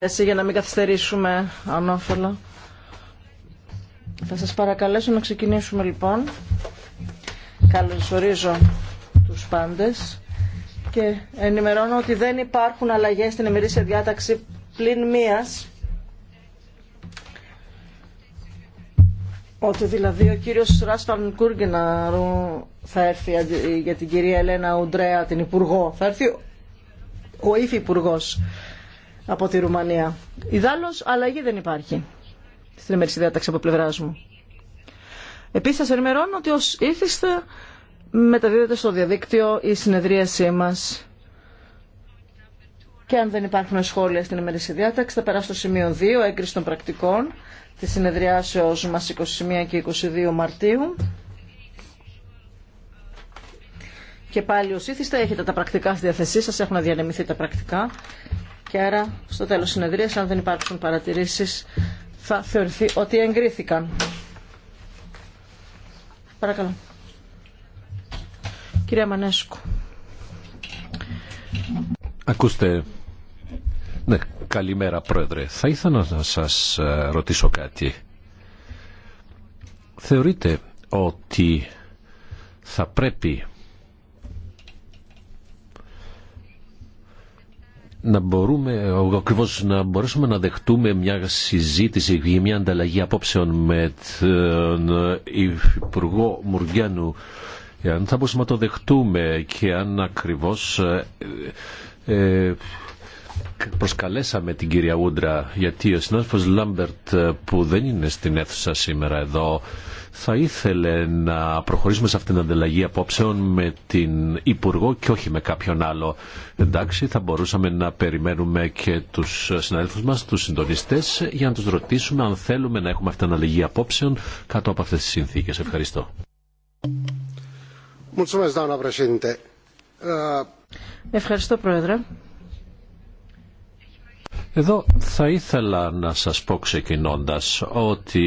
Εσύ για να μην καθυστερήσουμε ανώφελα. Θα σας παρακαλέσω να ξεκινήσουμε λοιπόν. Καλωσορίζω τους πάντες και ενημερώνω ότι δεν υπάρχουν αλλαγές στην εμερήσια διάταξη πλην μίας. Ότι δηλαδή ο κύριος Ράσφαν Κούργεναρου θα έρθει για την κυρία Ελένα Ουντρέα, την Υπουργό. Θα έρθει ο Ήφη Υπουργός από τη Ρουμανία. Ιδάλω αλλαγή δεν υπάρχει στην ημερήσια διάταξη από πλευρά μου. Επίση σα ενημερώνω ότι ω ήθιστε μεταδίδεται στο διαδίκτυο η συνεδρίασή μα. και αν δεν υπάρχουν σχόλια στην ημερήσια διάταξη θα περάσω στο σημείο 2, έγκριση των πρακτικών τη συνεδριάσεω μα 21 και 22 Μαρτίου. Και πάλι ως ήθιστα έχετε τα πρακτικά στη διαθεσή σας, έχουν διανεμηθεί τα πρακτικά. Και άρα στο τέλος συνεδρίας, αν δεν υπάρξουν παρατηρήσεις, θα θεωρηθεί ότι εγκρίθηκαν. Παρακαλώ. Κυρία Μανέσκου. Ακούστε. Ναι, καλημέρα πρόεδρε. Θα ήθελα να σας ε, ρωτήσω κάτι. Θεωρείτε ότι θα πρέπει να μπορούμε, ε, ακριβώ να μπορέσουμε να δεχτούμε μια συζήτηση για μια ανταλλαγή απόψεων με τον ε, Υπουργό Μουργιάνου ε, αν θα μπορούσαμε να το δεχτούμε και αν ακριβώς Προσκαλέσαμε την κυρία Ούντρα γιατί ο συνάδελφος Λάμπερτ ε, που δεν είναι στην αίθουσα σήμερα εδώ θα ήθελε να προχωρήσουμε σε αυτήν την ανταλλαγή απόψεων με την Υπουργό και όχι με κάποιον άλλο. Εντάξει, θα μπορούσαμε να περιμένουμε και τους συναδέλφους μας, τους συντονιστές, για να τους ρωτήσουμε αν θέλουμε να έχουμε αυτήν την ανταλλαγή απόψεων κάτω από αυτές τις συνθήκες. Ευχαριστώ. Ευχαριστώ, Πρόεδρε. Εδώ θα ήθελα να σας πω ξεκινώντας ότι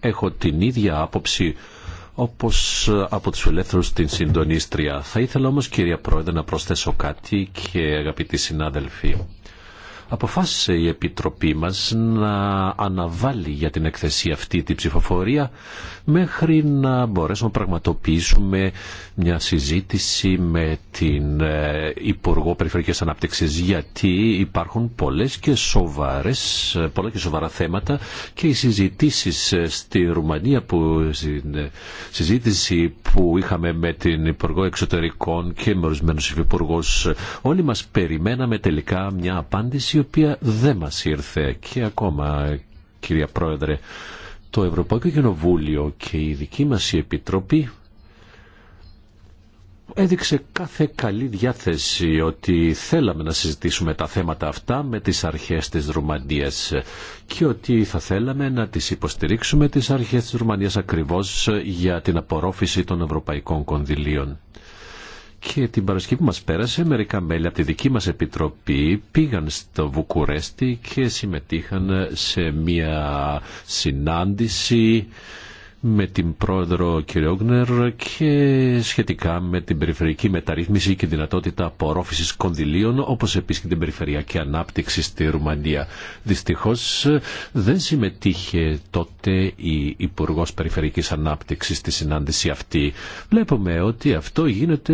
έχω την ίδια άποψη όπως από τους ελεύθερους την συντονίστρια. Θα ήθελα όμως κυρία Πρόεδρε να προσθέσω κάτι και αγαπητοί συνάδελφοι. Αποφάσισε η Επιτροπή μας να αναβάλει για την εκθεσία αυτή την ψηφοφορία μέχρι να μπορέσουμε να πραγματοποιήσουμε μια συζήτηση με την ε, Υπουργό Περιφερειακής Ανάπτυξης γιατί υπάρχουν πολλές και σοβαρές, ε, πολλά και σοβαρά θέματα και οι συζητήσεις ε, στη Ρουμανία που συζήτηση που είχαμε με την Υπουργό Εξωτερικών και με ορισμένους υπουργούς όλοι μας περιμέναμε τελικά μια απάντηση η οποία δεν μας ήρθε και ακόμα κυρία Πρόεδρε το Ευρωπαϊκό Κοινοβούλιο και η δική μας η Επιτροπή έδειξε κάθε καλή διάθεση ότι θέλαμε να συζητήσουμε τα θέματα αυτά με τις αρχές της Ρουμανίας και ότι θα θέλαμε να τις υποστηρίξουμε τις αρχές της Ρουμανίας ακριβώς για την απορρόφηση των ευρωπαϊκών κονδυλίων και την Παρασκευή μας πέρασε μερικά μέλη από τη δική μας επιτροπή πήγαν στο Βουκουρέστι και συμμετείχαν σε μια συνάντηση με την πρόεδρο κ. Ωγνερ και σχετικά με την περιφερειακή μεταρρύθμιση και δυνατότητα απορρόφησης κονδυλίων όπως επίσης και την περιφερειακή ανάπτυξη στη Ρουμανία. Δυστυχώς δεν συμμετείχε τότε η Υπουργός Περιφερειακής Ανάπτυξης στη συνάντηση αυτή. Βλέπουμε ότι αυτό γίνεται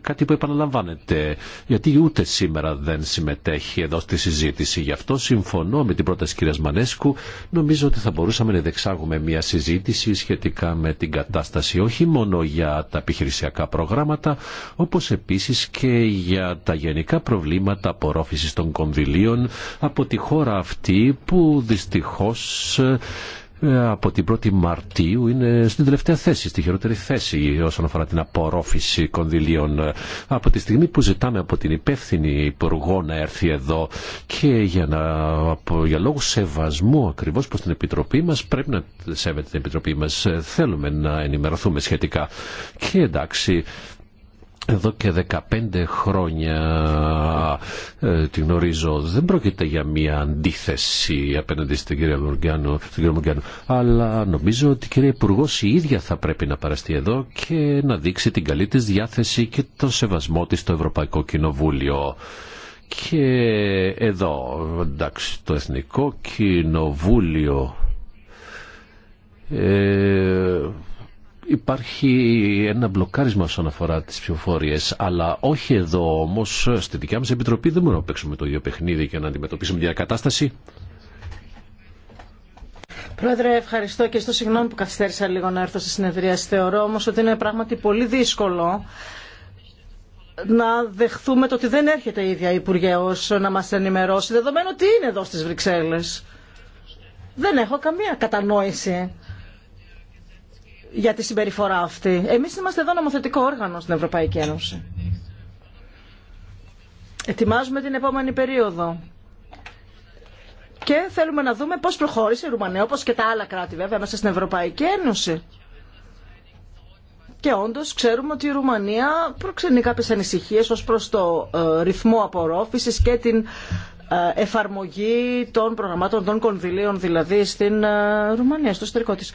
κάτι που επαναλαμβάνεται γιατί ούτε σήμερα δεν συμμετέχει εδώ στη συζήτηση. Γι' αυτό συμφωνώ με την πρόταση κ. Μανέσκου. Νομίζω ότι θα μπορούσαμε να δεξάγουμε μια συζήτηση σχετικά με την κατάσταση όχι μόνο για τα επιχειρησιακά προγράμματα, όπως επίσης και για τα γενικά προβλήματα απορρόφησης των κονδυλίων από τη χώρα αυτή που δυστυχώς ε, από την 1η Μαρτίου είναι στην τελευταία θέση, στη χειρότερη θέση όσον αφορά την απορρόφηση κονδυλίων. Ε, από τη στιγμή που ζητάμε από την υπεύθυνη υπουργό να έρθει εδώ και για, να, για λόγους σεβασμού ακριβώς προς την Επιτροπή μας πρέπει να σέβεται την Επιτροπή μας. Ε, θέλουμε να ενημερωθούμε σχετικά. Και εντάξει, εδώ και 15 χρόνια ε, την γνωρίζω. Δεν πρόκειται για μια αντίθεση απέναντι στην κυρία Μουργιάνου, Αλλά νομίζω ότι η κυρία Υπουργό η ίδια θα πρέπει να παραστεί εδώ και να δείξει την καλή της διάθεση και το σεβασμό της στο Ευρωπαϊκό Κοινοβούλιο. Και εδώ, εντάξει, το Εθνικό Κοινοβούλιο... Ε, Υπάρχει ένα μπλοκάρισμα όσον αφορά τις ψηφοφορίε. αλλά όχι εδώ όμω, στη δικιά μα επιτροπή δεν μπορούμε να παίξουμε το ίδιο παιχνίδι και να αντιμετωπίσουμε την κατάσταση. Πρόεδρε, ευχαριστώ και στο συγγνώμη που καθυστέρησα λίγο να έρθω στη συνεδρία. Θεωρώ όμω ότι είναι πράγματι πολύ δύσκολο να δεχθούμε το ότι δεν έρχεται η ίδια Υπουργέ να μα ενημερώσει, δεδομένου ότι είναι εδώ στι Βρυξέλλες. Δεν έχω καμία κατανόηση για τη συμπεριφορά αυτή. Εμείς είμαστε εδώ νομοθετικό όργανο στην Ευρωπαϊκή Ένωση. Ετοιμάζουμε την επόμενη περίοδο. Και θέλουμε να δούμε πώς προχώρησε η Ρουμανία, όπως και τα άλλα κράτη βέβαια, μέσα στην Ευρωπαϊκή Ένωση. Και όντως ξέρουμε ότι η Ρουμανία προξενεί κάποιε ανησυχίες ως προς το ε, ρυθμό απορρόφησης και την ε, εφαρμογή των προγραμμάτων των κονδυλίων δηλαδή στην ε, Ρουμανία, στο εσωτερικό τη.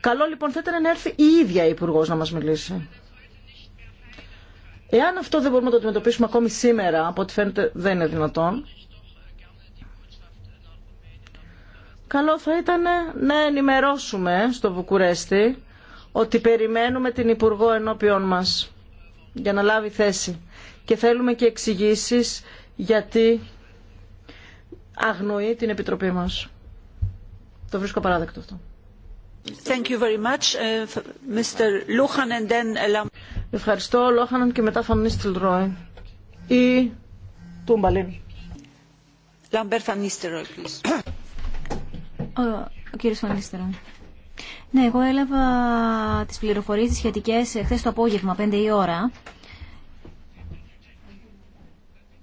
Καλό λοιπόν θα ήταν να έρθει η ίδια η Υπουργός να μας μιλήσει. Εάν αυτό δεν μπορούμε να το αντιμετωπίσουμε ακόμη σήμερα, από ό,τι φαίνεται δεν είναι δυνατόν, καλό θα ήταν να ενημερώσουμε στο Βουκουρέστι ότι περιμένουμε την Υπουργό ενώπιον μας για να λάβει θέση. Και θέλουμε και εξηγήσει γιατί αγνοεί την Επιτροπή μας. Το βρίσκω παράδεκτο αυτό. Ευχαριστώ, Λόχανεν και μετά Φαν Ρόιν, Ή Τούμπαλιν. Λαμπέρ Φαν Νίστελ Ο κύριος Φαν Ναι, εγώ έλαβα τις πληροφορίες τις σχετικές ε, χθες το απόγευμα, 5 η ώρα.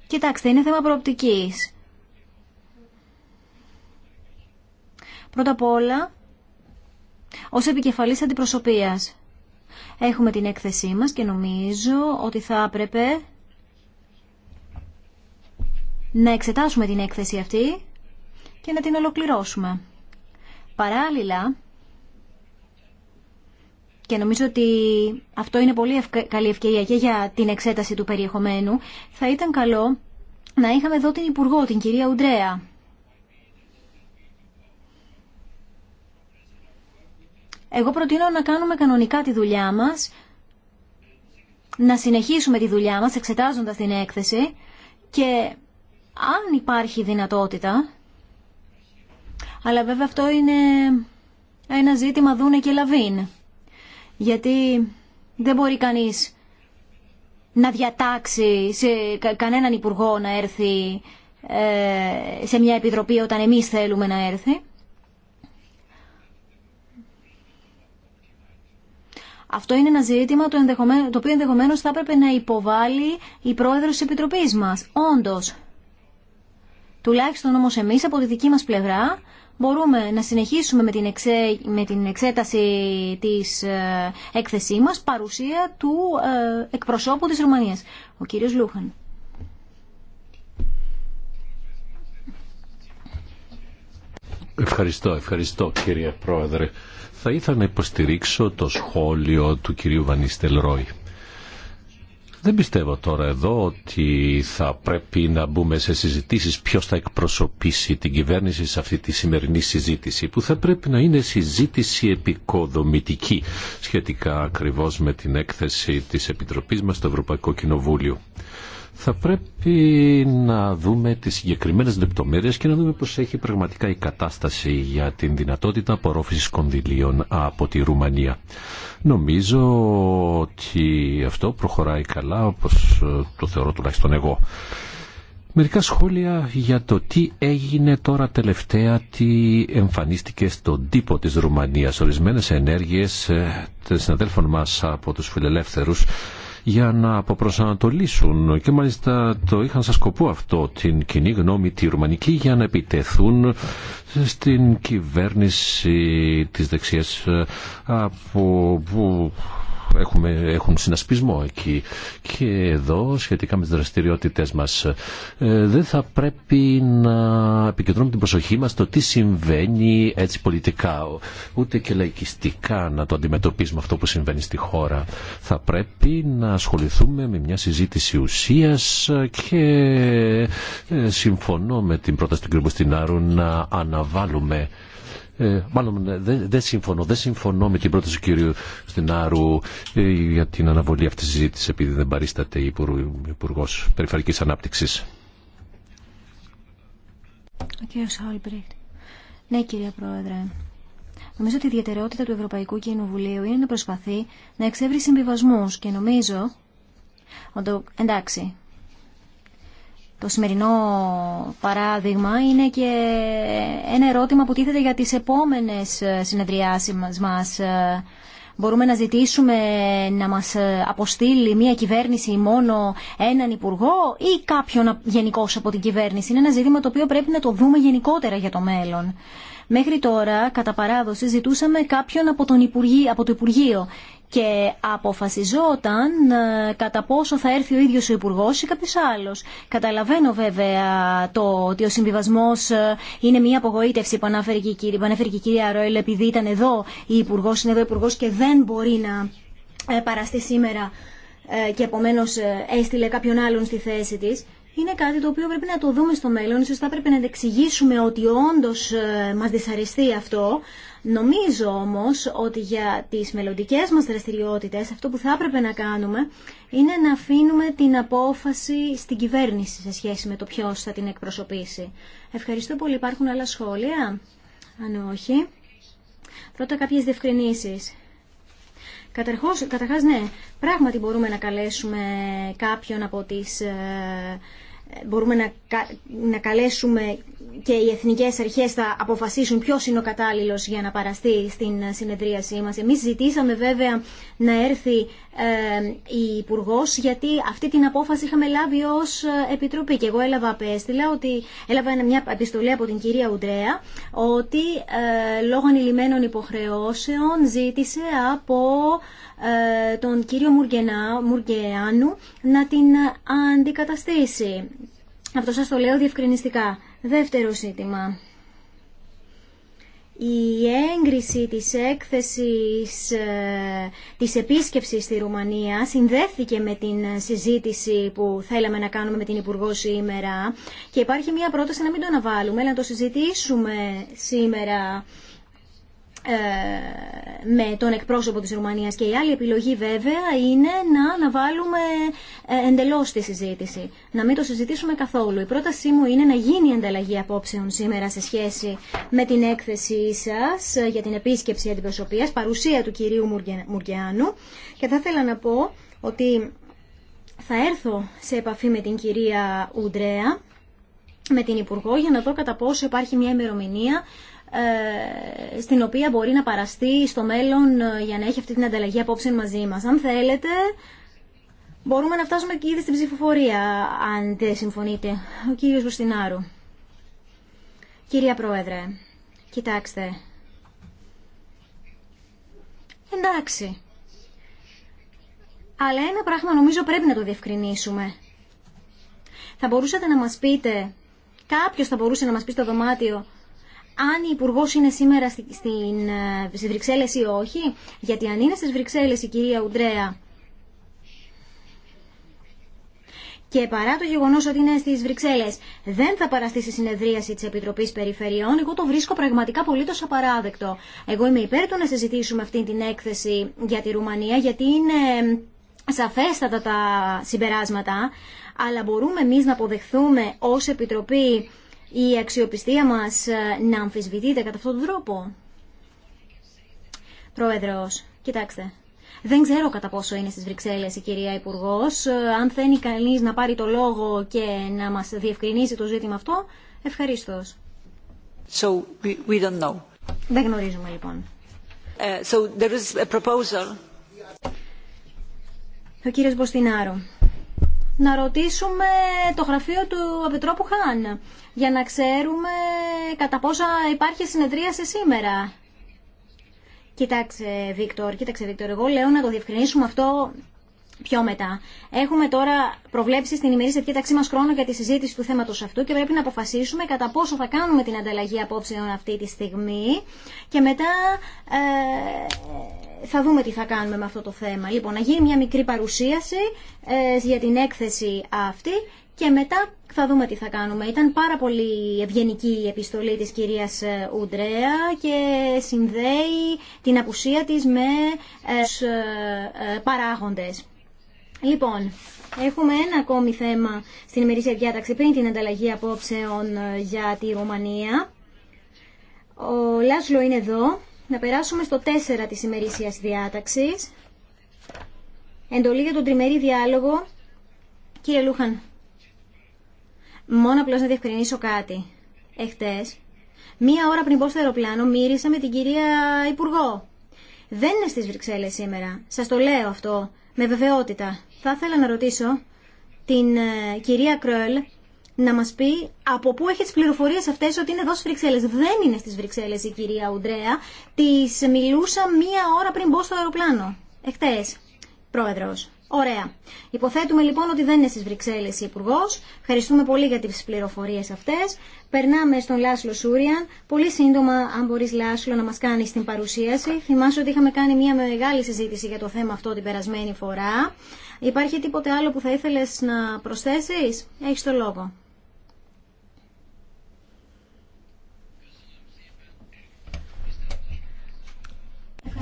Κοιτάξτε, είναι θέμα προοπτικής. Πρώτα απ' όλα, ως επικεφαλής αντιπροσωπείας έχουμε την έκθεσή μας και νομίζω ότι θα έπρεπε να εξετάσουμε την έκθεση αυτή και να την ολοκληρώσουμε. Παράλληλα, και νομίζω ότι αυτό είναι πολύ καλή ευκαιρία και για την εξέταση του περιεχομένου, θα ήταν καλό να είχαμε εδώ την Υπουργό, την κυρία Ουντρέα. Εγώ προτείνω να κάνουμε κανονικά τη δουλειά μας, να συνεχίσουμε τη δουλειά μας εξετάζοντας την έκθεση και αν υπάρχει δυνατότητα, αλλά βέβαια αυτό είναι ένα ζήτημα δούνε και λαβίν, γιατί δεν μπορεί κανείς να διατάξει σε κανέναν υπουργό να έρθει ε, σε μια επιτροπή όταν εμείς θέλουμε να έρθει. Αυτό είναι ένα ζήτημα το, οποίο ενδεχομένω θα έπρεπε να υποβάλει η πρόεδρο τη Επιτροπή μα. Όντω. Τουλάχιστον όμω εμεί από τη δική μα πλευρά μπορούμε να συνεχίσουμε με την, εξέ, με την εξέταση της ε, έκθεσή μας παρουσία του ε, εκπροσώπου της Ρουμανίας, ο κύριος Λούχαν. Ευχαριστώ, ευχαριστώ κύριε Πρόεδρε. Θα ήθελα να υποστηρίξω το σχόλιο του κυρίου Βανίστελ Ρόι. Δεν πιστεύω τώρα εδώ ότι θα πρέπει να μπούμε σε συζητήσεις ποιος θα εκπροσωπήσει την κυβέρνηση σε αυτή τη σημερινή συζήτηση που θα πρέπει να είναι συζήτηση επικοδομητική σχετικά ακριβώς με την έκθεση της Επιτροπής μας στο Ευρωπαϊκό Κοινοβούλιο θα πρέπει να δούμε τις συγκεκριμένες λεπτομέρειες και να δούμε πώς έχει πραγματικά η κατάσταση για την δυνατότητα απορρόφησης κονδυλίων από τη Ρουμανία. Νομίζω ότι αυτό προχωράει καλά, όπως ε, το θεωρώ τουλάχιστον εγώ. Μερικά σχόλια για το τι έγινε τώρα τελευταία, τι εμφανίστηκε στον τύπο της Ρουμανίας. Ορισμένες ενέργειες ε, των συναδέλφων μας από τους φιλελεύθερους για να αποπροσανατολίσουν και μάλιστα το είχαν σαν σκοπό αυτό την κοινή γνώμη τη ρουμανική για να επιτεθούν στην κυβέρνηση της δεξιάς από έχουμε, έχουν συνασπισμό εκεί. Και εδώ σχετικά με τις δραστηριότητες μας ε, δεν θα πρέπει να επικεντρώνουμε την προσοχή μας στο τι συμβαίνει έτσι πολιτικά. Ούτε και λαϊκιστικά να το αντιμετωπίζουμε αυτό που συμβαίνει στη χώρα. Θα πρέπει να ασχοληθούμε με μια συζήτηση ουσίας και ε, συμφωνώ με την πρόταση του κ. να αναβάλουμε ε, μάλλον ναι, δεν συμφωνώ, δεν συμφωνώ με την πρόταση του κυρίου Στενάρου ε, για την αναβολή αυτή τη συζήτηση επειδή δεν παρίσταται η Υπουργό Περιφερειακή Ανάπτυξη. Ο Ναι, κύριε Πρόεδρε. Νομίζω ότι η ιδιαιτερότητα του Ευρωπαϊκού Κοινοβουλίου είναι να προσπαθεί να εξεύρει συμβιβασμού και νομίζω. εντάξει, το σημερινό παράδειγμα είναι και ένα ερώτημα που τίθεται για τις επόμενες ε, συνεδριάσεις μας. Ε, μπορούμε να ζητήσουμε να μας ε, αποστείλει μια κυβέρνηση μόνο έναν υπουργό ή κάποιον γενικό από την κυβέρνηση. Είναι ένα ζήτημα το οποίο πρέπει να το δούμε γενικότερα για το μέλλον. Μέχρι τώρα, κατά παράδοση, ζητούσαμε κάποιον από, τον από το Υπουργείο και αποφασιζόταν ε, κατά πόσο θα έρθει ο ίδιος ο Υπουργός ή κάποιος άλλος. Καταλαβαίνω βέβαια το ότι ο συμβιβασμός ε, είναι μια απογοήτευση που ανέφερε και η κυρία, κυρία Ρόιλ επειδή ήταν εδώ η Υπουργός, είναι εδώ Υπουργός και δεν μπορεί να ε, παραστεί σήμερα και επομένως έστειλε κάποιον άλλον στη θέση της. Είναι κάτι το οποίο πρέπει να το δούμε στο μέλλον. Ίσως θα πρέπει να εξηγήσουμε ότι όντως μας δυσαρεστεί αυτό, Νομίζω όμως ότι για τις μελλοντικέ μας δραστηριότητες αυτό που θα έπρεπε να κάνουμε είναι να αφήνουμε την απόφαση στην κυβέρνηση σε σχέση με το ποιο θα την εκπροσωπήσει. Ευχαριστώ πολύ. Υπάρχουν άλλα σχόλια? Αν όχι. Πρώτα κάποιες διευκρινήσεις. Καταρχώς, καταρχάς ναι, πράγματι μπορούμε να καλέσουμε κάποιον από τις ε, μπορούμε να, να καλέσουμε και οι εθνικές αρχές θα αποφασίσουν ποιος είναι ο κατάλληλος για να παραστεί στην συνεδρίασή μας. Εμείς ζητήσαμε βέβαια να έρθει ε, η υπουργό, γιατί αυτή την απόφαση είχαμε λάβει ως ε, Επιτροπή και εγώ έλαβα απέστειλα ότι έλαβα μια επιστολή από την κυρία Ουντρέα ότι ε, λόγω ανηλυμένων υποχρεώσεων ζήτησε από τον κύριο Μουργεάνου να την αντικαταστήσει. Αυτό σας το λέω διευκρινιστικά. Δεύτερο ζήτημα. Η έγκριση της έκθεσης ε, της επίσκεψης στη Ρουμανία συνδέθηκε με την συζήτηση που θέλαμε να κάνουμε με την Υπουργό σήμερα και υπάρχει μια πρόταση να μην το αναβάλουμε, αλλά να το συζητήσουμε σήμερα ε, με τον εκπρόσωπο της Ρουμανίας και η άλλη επιλογή βέβαια είναι να αναβάλουμε ε, εντελώς τη συζήτηση, να μην το συζητήσουμε καθόλου. Η πρότασή μου είναι να γίνει ανταλλαγή απόψεων σήμερα σε σχέση με την έκθεσή σας ε, για την επίσκεψη αντιπροσωπείας, παρουσία του κυρίου Μουργιάνου και θα ήθελα να πω ότι θα έρθω σε επαφή με την κυρία Ουντρέα με την Υπουργό για να δω κατά πόσο υπάρχει μια ημερομηνία ε, στην οποία μπορεί να παραστεί στο μέλλον ε, για να έχει αυτή την ανταλλαγή απόψε μαζί μας. Αν θέλετε, μπορούμε να φτάσουμε και ήδη στην ψηφοφορία, αν δεν συμφωνείτε. Ο κύριος Βουστινάρου. Κυρία Πρόεδρε, κοιτάξτε. Εντάξει. Αλλά ένα πράγμα νομίζω πρέπει να το διευκρινίσουμε. Θα μπορούσατε να μας πείτε, κάποιος θα μπορούσε να μας πει στο δωμάτιο, αν η Υπουργό είναι σήμερα στι, στην, ε, στις Βρυξέλλες ή όχι, γιατί αν είναι στις Βρυξέλλες η κυρία Ουντρέα και παρά το γεγονός ότι είναι στις Βρυξέλλες δεν θα παραστεί στη συνεδρίαση της Επιτροπής Περιφερειών, εγώ το βρίσκω πραγματικά τόσο απαράδεκτο. Εγώ είμαι υπέρ του να συζητήσουμε αυτή την έκθεση για τη Ρουμανία, γιατί είναι σαφέστατα τα συμπεράσματα, αλλά μπορούμε εμείς να αποδεχθούμε ως Επιτροπή η αξιοπιστία μας ε, να αμφισβητείται κατά αυτόν τον τρόπο. Πρόεδρος, κοιτάξτε. Δεν ξέρω κατά πόσο είναι στις Βρυξέλλες η κυρία Υπουργό. Ε, αν θέλει κανείς να πάρει το λόγο και να μας διευκρινίσει το ζήτημα αυτό, ευχαριστώ. So, we don't know. Δεν γνωρίζουμε λοιπόν. Uh, so there is a proposal. Ο κύριος Μποστινάρου να ρωτήσουμε το γραφείο του Επιτρόπου Χάν για να ξέρουμε κατά πόσα υπάρχει συνεδρίαση σήμερα. Κοιτάξε, Βίκτορ, κοίταξε, Βίκτορ, εγώ λέω να το διευκρινίσουμε αυτό πιο μετά. Έχουμε τώρα προβλέψει στην ημερήσια διάταξή μα χρόνο για τη συζήτηση του θέματο αυτού και πρέπει να αποφασίσουμε κατά πόσο θα κάνουμε την ανταλλαγή απόψεων αυτή τη στιγμή και μετά ε, θα δούμε τι θα κάνουμε με αυτό το θέμα. Λοιπόν, να γίνει μια μικρή παρουσίαση ε, για την έκθεση αυτή και μετά θα δούμε τι θα κάνουμε. Ήταν πάρα πολύ ευγενική η επιστολή της κυρίας ε, Ουντρέα και συνδέει την απουσία της με ε, παράγοντες. Λοιπόν, έχουμε ένα ακόμη θέμα στην ημερήσια διάταξη πριν την ανταλλαγή απόψεων για τη Ρουμανία. Ο Λάσλο είναι εδώ να περάσουμε στο 4 της ημερησία διάταξης. Εντολή για τον τριμερή διάλογο. Κύριε Λούχαν, μόνο απλώς να διευκρινίσω κάτι. Εχθές, μία ώρα πριν πω στο αεροπλάνο, μύρισα με την κυρία Υπουργό. Δεν είναι στις Βρυξέλλες σήμερα. Σας το λέω αυτό με βεβαιότητα. Θα ήθελα να ρωτήσω την ε, κυρία Κρόελ να μας πει από πού έχει τις πληροφορίες αυτές ότι είναι εδώ στις Βρυξέλλες. Δεν είναι στις Βρυξέλλες η κυρία Ουντρέα. Της μιλούσα μία ώρα πριν μπω στο αεροπλάνο. Εχθές, πρόεδρος. Ωραία. Υποθέτουμε λοιπόν ότι δεν είναι στις Βρυξέλλες η υπουργό. Ευχαριστούμε πολύ για τις πληροφορίες αυτές. Περνάμε στον Λάσλο Σούριαν. Πολύ σύντομα, αν μπορείς Λάσλο να μας κάνει την παρουσίαση. Θυμάσαι ότι είχαμε κάνει μια μεγάλη συζήτηση για το θέμα αυτό την περασμένη φορά. Υπάρχει τίποτε άλλο που θα ήθελες να προσθέσεις. Έχεις το λόγο.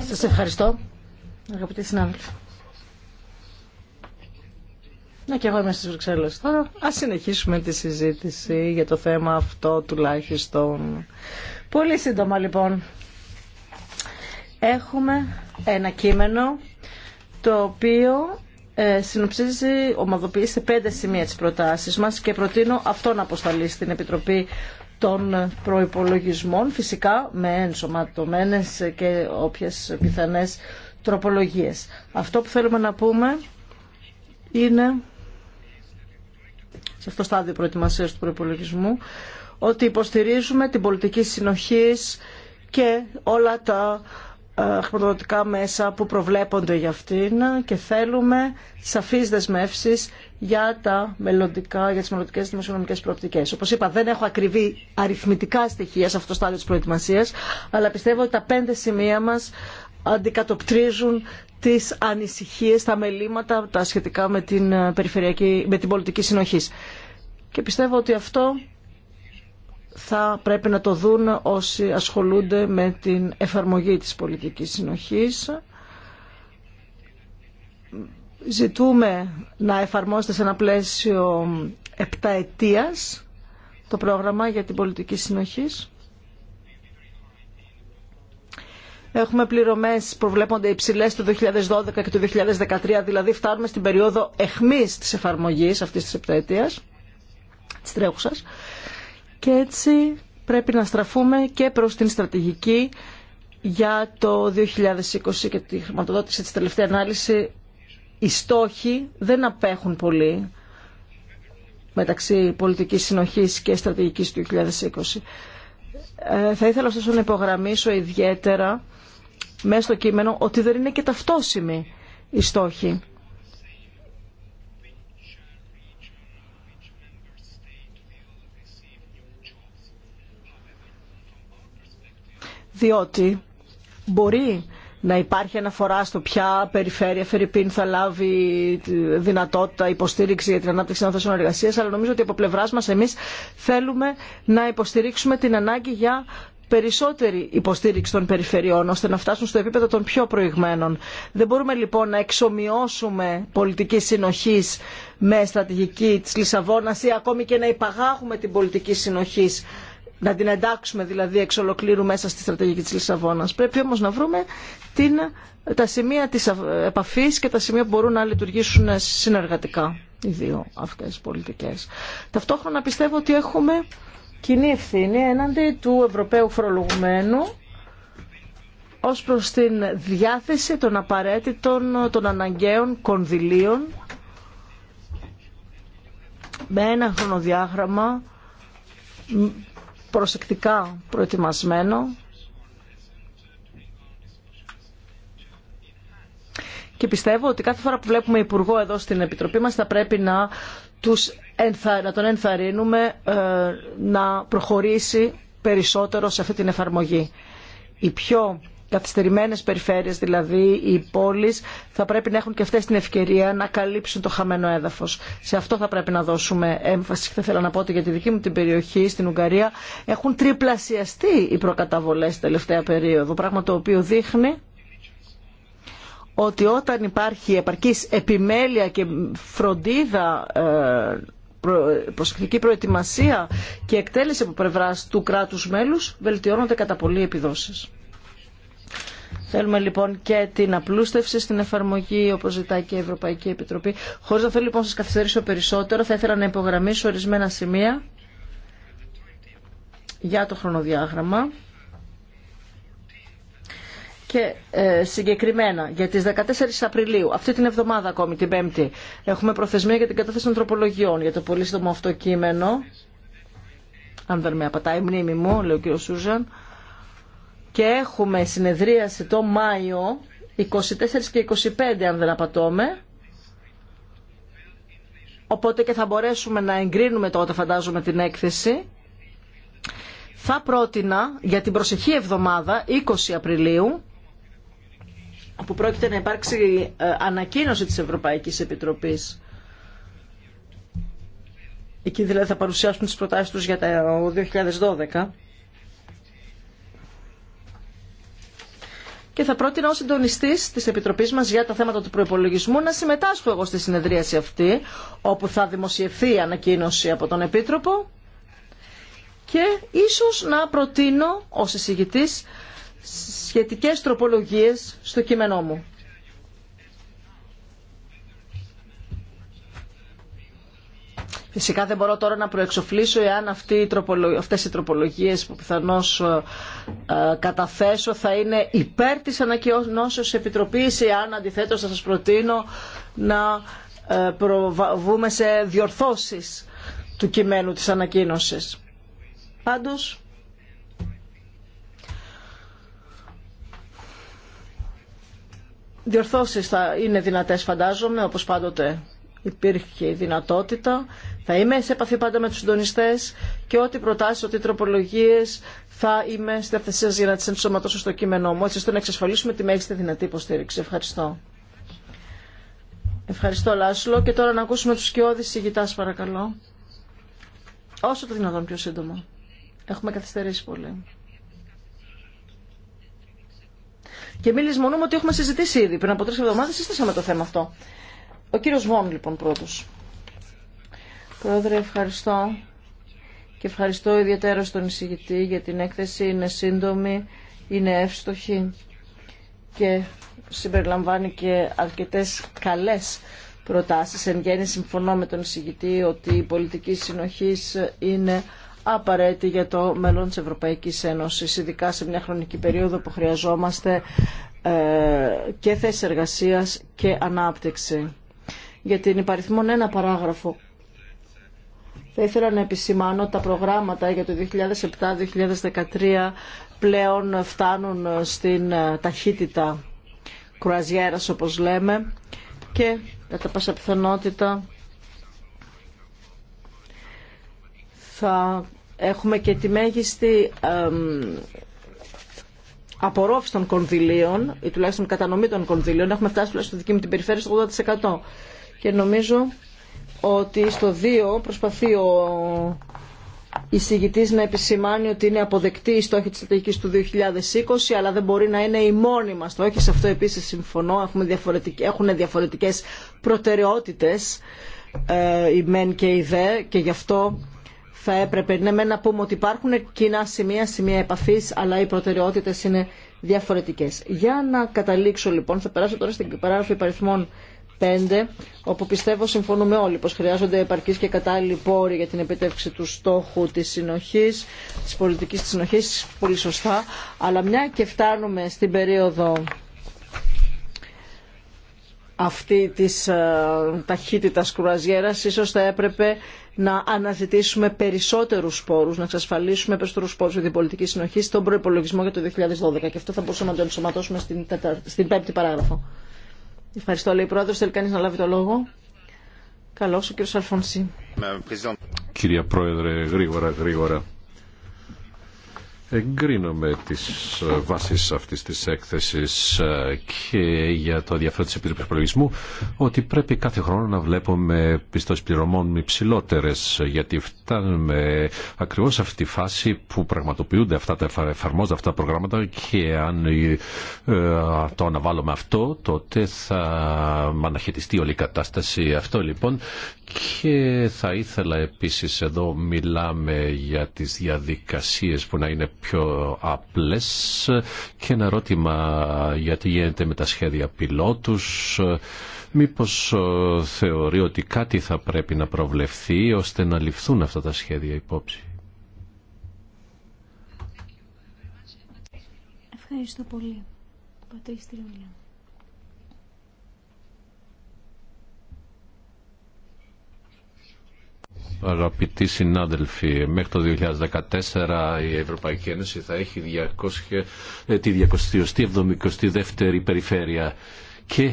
Σας ευχαριστώ, αγαπητοί συνάδελφοι. Να και εγώ είμαι στις Βρυξέλλες τώρα. Ας συνεχίσουμε τη συζήτηση για το θέμα αυτό τουλάχιστον. Πολύ σύντομα λοιπόν. Έχουμε ένα κείμενο το οποίο ε, συνοψίζει, ομαδοποιεί σε πέντε σημεία τις προτάσεις μας και προτείνω αυτό να αποσταλεί στην Επιτροπή των προϋπολογισμών, φυσικά με ενσωματωμένες και όποιες πιθανές τροπολογίες. Αυτό που θέλουμε να πούμε είναι, σε αυτό το στάδιο προετοιμασίας του προϋπολογισμού, ότι υποστηρίζουμε την πολιτική συνοχής και όλα τα ε, χρηματοδοτικά μέσα που προβλέπονται για αυτήν και θέλουμε σαφείς δεσμεύσεις για, τα μελλοντικά, για τις μελλοντικές δημοσιονομικές προοπτικές. Όπως είπα, δεν έχω ακριβή αριθμητικά στοιχεία σε αυτό το στάδιο της προετοιμασίας, αλλά πιστεύω ότι τα πέντε σημεία μας αντικατοπτρίζουν τις ανησυχίες, τα μελήματα τα σχετικά με την, ε, με την πολιτική συνοχής. Και πιστεύω ότι αυτό θα πρέπει να το δουν όσοι ασχολούνται με την εφαρμογή της πολιτικής συνοχής. Ζητούμε να εφαρμόσετε σε ένα πλαίσιο επταετίας το πρόγραμμα για την πολιτική συνοχής. Έχουμε πληρωμές που βλέπονται υψηλές το 2012 και το 2013, δηλαδή φτάνουμε στην περίοδο εχμής της εφαρμογής αυτής της επταετίας, της τρέχουσας και έτσι πρέπει να στραφούμε και προς την στρατηγική για το 2020 και τη χρηματοδότηση της τελευταία ανάλυση. Οι στόχοι δεν απέχουν πολύ μεταξύ πολιτικής συνοχής και στρατηγικής του 2020. Ε, θα ήθελα ωστόσο να υπογραμμίσω ιδιαίτερα μέσα στο κείμενο ότι δεν είναι και ταυτόσιμοι οι στόχοι. διότι μπορεί να υπάρχει αναφορά στο ποια περιφέρεια Φερρυπίν θα λάβει δυνατότητα υποστήριξη για την ανάπτυξη των θέσεων εργασία, αλλά νομίζω ότι από πλευρά μα εμεί θέλουμε να υποστηρίξουμε την ανάγκη για περισσότερη υποστήριξη των περιφερειών ώστε να φτάσουν στο επίπεδο των πιο προηγμένων. Δεν μπορούμε λοιπόν να εξομοιώσουμε πολιτική συνοχή με στρατηγική τη Λισαβόνα ή ακόμη και να υπαγάγουμε την πολιτική συνοχή να την εντάξουμε δηλαδή εξ ολοκλήρου μέσα στη στρατηγική της Λισαβόνας. Πρέπει όμως να βρούμε την, τα σημεία της επαφής και τα σημεία που μπορούν να λειτουργήσουν συνεργατικά οι δύο αυτές πολιτικές. Ταυτόχρονα πιστεύω ότι έχουμε κοινή ευθύνη έναντι του Ευρωπαίου φορολογουμένου ως προς την διάθεση των απαραίτητων, των αναγκαίων κονδυλίων με ένα χρονοδιάγραμμα προσεκτικά προετοιμασμένο και πιστεύω ότι κάθε φορά που βλέπουμε υπουργό εδώ στην Επιτροπή μας θα πρέπει να, τους να τον ενθαρρύνουμε ε, να προχωρήσει περισσότερο σε αυτή την εφαρμογή. Η πιο καθυστερημένες περιφέρειες δηλαδή, οι πόλεις, θα πρέπει να έχουν και αυτές την ευκαιρία να καλύψουν το χαμένο έδαφος. Σε αυτό θα πρέπει να δώσουμε έμφαση. Θα ήθελα να πω ότι για τη δική μου την περιοχή, στην Ουγγαρία, έχουν τριπλασιαστεί οι προκαταβολές τελευταία περίοδο, πράγμα το οποίο δείχνει ότι όταν υπάρχει επαρκής επιμέλεια και φροντίδα ε, προσεκτική προετοιμασία και εκτέλεση από πλευρά του κράτους μέλους βελτιώνονται κατά πολύ οι επιδόσεις. Θέλουμε λοιπόν και την απλούστευση στην εφαρμογή, όπω ζητάει και η Ευρωπαϊκή Επιτροπή. Χωρί να θέλω λοιπόν να σα καθυστερήσω περισσότερο, θα ήθελα να υπογραμμίσω ορισμένα σημεία για το χρονοδιάγραμμα και ε, συγκεκριμένα για τις 14 Απριλίου, αυτή την εβδομάδα ακόμη, την Πέμπτη, έχουμε προθεσμία για την κατάθεση ανθρωπολογίων για το πολύ σύντομο αυτό κείμενο. Αν δεν με απατάει η μνήμη μου, λέει ο κ. Σούζαν και έχουμε συνεδρίαση το Μάιο 24 και 25 αν δεν απατώμε οπότε και θα μπορέσουμε να εγκρίνουμε τότε φαντάζομαι την έκθεση θα πρότεινα για την προσεχή εβδομάδα 20 Απριλίου που πρόκειται να υπάρξει ε, ανακοίνωση της Ευρωπαϊκής Επιτροπής εκεί δηλαδή θα παρουσιάσουν τις προτάσεις τους για το 2012 και θα πρότεινα ω συντονιστή τη Επιτροπή μα για τα θέματα του προπολογισμού να συμμετάσχω εγώ στη συνεδρίαση αυτή, όπου θα δημοσιευθεί η ανακοίνωση από τον Επίτροπο και ίσω να προτείνω ω εισηγητή σχετικέ τροπολογίε στο κείμενό μου. Φυσικά δεν μπορώ τώρα να προεξοφλήσω εάν αυτοί, αυτές οι τροπολογίες που πιθανώς ε, ε, καταθέσω θα είναι υπέρ της ανακοινώσεως επιτροπής εάν αντιθέτως θα σας προτείνω να ε, προβούμε σε διορθώσεις του κειμένου της ανακοίνωσης. Πάντως, διορθώσεις θα είναι δυνατές φαντάζομαι, όπως πάντοτε υπήρχε η δυνατότητα. Θα είμαι σε επαφή πάντα με τους συντονιστές και ό,τι προτάσεις, ό,τι τροπολογίες θα είμαι στη θέση για να τις ενσωματώσω στο κείμενό μου, έτσι ώστε να εξασφαλίσουμε τη μέγιστη δυνατή υποστήριξη. Ευχαριστώ. Ευχαριστώ Λάσλο και τώρα να ακούσουμε τους σκιώδεις συγγητάς, παρακαλώ. Όσο το δυνατόν πιο σύντομα. Έχουμε καθυστερήσει πολύ. Και μην λησμονούμε ότι έχουμε συζητήσει ήδη. Πριν από τρει εβδομάδε συζητήσαμε το θέμα αυτό. Ο κύριο Βόν, λοιπόν, πρώτο. Πρόεδρε, ευχαριστώ και ευχαριστώ ιδιαίτερα στον εισηγητή για την έκθεση. Είναι σύντομη, είναι εύστοχη και συμπεριλαμβάνει και αρκετές καλές προτάσεις. Εν γέννη συμφωνώ με τον εισηγητή ότι η πολιτική συνοχής είναι απαραίτητη για το μέλλον της Ευρωπαϊκής Ένωσης, ειδικά σε μια χρονική περίοδο που χρειαζόμαστε ε, και θέσει εργασίας και ανάπτυξη. Για την υπαριθμόν ένα παράγραφο θα ήθελα να επισημάνω τα προγράμματα για το 2007-2013 πλέον φτάνουν στην ε, ταχύτητα κρουαζιέρας όπως λέμε και κατά πάσα πιθανότητα θα έχουμε και τη μέγιστη απορρόφηση των κονδυλίων ή τουλάχιστον κατανομή των κονδυλίων. Έχουμε φτάσει τουλάχιστον δική μου την περιφέρεια στο 80%. Και νομίζω ότι στο 2 προσπαθεί ο εισηγητής να επισημάνει ότι είναι αποδεκτή η στόχη της στρατηγικής του 2020 αλλά δεν μπορεί να είναι η μόνη μας στόχη. Σε αυτό επίσης συμφωνώ. Έχουμε διαφορετικ... Έχουν διαφορετικές προτεραιότητες ε, η μεν και η δε και γι' αυτό θα έπρεπε ναι, να πούμε ότι υπάρχουν κοινά σημεία, σημεία επαφής αλλά οι προτεραιότητες είναι διαφορετικές. Για να καταλήξω λοιπόν, θα περάσω τώρα στην παράγραφη παριθμών όπου πιστεύω συμφωνούμε όλοι πως χρειάζονται επαρκείς και κατάλληλοι πόροι για την επιτεύξη του στόχου της συνοχής, της πολιτικής της συνοχής, πολύ σωστά, αλλά μια και φτάνουμε στην περίοδο αυτή της ε, ταχύτητας κρουαζιέρας, ίσως θα έπρεπε να αναζητήσουμε περισσότερου πόρου, να εξασφαλίσουμε περισσότερου πόρου για την πολιτική συνοχή στον προπολογισμό για το 2012. Και αυτό θα μπορούσαμε να το ενσωματώσουμε στην, στην πέμπτη παράγραφο. Ευχαριστώ, λέει πρόεδρο. Θέλει κανεί να λάβει το λόγο. Καλώ, ο κύριο Αλφονσί. Κυρία Πρόεδρε, γρήγορα, γρήγορα εγκρίνομαι τις ε, βάσεις αυτής της έκθεσης ε, και για το ενδιαφέρον της Επιτροπής Προλογισμού ότι πρέπει κάθε χρόνο να βλέπουμε πιστώσεις πληρωμών υψηλότερε γιατί φτάνουμε ακριβώς σε αυτή τη φάση που πραγματοποιούνται αυτά τα εφαρμόζονται αυτά τα προγράμματα και αν ε, το αναβάλουμε αυτό τότε θα αναχαιτιστεί όλη η κατάσταση αυτό λοιπόν και θα ήθελα επίσης εδώ μιλάμε για τις διαδικασίες που να είναι πιο απλές και ένα ερώτημα γιατί γίνεται με τα σχέδια πιλότους μήπως ε, θεωρεί ότι κάτι θα πρέπει να προβλεφθεί ώστε να ληφθούν αυτά τα σχέδια υπόψη. Ευχαριστώ πολύ. Πατρίς Αγαπητοί συνάδελφοι, μέχρι το 2014 η Ευρωπαϊκή Ένωση θα έχει 200, ε, τη 272η περιφέρεια και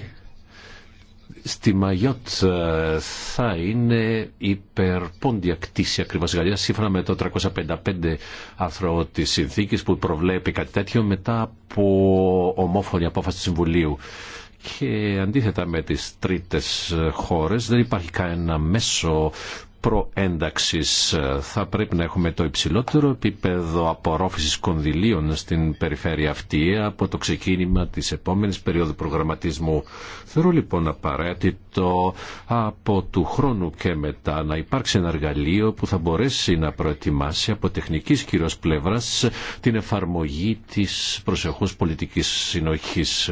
στη Μαγιότ ε, θα είναι υπερπόντια κτήση ακριβώς Γαλλία σύμφωνα με το 355 άρθρο της συνθήκης που προβλέπει κάτι τέτοιο μετά από ομόφωνη απόφαση του Συμβουλίου και αντίθετα με τις τρίτες χώρες δεν υπάρχει κανένα μέσο προένταξης. Θα πρέπει να έχουμε το υψηλότερο επίπεδο απορρόφησης κονδυλίων στην περιφέρεια αυτή από το ξεκίνημα της επόμενης περίοδου προγραμματισμού. Θεωρώ λοιπόν απαραίτητο από του χρόνου και μετά να υπάρξει ένα εργαλείο που θα μπορέσει να προετοιμάσει από τεχνικής κυρίως πλευράς την εφαρμογή της προσεχούς πολιτικής συνοχής.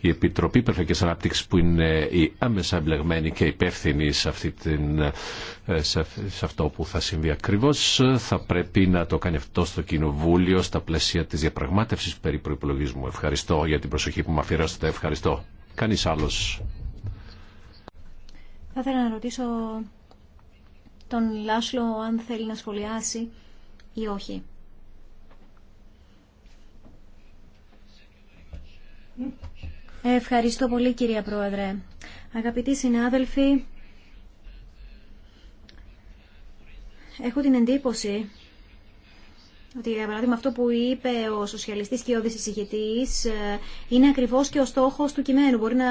Η Επιτροπή Περφεκής Ανάπτυξης που είναι η άμεσα εμπλεγμένη και υπεύθυνη σε αυτή την ε, σε αυτό που θα συμβεί ακριβώς. Θα πρέπει να το κάνει αυτό στο Κοινοβούλιο στα πλαίσια της διαπραγμάτευσης περί προϋπολογισμού. Ευχαριστώ για την προσοχή που μου αφιερώσετε. Ευχαριστώ. Κανείς άλλος. Θα ήθελα να ρωτήσω τον Λάσλο αν θέλει να σχολιάσει ή όχι. Ευχαριστώ πολύ κυρία Πρόεδρε. Αγαπητοί συνάδελφοι, έχω την εντύπωση ότι για παράδειγμα αυτό που είπε ο σοσιαλιστής και ο εισηγητής ε, είναι ακριβώς και ο στόχος του κειμένου. Μπορεί να,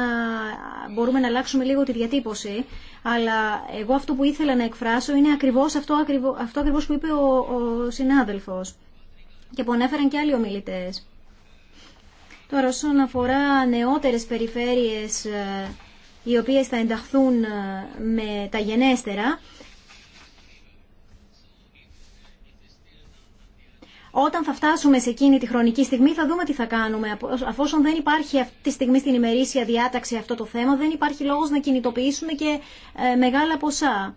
μπορούμε να αλλάξουμε λίγο τη διατύπωση, αλλά εγώ αυτό που ήθελα να εκφράσω είναι ακριβώς αυτό, ακριβώς, αυτό ακριβώς που είπε ο, ο συνάδελφος και που ανέφεραν και άλλοι ομιλητές. Τώρα όσον αφορά νεότερες περιφέρειες ε, οι οποίες θα ενταχθούν ε, με τα γενέστερα, Όταν θα φτάσουμε σε εκείνη τη χρονική στιγμή θα δούμε τι θα κάνουμε. Αφόσον δεν υπάρχει αυτή τη στιγμή στην ημερήσια διάταξη αυτό το θέμα, δεν υπάρχει λόγος να κινητοποιήσουμε και ε, μεγάλα ποσά.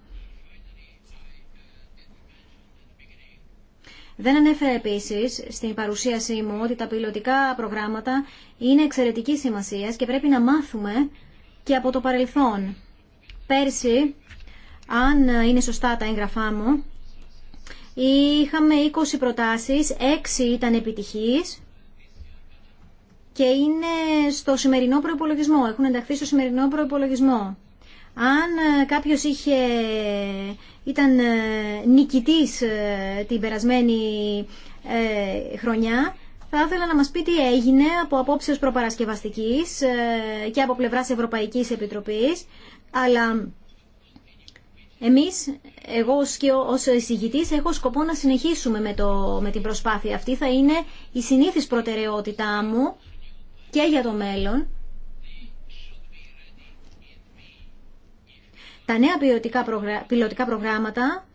Δεν ανέφερα επίση στην παρουσίασή μου ότι τα πιλωτικά προγράμματα είναι εξαιρετική σημασίας και πρέπει να μάθουμε και από το παρελθόν. Πέρσι, αν ε, είναι σωστά τα έγγραφά μου, Είχαμε 20 προτάσεις, 6 ήταν επιτυχείς και είναι στο σημερινό προϋπολογισμό, έχουν ενταχθεί στο σημερινό προϋπολογισμό. Αν ε, κάποιος είχε, ήταν ε, νικητής ε, την περασμένη χρονιά, θα ήθελα να μας πει τι έγινε από απόψεως προπαρασκευαστικής και από πλευράς Ευρωπαϊκής Επιτροπής, αλλά εμείς, εγώ ως εισηγητής, έχω σκοπό να συνεχίσουμε με, το, με την προσπάθεια αυτή. Θα είναι η συνήθις προτεραιότητά μου και για το μέλλον. Τα νέα πιλωτικά προγράμματα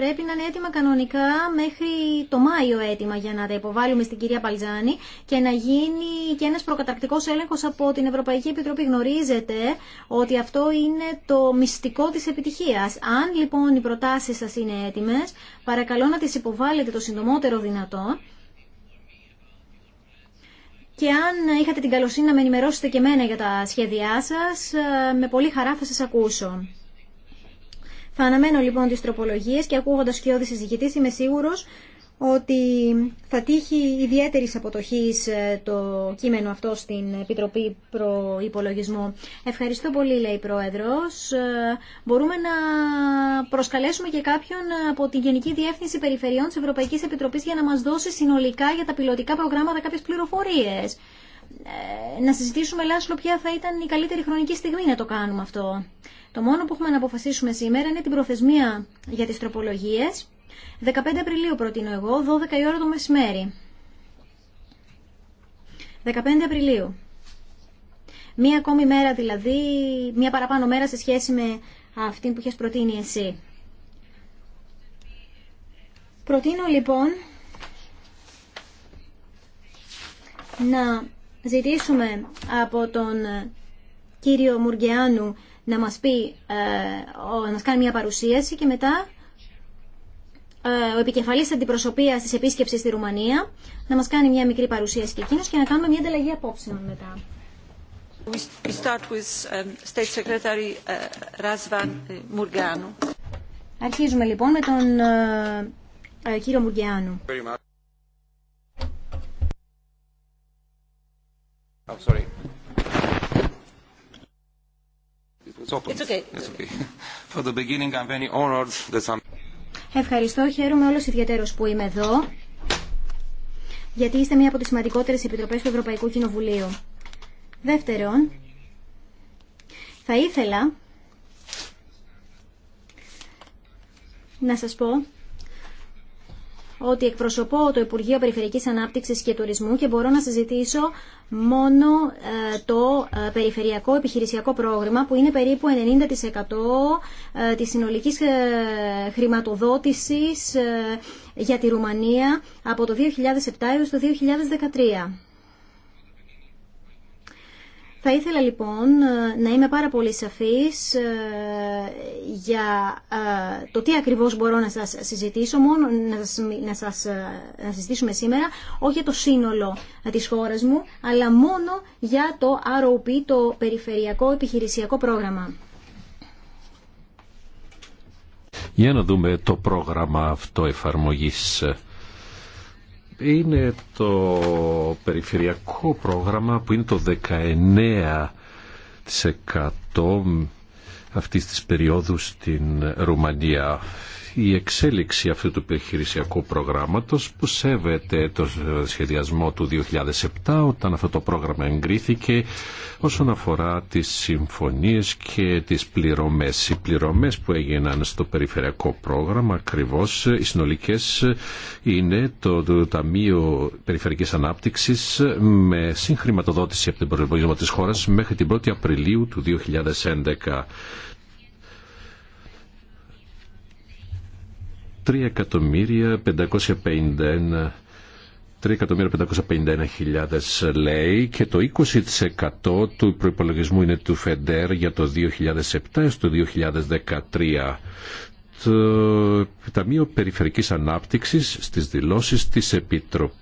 πρέπει να είναι έτοιμα κανονικά μέχρι το Μάιο έτοιμα για να τα υποβάλουμε στην κυρία Παλτζάνη και να γίνει και ένας προκαταρκτικός έλεγχος από την Ευρωπαϊκή Επιτροπή. Γνωρίζετε ότι αυτό είναι το μυστικό της επιτυχίας. Αν λοιπόν οι προτάσεις σας είναι έτοιμες, παρακαλώ να τις υποβάλλετε το συντομότερο δυνατό. Και αν είχατε την καλοσύνη να με ενημερώσετε και εμένα για τα σχέδιά σας, ε, με πολύ χαρά θα σας ακούσω. Θα αναμένω λοιπόν τις τροπολογίες και ακούγοντας οδη συζητητής είμαι σίγουρος ότι θα τύχει ιδιαίτερη αποτοχή ε, το κείμενο αυτό στην Επιτροπή Προϋπολογισμού. Ευχαριστώ πολύ, λέει η Πρόεδρο. Ε, μπορούμε να προσκαλέσουμε και κάποιον από την Γενική Διεύθυνση Περιφερειών τη Ευρωπαϊκή Επιτροπή για να μα δώσει συνολικά για τα πιλωτικά προγράμματα κάποιε πληροφορίε. Ε, να συζητήσουμε, Λάσλο, ποια θα ήταν η καλύτερη χρονική στιγμή να το κάνουμε αυτό. Το μόνο που έχουμε να αποφασίσουμε σήμερα είναι την προθεσμία για τις τροπολογίες. 15 Απριλίου προτείνω εγώ, 12 η ώρα το μεσημέρι. 15 Απριλίου. Μία ακόμη μέρα δηλαδή, μία παραπάνω μέρα σε σχέση με αυτή που έχεις προτείνει εσύ. Προτείνω λοιπόν να ζητήσουμε από τον ε, κύριο Μουργιάνου να μας, πει, ε, να κάνει μια παρουσίαση και μετά ε, ο επικεφαλής αντιπροσωπείας της επίσκεψης στη Ρουμανία να μας κάνει μια μικρή παρουσίαση και εκείνος και να κάνουμε μια ανταλλαγή απόψεων μετά. We start with um, State Secretary uh, Razvan uh, Αρχίζουμε λοιπόν με τον κύριο Μουργιάνου. Oh, Ευχαριστώ, χαίρομαι όλος ιδιαίτερος που είμαι εδώ, γιατί είστε μία από τις σημαντικότερες επιτροπές του Ευρωπαϊκού Κοινοβουλίου. Δεύτερον, θα ήθελα να σας πω ότι εκπροσωπώ το Υπουργείο Περιφερειακής Ανάπτυξης και Τουρισμού και μπορώ να συζητήσω μόνο ε, το ε, περιφερειακό επιχειρησιακό πρόγραμμα που είναι περίπου 90% ε, της συνολικής χρηματοδότησης για τη Ρουμανία από το 2007 έως το 2013. Θα ήθελα λοιπόν ε, να είμαι πάρα πολύ σαφής ε, για ε, το τι ακριβώς μπορώ να σας συζητήσω μόνο, να σας, να σας να συζητήσουμε σήμερα, όχι για το σύνολο της χώρας μου, αλλά μόνο για το ROP, το Περιφερειακό Επιχειρησιακό Πρόγραμμα. Για να δούμε το πρόγραμμα αυτό εφαρμογής είναι το περιφερειακό πρόγραμμα που είναι το 19% αυτής της περίοδου στην Ρουμανία η εξέλιξη αυτού του επιχειρησιακού προγράμματος που σέβεται το σχεδιασμό του 2007 όταν αυτό το πρόγραμμα εγκρίθηκε όσον αφορά τις συμφωνίες και τις πληρωμές. Οι πληρωμές που έγιναν στο περιφερειακό πρόγραμμα ακριβώ οι συνολικές είναι το, Ταμείο Περιφερειακής Ανάπτυξης με συγχρηματοδότηση από την προϋπολογισμό της χώρας μέχρι την 1η Απριλίου του 2011. 3.551.000 λέει και το 20% του προϋπολογισμού είναι του ΦΕΝΤΕΡ για το 2007 στο 2013. Το Ταμείο Περιφερικής Ανάπτυξης στις δηλώσεις της Επιτρο...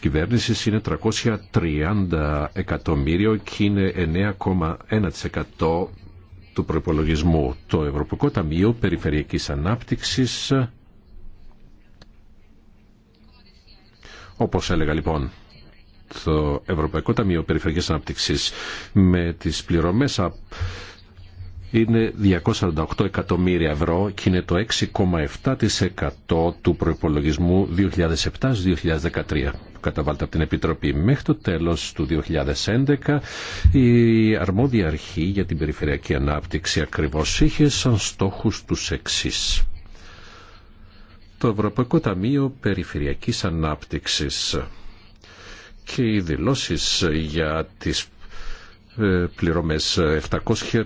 κυβέρνησης είναι 330 εκατομμύριο και είναι 9,1% του προπολογισμού. Το Ευρωπαϊκό Ταμείο Περιφερειακής Ανάπτυξης, όπως έλεγα λοιπόν, το Ευρωπαϊκό Ταμείο Περιφερειακής Ανάπτυξης με τις πληρωμές είναι 248 εκατομμύρια ευρώ και είναι το 6,7% του προϋπολογισμού 2007-2013 καταβάλλεται από την Επιτροπή. Μέχρι το τέλος του 2011 η αρμόδια αρχή για την περιφερειακή ανάπτυξη ακριβώς είχε σαν στόχους τους εξής. Το Ευρωπαϊκό Ταμείο Περιφερειακής Ανάπτυξης και οι δηλώσεις για τις ε, πληρωμές 735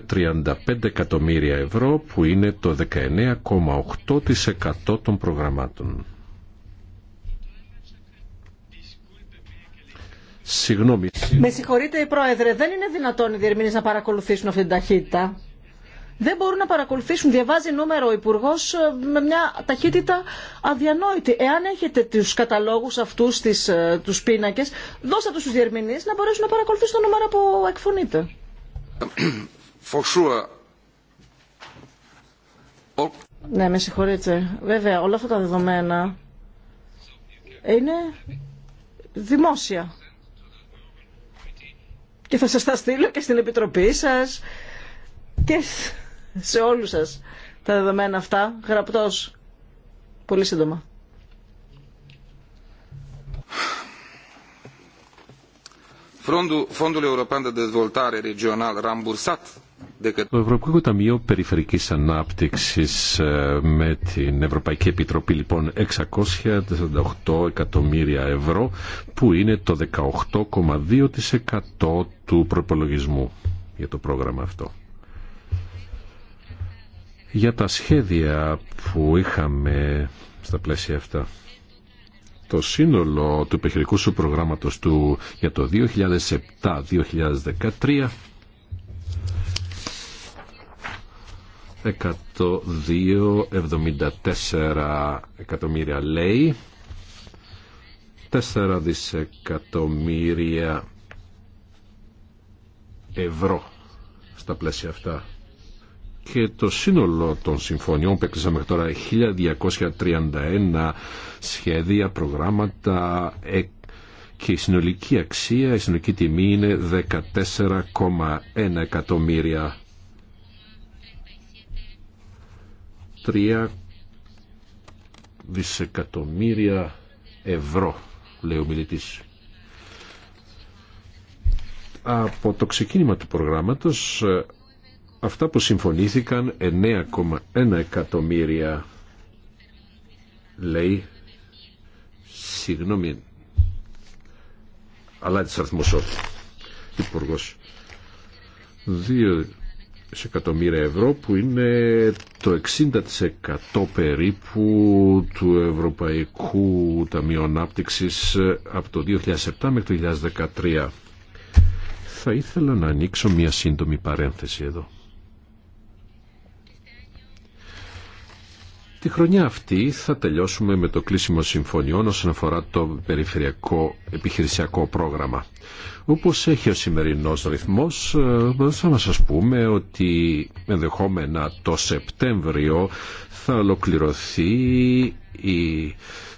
ε, εκατομμύρια ευρώ που είναι το 19,8% των προγραμμάτων. Συγγνώμη. Με συγχωρείτε, Πρόεδρε, δεν είναι δυνατόν οι διερμηνείς να παρακολουθήσουν αυτή την ταχύτητα δεν μπορούν να παρακολουθήσουν. Διαβάζει νούμερο ο Υπουργό ε, με μια ταχύτητα αδιανόητη. Εάν έχετε του καταλόγου αυτού, ε, του πίνακε, δώστε του στου διερμηνεί να μπορέσουν να παρακολουθήσουν το νούμερο που εκφωνείτε. Ναι, με συγχωρείτε. Βέβαια, όλα αυτά τα δεδομένα είναι δημόσια. Και θα σας τα στείλω και στην Επιτροπή σας και σε όλους σας τα δεδομένα αυτά, γραπτός, πολύ σύντομα. Το Ευρωπαϊκό Ταμείο Περιφερική ανάπτυξη ε, με την Ευρωπαϊκή Επιτροπή λοιπόν 648 εκατομμύρια ευρώ που είναι το 18,2% του προπολογισμού για το πρόγραμμα αυτό για τα σχέδια που είχαμε στα πλαίσια αυτά. Το σύνολο του επιχειρικού σου προγράμματος του για το 2007-2013 102,74 εκατομμύρια λέει 4 δισεκατομμύρια ευρώ στα πλαίσια αυτά και το σύνολο των συμφωνιών που έκλεισαν μέχρι τώρα 1231 σχέδια, προγράμματα ε, και η συνολική αξία, η συνολική τιμή είναι 14,1 εκατομμύρια 3 δισεκατομμύρια ευρώ, λέει ο Από το ξεκίνημα του προγράμματος ε, αυτά που συμφωνήθηκαν 9,1 εκατομμύρια λέει συγγνώμη αλλά της αριθμός όχι υπουργός 2 εκατομμύρια ευρώ που είναι το 60% περίπου του Ευρωπαϊκού Ταμείου Ανάπτυξης από το 2007 μέχρι το 2013. Θα ήθελα να ανοίξω μια σύντομη παρένθεση εδώ. Τη χρονιά αυτή θα τελειώσουμε με το κλείσιμο συμφωνιών όσον αφορά το περιφερειακό επιχειρησιακό πρόγραμμα. Όπως έχει ο σημερινός ρυθμός, ε, θα να σας πούμε ότι ενδεχόμενα το Σεπτέμβριο θα ολοκληρωθεί η,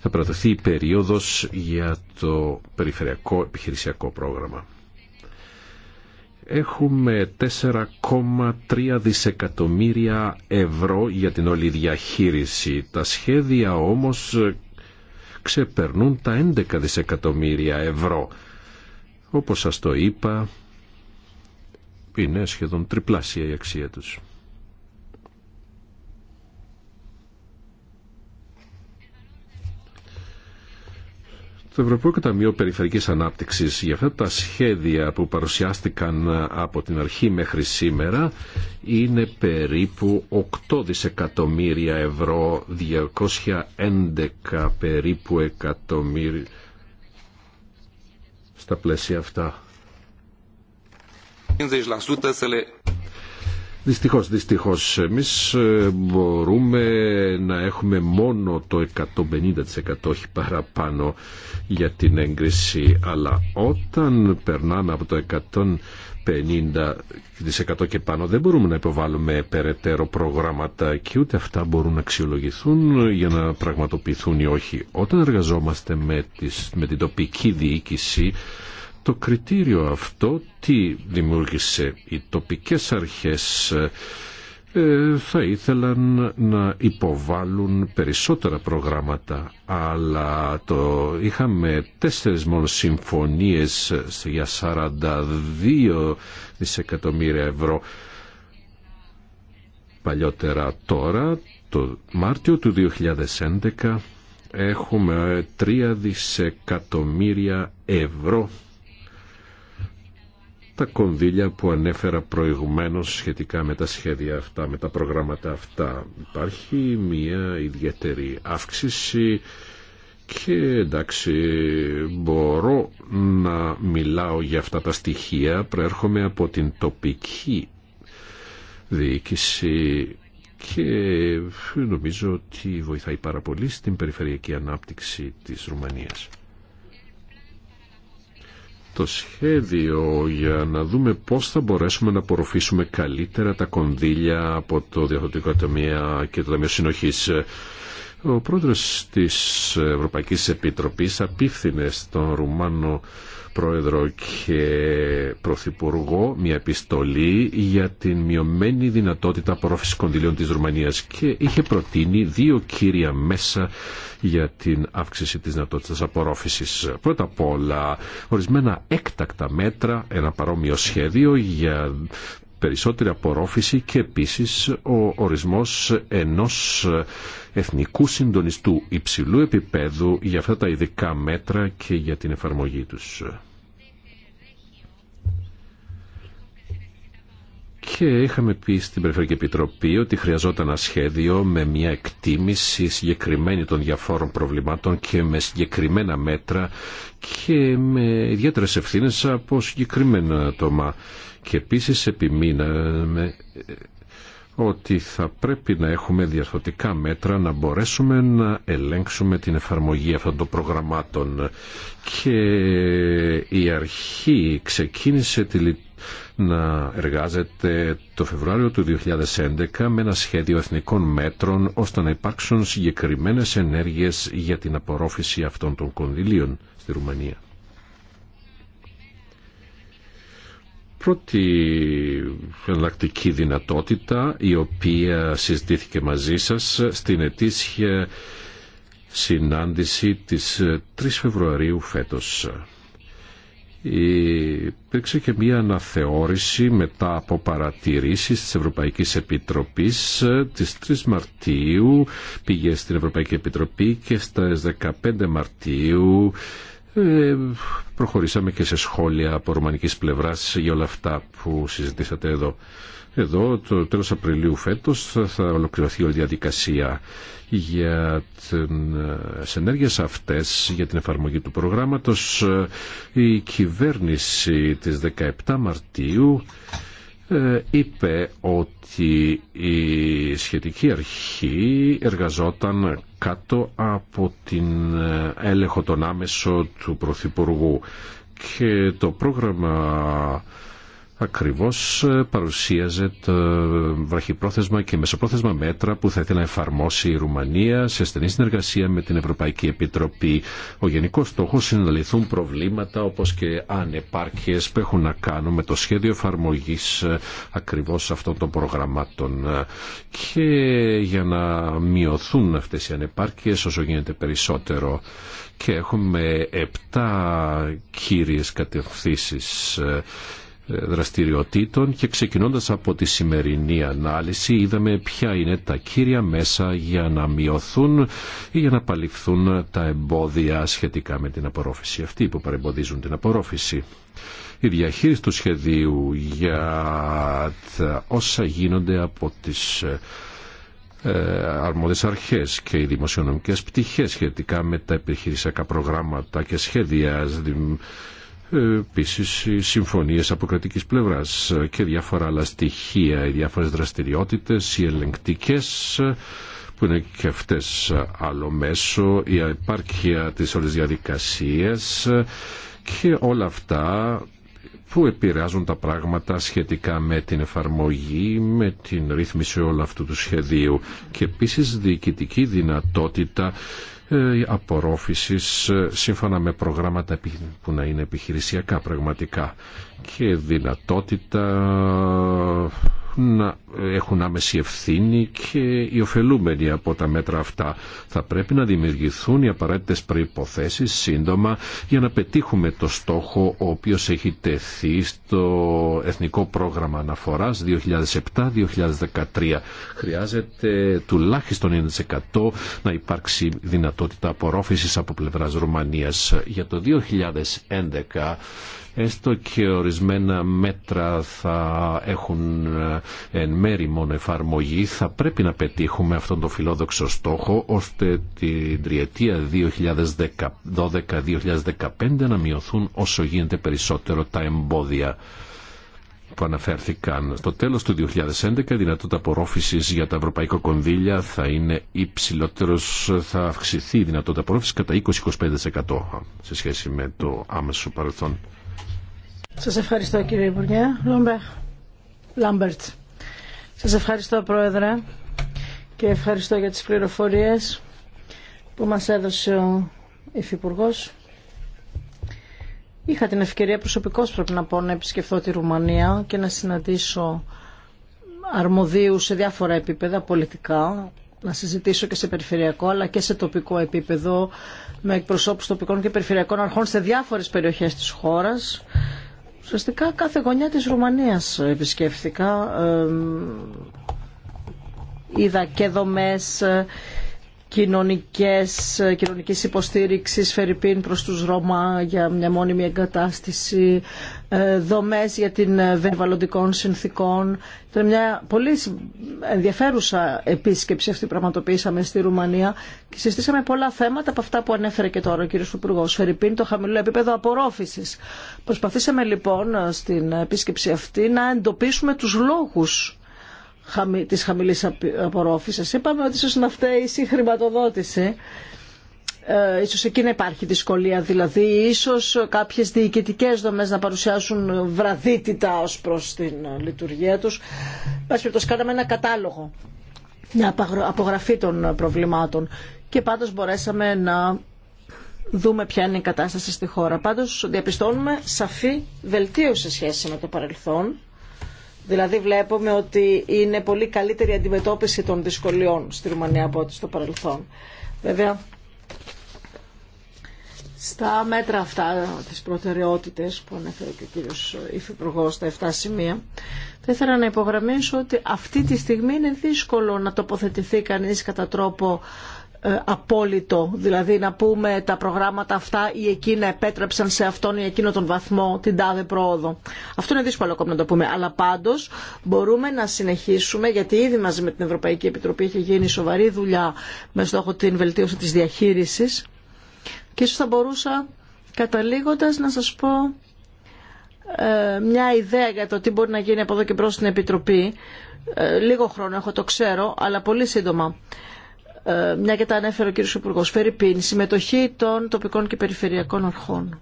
θα περάσει η περίοδος για το περιφερειακό επιχειρησιακό πρόγραμμα έχουμε 4,3 δισεκατομμύρια ευρώ για την όλη διαχείριση. Τα σχέδια όμως ξεπερνούν τα 11 δισεκατομμύρια ευρώ. Όπως σας το είπα, είναι σχεδόν τριπλάσια η αξία τους. Το Ευρωπαϊκό Ταμείο Περιφερικής Ανάπτυξης για αυτά τα σχέδια που παρουσιάστηκαν από την αρχή μέχρι σήμερα είναι περίπου 8 δισεκατομμύρια ευρώ, 211 περίπου εκατομμύρια στα πλαίσια αυτά. Δυστυχώς, δυστυχώς εμείς ε, μπορούμε να έχουμε μόνο το 150% όχι παραπάνω για την έγκριση αλλά όταν περνάμε από το 150% και πάνω δεν μπορούμε να υποβάλουμε περαιτέρω προγράμματα και ούτε αυτά μπορούν να αξιολογηθούν για να πραγματοποιηθούν ή όχι. Όταν εργαζόμαστε με, με την τοπική διοίκηση το κριτήριο αυτό τι δημιούργησε οι τοπικές αρχές ε, θα ήθελαν να υποβάλουν περισσότερα προγράμματα αλλά το είχαμε τέσσερις μόνο συμφωνίες για 42 δισεκατομμύρια ευρώ παλιότερα τώρα το Μάρτιο του 2011 έχουμε 3 δισεκατομμύρια ευρώ τα κονδύλια που ανέφερα προηγουμένως σχετικά με τα σχέδια αυτά, με τα προγράμματα αυτά. Υπάρχει μια ιδιαίτερη αύξηση και εντάξει μπορώ να μιλάω για αυτά τα στοιχεία προέρχομαι από την τοπική διοίκηση και νομίζω ότι βοηθάει πάρα πολύ στην περιφερειακή ανάπτυξη της Ρουμανίας το σχέδιο για να δούμε πώς θα μπορέσουμε να απορροφήσουμε καλύτερα τα κονδύλια από το Διαθωτικό ατομία και το Ταμείο Συνοχής. Ο πρόεδρος της Ευρωπαϊκής Επιτροπής απίφθινε στον Ρουμάνο Πρόεδρο και Πρωθυπουργό μια επιστολή για την μειωμένη δυνατότητα απορρόφησης κονδυλίων της Ρουμανίας και είχε προτείνει δύο κύρια μέσα για την αύξηση της δυνατότητας απορρόφησης. Πρώτα απ' όλα ορισμένα έκτακτα μέτρα, ένα παρόμοιο σχέδιο για περισσότερη απορρόφηση και επίσης ο ορισμός ενός εθνικού συντονιστού υψηλού επίπεδου για αυτά τα ειδικά μέτρα και για την εφαρμογή τους. Και είχαμε πει στην Περιφερειακή Επιτροπή ότι χρειαζόταν ένα σχέδιο με μια εκτίμηση συγκεκριμένη των διαφόρων προβλημάτων και με συγκεκριμένα μέτρα και με ιδιαίτερες ευθύνες από συγκεκριμένα άτομα και επίσης επιμείναμε ε, ότι θα πρέπει να έχουμε διαρθωτικά μέτρα να μπορέσουμε να ελέγξουμε την εφαρμογή αυτών των προγραμμάτων. Και η αρχή ξεκίνησε τη, να εργάζεται το Φεβρουάριο του 2011 με ένα σχέδιο εθνικών μέτρων ώστε να υπάρξουν συγκεκριμένες ενέργειες για την απορρόφηση αυτών των κονδυλίων στη Ρουμανία. Πρώτη εναλλακτική δυνατότητα η οποία συζητήθηκε μαζί σας στην ετήσια συνάντηση της 3 Φεβρουαρίου φέτος. Υπήρξε και μία αναθεώρηση μετά από παρατηρήσεις της Ευρωπαϊκής Επιτροπής της 3 Μαρτίου πήγε στην Ευρωπαϊκή Επιτροπή και στις 15 Μαρτίου ε, προχωρήσαμε και σε σχόλια από ρωμανικής πλευράς για όλα αυτά που συζητήσατε εδώ. Εδώ το τέλος Απριλίου φέτος θα ολοκληρωθεί όλη η διαδικασία για τις ε, ενέργειες αυτές, για την εφαρμογή του προγράμματος. Ε, η κυβέρνηση της 17 Μαρτίου ε, είπε ότι η σχετική αρχή εργαζόταν κάτω από την ε, έλεγχο τον άμεσο του Πρωθυπουργού και το πρόγραμμα ακριβώς ε, παρουσίαζε το βραχυπρόθεσμα και μεσοπρόθεσμα μέτρα που θα ήθελε να εφαρμόσει η Ρουμανία σε στενή συνεργασία με την Ευρωπαϊκή Επιτροπή. Ο γενικός στόχος είναι να λυθούν προβλήματα όπως και ανεπάρκειες που έχουν να κάνουν με το σχέδιο εφαρμογής ε, ακριβώς αυτών των προγραμμάτων και για να μειωθούν αυτές οι ανεπάρκειες όσο γίνεται περισσότερο και έχουμε 7 κύριες κατευθύνσεις ε, δραστηριοτήτων και ξεκινώντας από τη σημερινή ανάλυση είδαμε ποια είναι τα κύρια μέσα για να μειωθούν ή για να παλιφθούν τα εμπόδια σχετικά με την απορρόφηση αυτή που παρεμποδίζουν την απορρόφηση. Η διαχείριση του σχεδίου για τα όσα γίνονται από τις ε, αρμόδιες αρχές και οι δημοσιονομικές πτυχές σχετικά με τα επιχειρησιακά προγράμματα και σχέδια Επίση, οι συμφωνίε από κρατική πλευρά και διάφορα άλλα στοιχεία, οι διάφορε δραστηριότητε, οι ελεγκτικέ που είναι και αυτέ άλλο μέσο, η επάρκεια της όλη διαδικασία και όλα αυτά που επηρεάζουν τα πράγματα σχετικά με την εφαρμογή, με την ρύθμιση όλου αυτού του σχεδίου και επίσης διοικητική δυνατότητα ε, απορρόφησης ε, σύμφωνα με προγράμματα που να είναι επιχειρησιακά πραγματικά και δυνατότητα έχουν, έχουν άμεση ευθύνη και οι ωφελούμενοι από τα μέτρα αυτά. Θα πρέπει να δημιουργηθούν οι απαραίτητες προϋποθέσεις σύντομα για να πετύχουμε το στόχο ο οποίος έχει τεθεί στο Εθνικό Πρόγραμμα Αναφοράς 2007-2013. Χρειάζεται τουλάχιστον 1% να υπάρξει δυνατότητα απορρόφησης από πλευράς Ρουμανίας. Για το 2011 έστω και ορισμένα μέτρα θα έχουν ε, εν μέρη μόνο εφαρμογή, θα πρέπει να πετύχουμε αυτόν τον φιλόδοξο στόχο, ώστε την τριετία 2012-2015 να μειωθούν όσο γίνεται περισσότερο τα εμπόδια που αναφέρθηκαν. Στο τέλος του 2011 η δυνατότητα απορρόφησης για τα ευρωπαϊκά κονδύλια θα είναι υψηλότερος, θα αυξηθεί δυνατότητα απορρόφησης κατά 20-25% σε σχέση με το άμεσο παρελθόν. Σας ευχαριστώ κύριε Υπουργέ. Λάμπερτ. Σας ευχαριστώ Πρόεδρε και ευχαριστώ για τις πληροφορίες που μας έδωσε ο Υφυπουργός. Είχα την ευκαιρία προσωπικώς πρέπει να πω να επισκεφθώ τη Ρουμανία και να συναντήσω αρμοδίους σε διάφορα επίπεδα πολιτικά, να συζητήσω και σε περιφερειακό αλλά και σε τοπικό επίπεδο με εκπροσώπους τοπικών και περιφερειακών αρχών σε διάφορες περιοχές της χώρας Ουσιαστικά κάθε γωνιά της Ρουμανίας επισκέφθηκα. είδα και δομές ε, κοινωνικές, ε, κοινωνικής υποστήριξης Φερρυπίν προς τους Ρώμα για μια μόνιμη εγκατάσταση ε, δομές για την ε, περιβαλλοντικών συνθήκων. Ήταν μια πολύ ενδιαφέρουσα επίσκεψη αυτή που πραγματοποιήσαμε στη Ρουμανία και συστήσαμε πολλά θέματα από αυτά που ανέφερε και τώρα ο κύριος Υπουργό Φερρυπίν, το χαμηλό επίπεδο απορρόφησης. Προσπαθήσαμε λοιπόν ε, στην επίσκεψη αυτή να εντοπίσουμε τους λόγους της χαμηλής απορρόφησης. Είπαμε ότι ίσως να φταίει η χρηματοδότηση ε, ίσως εκεί να υπάρχει δυσκολία, δηλαδή ίσως κάποιες διοικητικές δομές να παρουσιάσουν βραδύτητα ως προς την λειτουργία τους. Μας πιστεύω κάναμε ένα κατάλογο, μια απογραφή των προβλημάτων και πάντως μπορέσαμε να δούμε ποια είναι η κατάσταση στη χώρα. Πάντως διαπιστώνουμε σαφή βελτίωση σε σχέση με το παρελθόν. Δηλαδή βλέπουμε ότι είναι πολύ καλύτερη αντιμετώπιση των δυσκολιών στη Ρουμανία από ό,τι στο παρελθόν. Βέβαια, στα μέτρα αυτά, τις προτεραιότητες που ανέφερε και ο κύριος Υφυπουργός στα 7 σημεία, θα ήθελα να υπογραμμίσω ότι αυτή τη στιγμή είναι δύσκολο να τοποθετηθεί κανείς κατά τρόπο ε, απόλυτο, δηλαδή να πούμε τα προγράμματα αυτά ή εκείνα επέτρεψαν σε αυτόν ή εκείνο τον βαθμό την τάδε πρόοδο. Αυτό είναι δύσκολο ακόμα να το πούμε, αλλά πάντως μπορούμε να συνεχίσουμε γιατί ήδη μαζί με την Ευρωπαϊκή Επιτροπή έχει γίνει σοβαρή δουλειά με στόχο την βελτίωση της διαχείρισης και ίσως θα μπορούσα καταλήγοντας να σας πω ε, μια ιδέα για το τι μπορεί να γίνει από εδώ και μπρος στην Επιτροπή. Ε, λίγο χρόνο έχω, το ξέρω, αλλά πολύ σύντομα. Ε, μια και τα ανέφερε ο κύριος Υπουργός. Φέρει πίν, συμμετοχή των τοπικών και περιφερειακών αρχών.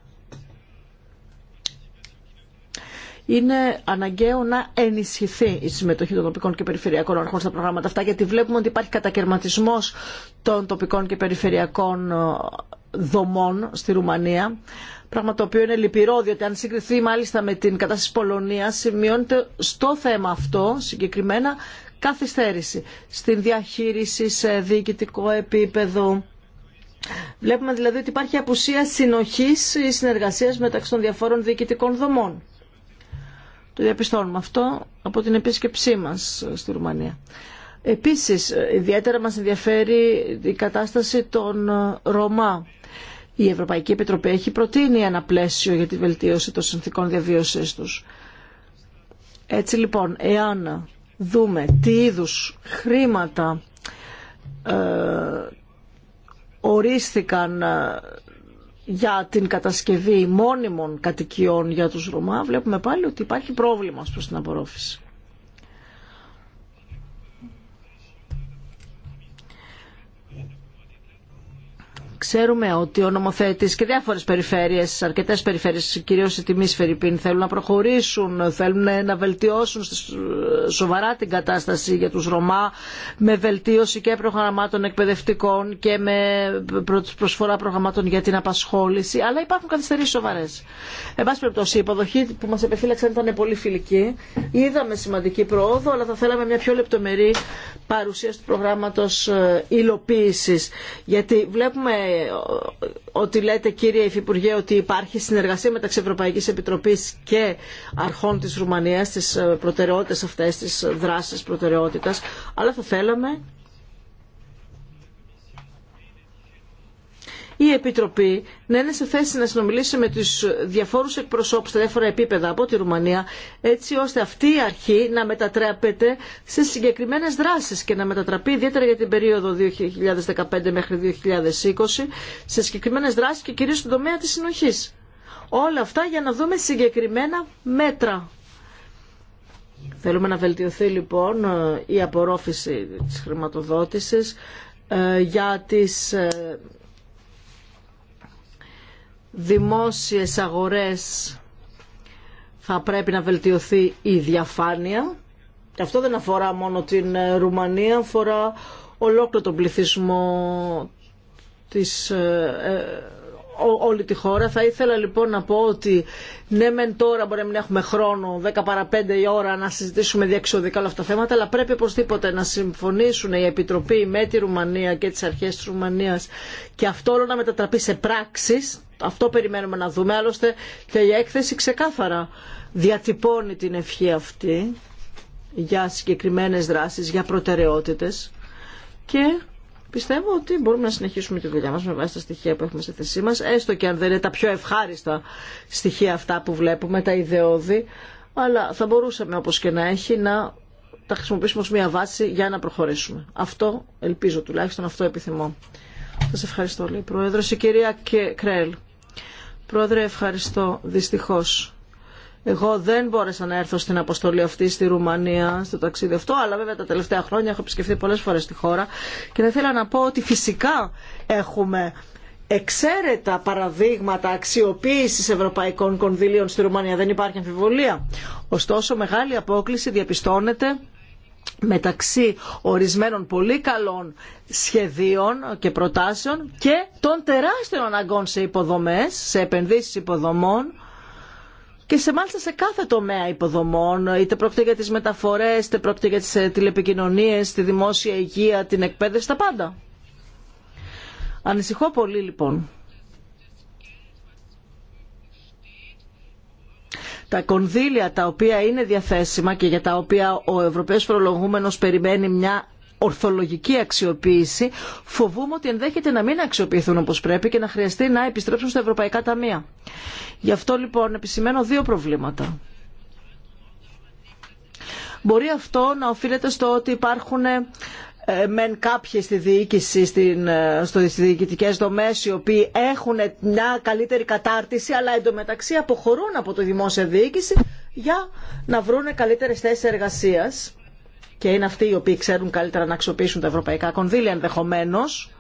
είναι αναγκαίο να ενισχυθεί η συμμετοχή των τοπικών και περιφερειακών αρχών στα προγράμματα αυτά, γιατί βλέπουμε ότι υπάρχει κατακαιρματισμός των τοπικών και περιφερειακών δομών στη Ρουμανία. Πράγμα το οποίο είναι λυπηρό, διότι αν συγκριθεί μάλιστα με την κατάσταση της Πολωνίας, σημειώνεται στο θέμα αυτό συγκεκριμένα καθυστέρηση στην διαχείριση σε διοικητικό επίπεδο. Βλέπουμε δηλαδή ότι υπάρχει απουσία συνοχής ή συνεργασίας μεταξύ των διαφόρων διοικητικών δομών. Το διαπιστώνουμε αυτό από την επίσκεψή μας στη Ρουμανία. Επίσης, ιδιαίτερα μας ενδιαφέρει η κατάσταση των Ρωμά. Η Ευρωπαϊκή Επιτροπή έχει προτείνει ένα πλαίσιο για τη βελτίωση των συνθήκων διαβίωσής τους. Έτσι λοιπόν, εάν δούμε τι είδους χρήματα ε, ορίστηκαν ε, για την κατασκευή μόνιμων κατοικιών για τους Ρωμά, βλέπουμε πάλι ότι υπάρχει πρόβλημα προς την απορρόφηση. Ξέρουμε ότι ο νομοθέτης και διάφορες περιφέρειες, αρκετές περιφέρειες, κυρίως η τιμή Φερρυπίν, θέλουν να προχωρήσουν, θέλουν να βελτιώσουν σοβαρά την κατάσταση για τους Ρωμά με βελτίωση και προγραμμάτων εκπαιδευτικών και με προσφορά προγραμμάτων για την απασχόληση, αλλά υπάρχουν καθυστερήσεις σοβαρές. Εν πάση περιπτώσει, η υποδοχή που μας επεφύλαξαν ήταν πολύ φιλική. Είδαμε σημαντική πρόοδο, αλλά θα θέλαμε μια πιο λεπτομερή παρουσίαση του προγράμματος ε, υλοποίησης. Γιατί βλέπουμε ότι λέτε κύριε Υφυπουργέ ότι υπάρχει συνεργασία μεταξύ Ευρωπαϊκής Επιτροπής και αρχών της Ρουμανίας στις προτεραιότητες αυτές, τις δράσεις προτεραιότητας, αλλά θα θέλαμε η Επιτροπή να είναι σε θέση να συνομιλήσει με τους διαφόρους εκπροσώπους στα διάφορα επίπεδα από τη Ρουμανία, έτσι ώστε αυτή η αρχή να μετατρέπεται σε συγκεκριμένες δράσεις και να μετατραπεί ιδιαίτερα για την περίοδο 2015 μέχρι 2020 σε συγκεκριμένες δράσεις και κυρίως στον τομέα της συνοχής. Όλα αυτά για να δούμε συγκεκριμένα μέτρα. Θέλουμε να βελτιωθεί λοιπόν η απορρόφηση της χρηματοδότησης ε, για τις ε, δημόσιες αγορές θα πρέπει να βελτιωθεί η διαφάνεια. Και αυτό δεν αφορά μόνο την Ρουμανία, αφορά ολόκληρο τον πληθυσμό της ε, ε, όλη τη χώρα. Θα ήθελα λοιπόν να πω ότι ναι μεν τώρα μπορεί να μην έχουμε χρόνο 10 παρα 5 η ώρα να συζητήσουμε διεξοδικά όλα αυτά τα θέματα αλλά πρέπει οπωσδήποτε να συμφωνήσουν η Επιτροπή με τη Ρουμανία και τις αρχές της Ρουμανίας και αυτό όλο να μετατραπεί σε πράξεις αυτό περιμένουμε να δούμε. Άλλωστε και η έκθεση ξεκάθαρα διατυπώνει την ευχή αυτή για συγκεκριμένες δράσεις, για προτεραιότητες και πιστεύω ότι μπορούμε να συνεχίσουμε τη δουλειά μας με βάση τα στοιχεία που έχουμε στη θέσή μας, έστω και αν δεν είναι τα πιο ευχάριστα στοιχεία αυτά που βλέπουμε, τα ιδεώδη, αλλά θα μπορούσαμε όπως και να έχει να τα χρησιμοποιήσουμε ως μια βάση για να προχωρήσουμε. Αυτό ελπίζω τουλάχιστον, αυτό επιθυμώ. Σας ευχαριστώ λέει Πρόεδρος. Η κυρία Κρέλ. Πρόεδρε, ευχαριστώ. Δυστυχώ. Εγώ δεν μπόρεσα να έρθω στην αποστολή αυτή στη Ρουμανία, στο ταξίδι αυτό, αλλά βέβαια τα τελευταία χρόνια έχω επισκεφθεί πολλές φορές τη χώρα και θα ήθελα να πω ότι φυσικά έχουμε εξαίρετα παραδείγματα αξιοποίηση ευρωπαϊκών κονδυλίων στη Ρουμανία, δεν υπάρχει αμφιβολία. Ωστόσο, μεγάλη απόκληση διαπιστώνεται μεταξύ ορισμένων πολύ καλών σχεδίων και προτάσεων και των τεράστιων αναγκών σε υποδομές, σε επενδύσεις υποδομών και σε μάλιστα σε κάθε τομέα υποδομών, είτε πρόκειται για τις μεταφορές, είτε πρόκειται για τις ε, τηλεπικοινωνίες, τη δημόσια υγεία, την εκπαίδευση, τα πάντα. Ανησυχώ πολύ λοιπόν τα κονδύλια τα οποία είναι διαθέσιμα και για τα οποία ο Ευρωπαίος Φορολογούμενος περιμένει μια ορθολογική αξιοποίηση, φοβούμαι ότι ενδέχεται να μην αξιοποιηθούν όπως πρέπει και να χρειαστεί να επιστρέψουν στα Ευρωπαϊκά Ταμεία. Γι' αυτό λοιπόν επισημαίνω δύο προβλήματα. Μπορεί αυτό να οφείλεται στο ότι υπάρχουν ε, μεν κάποιοι στη διοίκηση, ε, στις διοικητικές δομές οι οποίοι έχουν μια καλύτερη κατάρτιση αλλά εντωμεταξύ αποχωρούν από το δημόσια διοίκηση για να βρουν καλύτερες θέσεις εργασίας και είναι αυτοί οι οποίοι ξέρουν καλύτερα να αξιοποιήσουν τα ευρωπαϊκά κονδύλια ενδεχομένως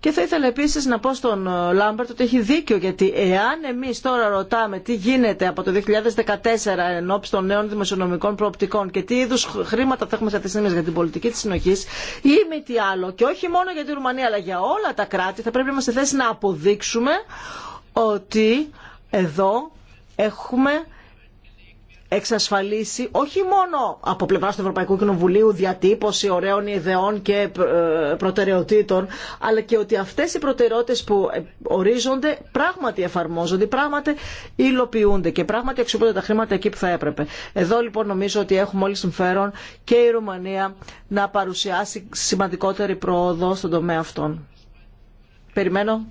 και θα ήθελα επίση να πω στον ε, Λάμπερτ ότι έχει δίκιο γιατί εάν εμεί τώρα ρωτάμε τι γίνεται από το 2014 εν ώψη των νέων δημοσιονομικών προοπτικών και τι είδου χρήματα θα έχουμε στα στιγμή για την πολιτική τη συνοχή ή με τι άλλο και όχι μόνο για τη Ρουμανία αλλά για όλα τα κράτη θα πρέπει να είμαστε θέση να αποδείξουμε ότι εδώ έχουμε εξασφαλίσει όχι μόνο από πλευρά του Ευρωπαϊκού Κοινοβουλίου διατύπωση ωραίων ιδεών και ε, προτεραιοτήτων, αλλά και ότι αυτέ οι προτεραιότητε που ορίζονται πράγματι εφαρμόζονται, πράγματι υλοποιούνται και πράγματι αξιοποιούνται τα χρήματα εκεί που θα έπρεπε. Εδώ λοιπόν νομίζω ότι έχουμε όλοι συμφέρον και η Ρουμανία να παρουσιάσει σημαντικότερη πρόοδο στον τομέα αυτών. Περιμένω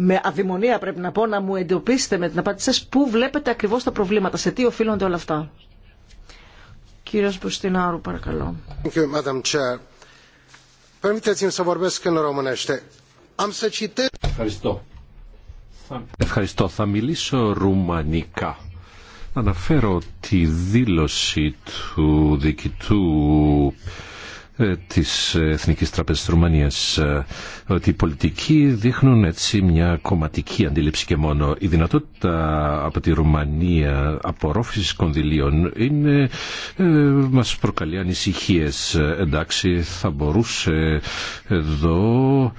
με αδειμονία πρέπει να πω να μου εντοπίσετε με την απάντησή σας πού βλέπετε ακριβώς τα προβλήματα, σε τι οφείλονται όλα αυτά. Κύριος Μπουστινάρου, παρακαλώ. Ευχαριστώ. Ευχαριστώ. Θα μιλήσω ρουμανικά. Αναφέρω τη δήλωση του διοικητού ε, της Εθνικής Τραπεζής της Ρουμανίας ε, ότι οι πολιτικοί δείχνουν έτσι μια κομματική αντίληψη και μόνο. Η δυνατότητα από τη Ρουμανία απορρόφησης κονδυλίων είναι, ε, μας προκαλεί ανησυχίες. Εντάξει θα μπορούσε εδώ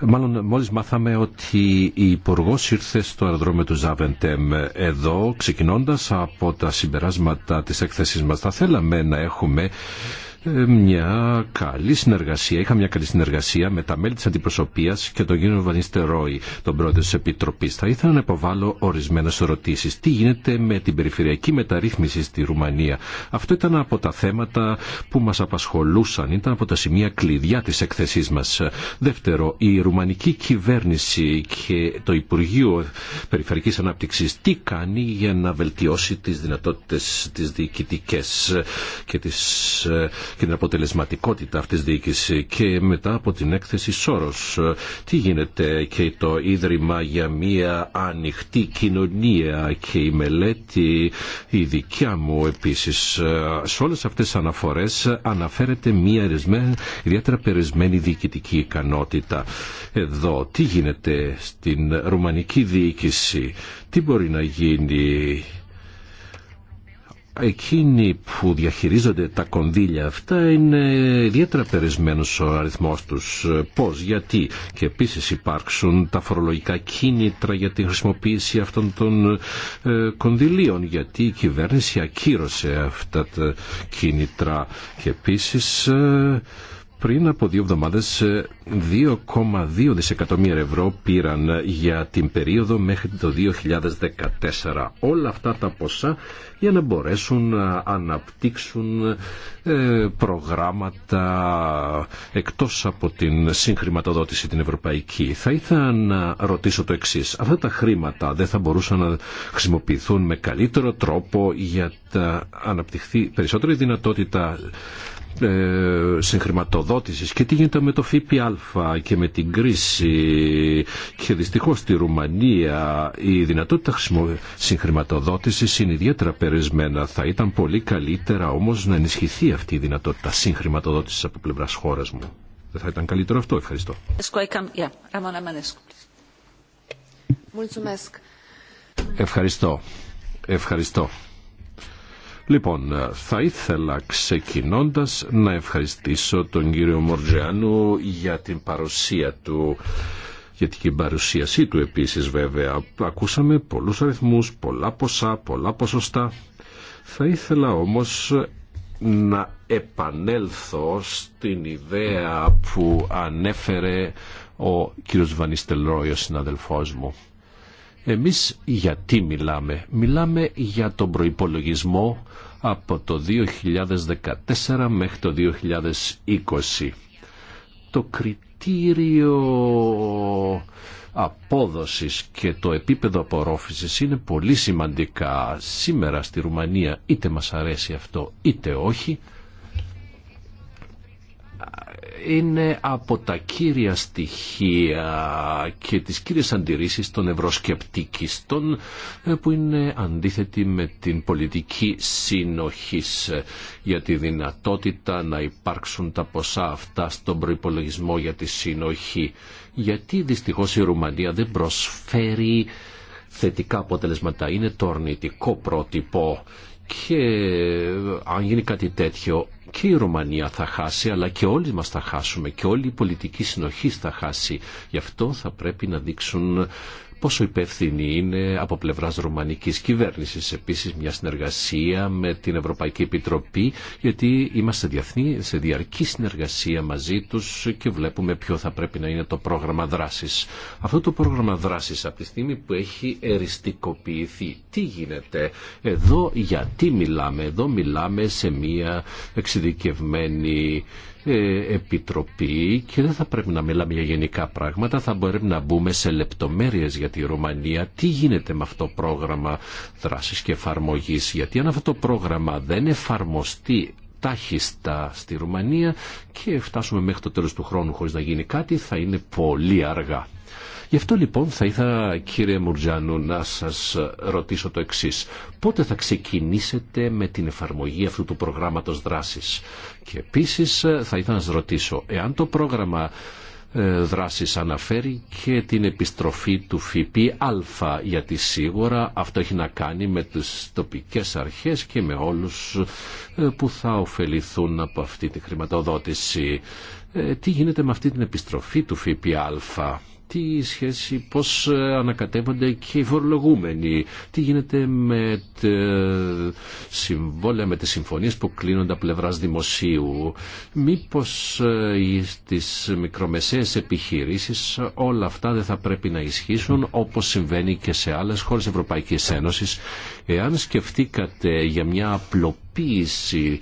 Μάλλον μόλις μάθαμε ότι η υπουργό ήρθε στο αεροδρόμιο του Ζαβεντέμ εδώ ξεκινώντας από τα συμπεράσματα της έκθεσης μας θα θέλαμε να έχουμε ε, μια καλή συνεργασία, είχα μια καλή συνεργασία με τα μέλη τη αντιπροσωπείας και τον κύριο Ρόι, τον πρόεδρο τη Επιτροπή. Θα ήθελα να υποβάλω ορισμένε ερωτήσει. Τι γίνεται με την περιφερειακή μεταρρύθμιση στη Ρουμανία. Αυτό ήταν από τα θέματα που μα απασχολούσαν, ήταν από τα σημεία κλειδιά τη εκθεσή μα. Δεύτερο, η ρουμανική κυβέρνηση και το Υπουργείο Περιφερειακής Ανάπτυξη τι κάνει για να βελτιώσει τι δυνατότητε, τι διοικητικέ και τι. Ε, και την αποτελεσματικότητα αυτής της και μετά από την έκθεση Σόρος. Τι γίνεται και το Ίδρυμα για μια ανοιχτή κοινωνία και η μελέτη η δικιά μου επίσης. Σε όλες αυτές τις αναφορές αναφέρεται μια ιδιαίτερα περισμένη διοικητική ικανότητα. Εδώ τι γίνεται στην ρουμανική διοίκηση, τι μπορεί να γίνει εκείνοι που διαχειρίζονται τα κονδύλια αυτά είναι ιδιαίτερα περισμένος ο αριθμός τους. Πώς, γιατί και επίσης υπάρξουν τα φορολογικά κίνητρα για τη χρησιμοποίηση αυτών των ε, κονδυλίων γιατί η κυβέρνηση ακύρωσε αυτά τα κίνητρα και επίσης ε, πριν από δύο εβδομάδες 2,2 ε, δισεκατομμύρια ευρώ πήραν ε, για την περίοδο μέχρι το 2014. Όλα αυτά τα ποσά για να μπορέσουν να αναπτύξουν ε, προγράμματα εκτός από την συγχρηματοδότηση την ευρωπαϊκή. Θα ήθελα να ρωτήσω το εξής. Αυτά τα χρήματα δεν θα μπορούσαν να χρησιμοποιηθούν με καλύτερο τρόπο για να αναπτυχθεί περισσότερη δυνατότητα ε, συγχρηματοδότησης και τι γίνεται με το ΦΠΑ και με την κρίση και δυστυχώς στη Ρουμανία η δυνατότητα συγχρηματοδότησης είναι ιδιαίτερα περισμένα. Θα ήταν πολύ καλύτερα όμως να ενισχυθεί αυτή η δυνατότητα συγχρηματοδότησης από πλευράς χώρας μου. Δεν θα ήταν καλύτερο αυτό. Ευχαριστώ. Ευχαριστώ. Ευχαριστώ. Λοιπόν, θα ήθελα ξεκινώντας να ευχαριστήσω τον κύριο Μοργιάνου για την παρουσία του για την παρουσίασή του επίσης βέβαια. Ακούσαμε πολλούς αριθμούς, πολλά ποσά, πολλά ποσοστά. Θα ήθελα όμως να επανέλθω στην ιδέα που ανέφερε ο κύριος Ρόι, ο συναδελφός μου. Εμείς γιατί μιλάμε. Μιλάμε για τον προϋπολογισμό από το 2014 μέχρι το 2020. Το κριτήριο απόδοσης και το επίπεδο απορρόφησης είναι πολύ σημαντικά σήμερα στη Ρουμανία είτε μας αρέσει αυτό είτε όχι είναι από τα κύρια στοιχεία και τις κύριες αντιρρήσεις των ευρωσκεπτικιστών ε, που είναι αντίθετη με την πολιτική σύνοχή για τη δυνατότητα να υπάρξουν τα ποσά αυτά στον προϋπολογισμό για τη συνοχή. Γιατί δυστυχώς η Ρουμανία δεν προσφέρει θετικά αποτελεσματά. Είναι το αρνητικό πρότυπο και ε, αν γίνει κάτι τέτοιο και η Ρουμανία θα χάσει, αλλά και όλοι μας θα χάσουμε και όλη η πολιτική συνοχή θα χάσει. Γι' αυτό θα πρέπει να δείξουν πόσο υπεύθυνη είναι από πλευρά ρουμανική κυβέρνηση. Επίση, μια συνεργασία με την Ευρωπαϊκή Επιτροπή, γιατί είμαστε διεθνή, σε διαρκή συνεργασία μαζί του και βλέπουμε ποιο θα πρέπει να είναι το πρόγραμμα δράση. Αυτό το πρόγραμμα δράση, από τη στιγμή που έχει εριστικοποιηθεί, τι γίνεται, εδώ γιατί μιλάμε, εδώ μιλάμε σε μια εξειδικευμένη ε, επιτροπή και δεν θα πρέπει να μιλάμε για γενικά πράγματα, θα μπορούμε να μπούμε σε λεπτομέρειες για τη Ρουμανία, τι γίνεται με αυτό το πρόγραμμα δράσης και εφαρμογή. γιατί αν αυτό το πρόγραμμα δεν εφαρμοστεί τάχιστα στη Ρουμανία και φτάσουμε μέχρι το τέλος του χρόνου χωρίς να γίνει κάτι, θα είναι πολύ αργά. Γι' αυτό λοιπόν θα ήθελα κύριε Μουρτζάνου να σας ρωτήσω το εξής. Πότε θα ξεκινήσετε με την εφαρμογή αυτού του προγράμματος δράσης. Και επίσης θα ήθελα να σας ρωτήσω εάν το πρόγραμμα ε, δράσης αναφέρει και την επιστροφή του ΦΠΑ γιατί σίγουρα αυτό έχει να κάνει με τις τοπικές αρχές και με όλους ε, που θα ωφεληθούν από αυτή τη χρηματοδότηση. Ε, τι γίνεται με αυτή την επιστροφή του ΦΠΑ τι σχέση, πώς ε, ανακατεύονται και οι φορολογούμενοι, τι γίνεται με τα ε, συμβόλαια, με τις συμφωνίες που κλείνονται από πλευράς δημοσίου. Μήπως στις ε, μικρομεσαίες επιχειρήσεις όλα αυτά δεν θα πρέπει να ισχύσουν όπως συμβαίνει και σε άλλες χώρες Ευρωπαϊκής Ένωσης. Εάν σκεφτήκατε για μια απλοποίηση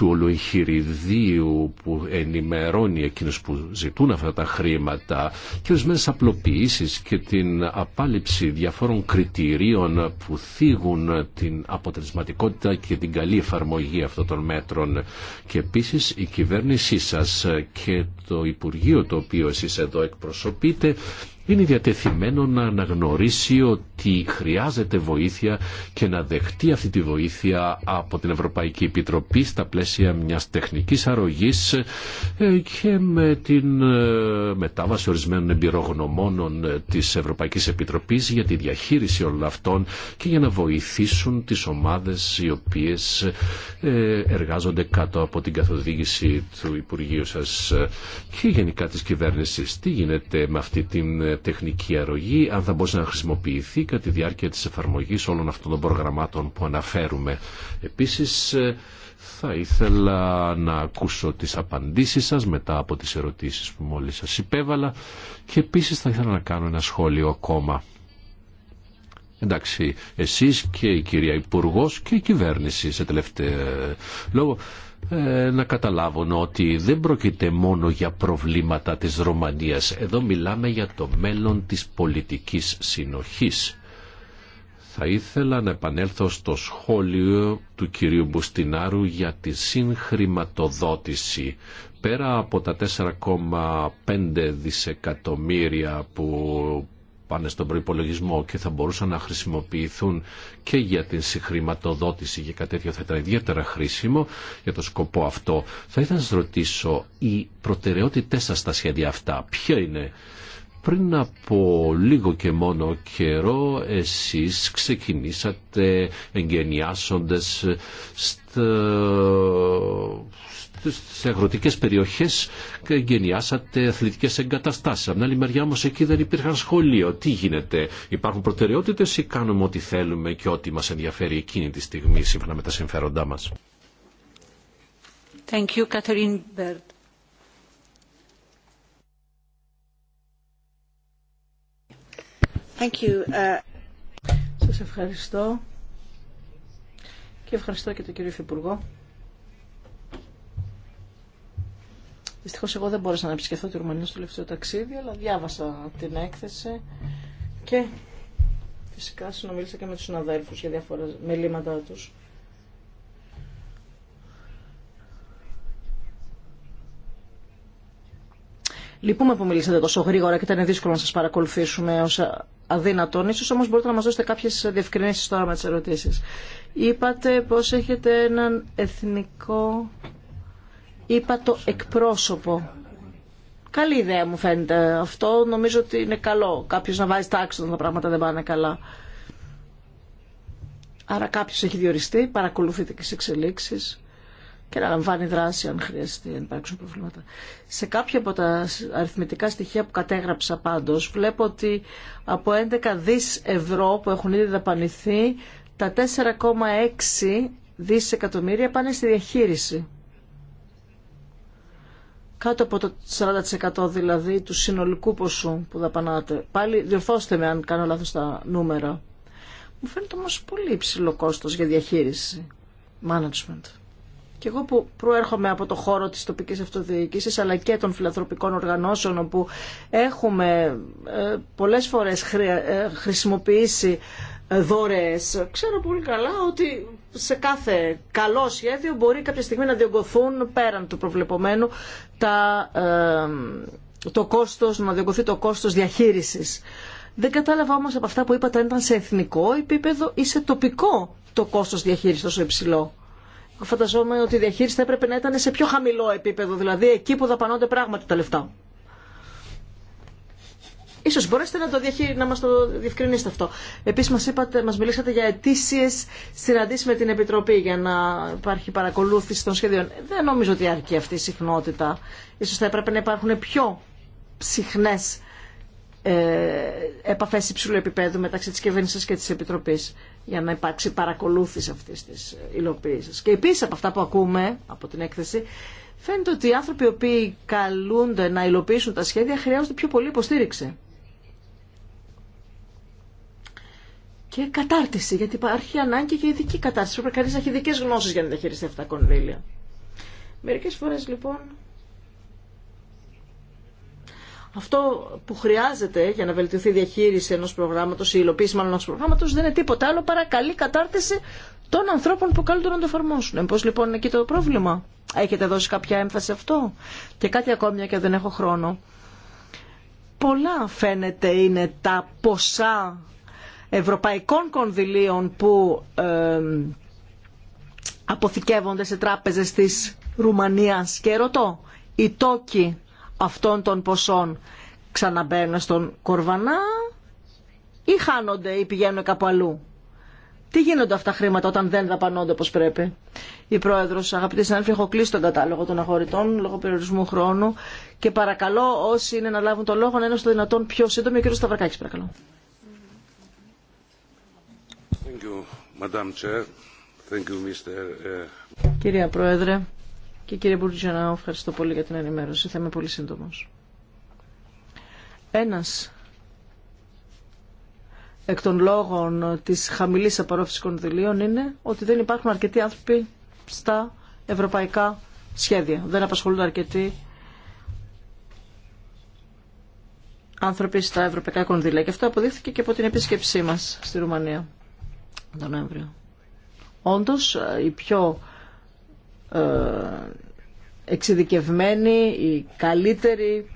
του ολοεγχειριδίου που ενημερώνει εκείνους που ζητούν αυτά τα χρήματα και ορισμένε απλοποίησει και την απάλληψη διαφόρων κριτηρίων που θίγουν την αποτελεσματικότητα και την καλή εφαρμογή αυτών των μέτρων και επίσης η κυβέρνησή σας και το Υπουργείο το οποίο εσείς εδώ εκπροσωπείτε είναι διατεθειμένο να αναγνωρίσει ότι χρειάζεται βοήθεια και να δεχτεί αυτή τη βοήθεια από την Ευρωπαϊκή Επιτροπή στα πλαίσια μιας τεχνικής αρρωγής ε, και με την ε, μετάβαση ορισμένων εμπειρογνωμόνων ε, της Ευρωπαϊκής Επιτροπής για τη διαχείριση όλων αυτών και για να βοηθήσουν τις ομάδες οι οποίες εργάζονται κάτω από την καθοδήγηση του Υπουργείου σας και γενικά της κυβέρνησης. Τι γίνεται με αυτή την τεχνική αρρωγή, αν θα μπορούσε να χρησιμοποιηθεί κατά τη διάρκεια της εφαρμογής όλων αυτών των προγραμμάτων που αναφέρουμε. Επίσης, ε, θα ήθελα να ακούσω τις απαντήσεις σας μετά από τις ερωτήσεις που μόλις σας υπέβαλα και επίσης θα ήθελα να κάνω ένα σχόλιο ακόμα. Εντάξει, εσείς και η κυρία Υπουργός και η κυβέρνηση σε τελευταίο λόγο ε, να καταλάβουν ότι δεν πρόκειται μόνο για προβλήματα της Ρωμανίας. Εδώ μιλάμε για το μέλλον της πολιτικής συνοχής. Θα ήθελα να επανέλθω στο σχόλιο του κυρίου Μπουστινάρου για τη συγχρηματοδότηση. Πέρα από τα 4,5 δισεκατομμύρια που πάνε στον προπολογισμό και θα μπορούσαν να χρησιμοποιηθούν και για την συγχρηματοδότηση και κάτι τέτοιο θα ήταν ιδιαίτερα χρήσιμο για το σκοπό αυτό. Θα ήθελα να σας ρωτήσω, οι προτεραιότητέ σας στα σχέδια αυτά, ποια είναι πριν από λίγο και μόνο καιρό εσείς ξεκινήσατε εγγενιάσοντες στο, σε αγροτικές περιοχές εγκαινιάσατε αθλητικές εγκαταστάσεις. Απ' την άλλη μεριά όμως εκεί δεν υπήρχαν σχολείο. Τι γίνεται, υπάρχουν προτεραιότητες ή κάνουμε ό,τι θέλουμε και ό,τι μας ενδιαφέρει εκείνη τη στιγμή σύμφωνα με τα συμφέροντά μας. Thank you, uh, Σας ευχαριστώ και ευχαριστώ και τον κύριο Υφυπουργό. Δυστυχώ εγώ δεν μπόρεσα να επισκεφθώ τη Ρουμανία στο τελευταίο ταξίδι, αλλά διάβασα την έκθεση και φυσικά συνομίλησα και με του συναδέλφου για διάφορα μελήματά του. Λυπούμε που μιλήσατε τόσο γρήγορα και ήταν δύσκολο να σα παρακολουθήσουμε ως αδύνατον. σω όμως μπορείτε να μας δώσετε κάποιε διευκρινήσεις τώρα με τι ερωτήσει. Είπατε πώ έχετε έναν εθνικό είπα το εκπρόσωπο. Καλή ιδέα μου φαίνεται αυτό. Νομίζω ότι είναι καλό. Κάποιος να βάζει τάξη όταν τα πράγματα δεν πάνε καλά. Άρα κάποιος έχει διοριστεί, παρακολουθείτε και τις εξελίξεις και να λαμβάνει δράση αν χρειαστεί, αν υπάρξουν προβλήματα. Σε κάποια από τα αριθμητικά στοιχεία που κατέγραψα πάντως, βλέπω ότι από 11 δις ευρώ που έχουν ήδη δαπανηθεί, τα 4,6 εκατομμύρια πάνε στη διαχείριση κάτω από το 40% δηλαδή του συνολικού ποσού που δαπανάτε. Πάλι διορθώστε με αν κάνω λάθος τα νούμερα. Μου φαίνεται όμως πολύ υψηλό κόστος για διαχείριση, management. Και εγώ που προέρχομαι από το χώρο της τοπικής αυτοδιοίκησης αλλά και των φιλανθρωπικών οργανώσεων όπου έχουμε ε, πολλές φορές ε, χρησιμοποιήσει ε, δώρες Ξέρω πολύ καλά ότι σε κάθε καλό σχέδιο μπορεί κάποια στιγμή να διωγγωθούν πέραν του προβλεπωμένου τα, ε, το κόστος, να διωγγωθεί το κόστος διαχείρισης. Δεν κατάλαβα όμως από αυτά που είπατε αν ήταν σε εθνικό επίπεδο ή σε τοπικό το κόστος διαχείρισης τόσο υψηλό. Φανταζόμαι ότι η διαχείριση θα έπρεπε να ήταν σε πιο χαμηλό επίπεδο, δηλαδή εκεί που δαπανώνται πράγματι τα λεφτά. Ίσως μπορέσετε να, το διαχεί, να μας το διευκρινίσετε αυτό. Επίσης μας, είπατε, μας μιλήσατε για αιτήσιες συναντήσεις με την Επιτροπή για να υπάρχει παρακολούθηση των σχεδίων. Δεν νομίζω ότι αρκεί αυτή η συχνότητα. Ίσως θα έπρεπε να υπάρχουν πιο συχνές ε, επαφές υψηλού επίπεδου μεταξύ της κυβέρνηση και της Επιτροπής για να υπάρξει παρακολούθηση αυτής της υλοποίησης. Και επίσης από αυτά που ακούμε από την έκθεση φαίνεται ότι οι άνθρωποι οι οποίοι καλούνται να υλοποιήσουν τα σχέδια χρειάζονται πιο πολύ υποστήριξη. και κατάρτιση, γιατί υπάρχει ανάγκη για ειδική κατάρτιση. Πρέπει κανεί να έχει ειδικέ γνώσει για να διαχειριστεί αυτά τα κονδύλια. Μερικέ φορέ λοιπόν. Αυτό που χρειάζεται για να βελτιωθεί η διαχείριση ενό προγράμματο, η υλοποίηση μάλλον ενό προγράμματο, δεν είναι τίποτα άλλο παρά καλή κατάρτιση των ανθρώπων που καλούνται να το εφαρμόσουν. Πώ λοιπόν είναι εκεί το πρόβλημα. Έχετε δώσει κάποια έμφαση σε αυτό. Και κάτι ακόμη, και δεν έχω χρόνο. Πολλά φαίνεται είναι τα ποσά ευρωπαϊκών κονδυλίων που αποθηκεύονται σε τράπεζες της Ρουμανίας και ρωτώ, οι τόκοι αυτών των ποσών ξαναμπαίνουν στον Κορβανά ή χάνονται ή πηγαίνουν κάπου αλλού. Τι γίνονται αυτά τα χρήματα όταν δεν δαπανώνται όπω πρέπει. Η Πρόεδρο, αγαπητοί συνάδελφοι, οπως πρεπει η προεδρος αγαπητη συναδελφοι εχω κλεισει τον κατάλογο των αγορητών λόγω περιορισμού χρόνου και παρακαλώ όσοι είναι να λάβουν το λόγο να είναι στο δυνατόν πιο σύντομο. Ο κ. Σταυρακάκης, παρακαλώ. Uh, Κυρία Πρόεδρε και κύριε Μπουρτζιανάου, ευχαριστώ πολύ για την ενημέρωση. Θα είμαι πολύ σύντομος. Ένας εκ των λόγων της χαμηλής απαρόφησης κονδυλίων είναι ότι δεν υπάρχουν αρκετοί άνθρωποι στα ευρωπαϊκά σχέδια. Δεν απασχολούνται αρκετοί άνθρωποι στα ευρωπαϊκά κονδύλια. Και αυτό αποδείχθηκε και από την επίσκεψή μας στη Ρουμανία τον Νοέμβριο. Όντως, ε, η πιο ε, οι η καλύτερη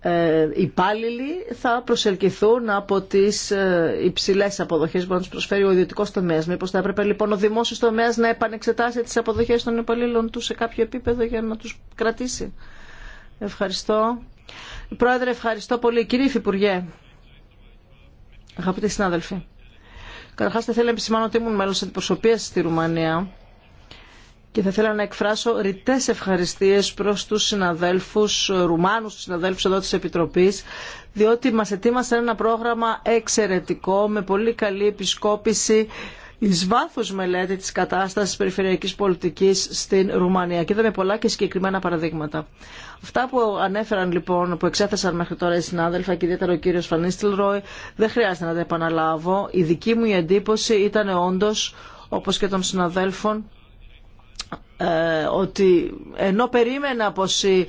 ε, υπάλληλοι θα προσελκυθούν από τι ε, υψηλέ αποδοχέ που να του προσφέρει ο ιδιωτικό τομέα. Μήπω θα έπρεπε λοιπόν ο δημόσιο τομέα να επανεξετάσει τι αποδοχέ των υπαλλήλων του σε κάποιο επίπεδο για να του κρατήσει. Ευχαριστώ. Πρόεδρε, ευχαριστώ πολύ. Κύριε Υφυπουργέ, Αγαπητοί συνάδελφοι, καταρχά θα ήθελα να επισημάνω ότι ήμουν μέλος αντιπροσωπεία στη Ρουμανία και θα ήθελα να εκφράσω ρητέ ευχαριστίες προς τους συναδέλφους, Ρουμάνους τους συναδέλφους εδώ τη Επιτροπής, διότι μας ετοίμασαν ένα πρόγραμμα εξαιρετικό, με πολύ καλή επισκόπηση, ει βάθο μελέτη της κατάστασης περιφερειακή πολιτική στην Ρουμανία. Και είδαμε πολλά και συγκεκριμένα παραδείγματα. Αυτά που ανέφεραν λοιπόν, που εξέθεσαν μέχρι τώρα οι συνάδελφα και ιδιαίτερα ο κύριος Φανίστηλ Ρόι, δεν χρειάζεται να τα επαναλάβω. Η δική μου εντύπωση ήταν όντω, όπως και των συναδέλφων, ε, ότι ενώ περίμενα πως οι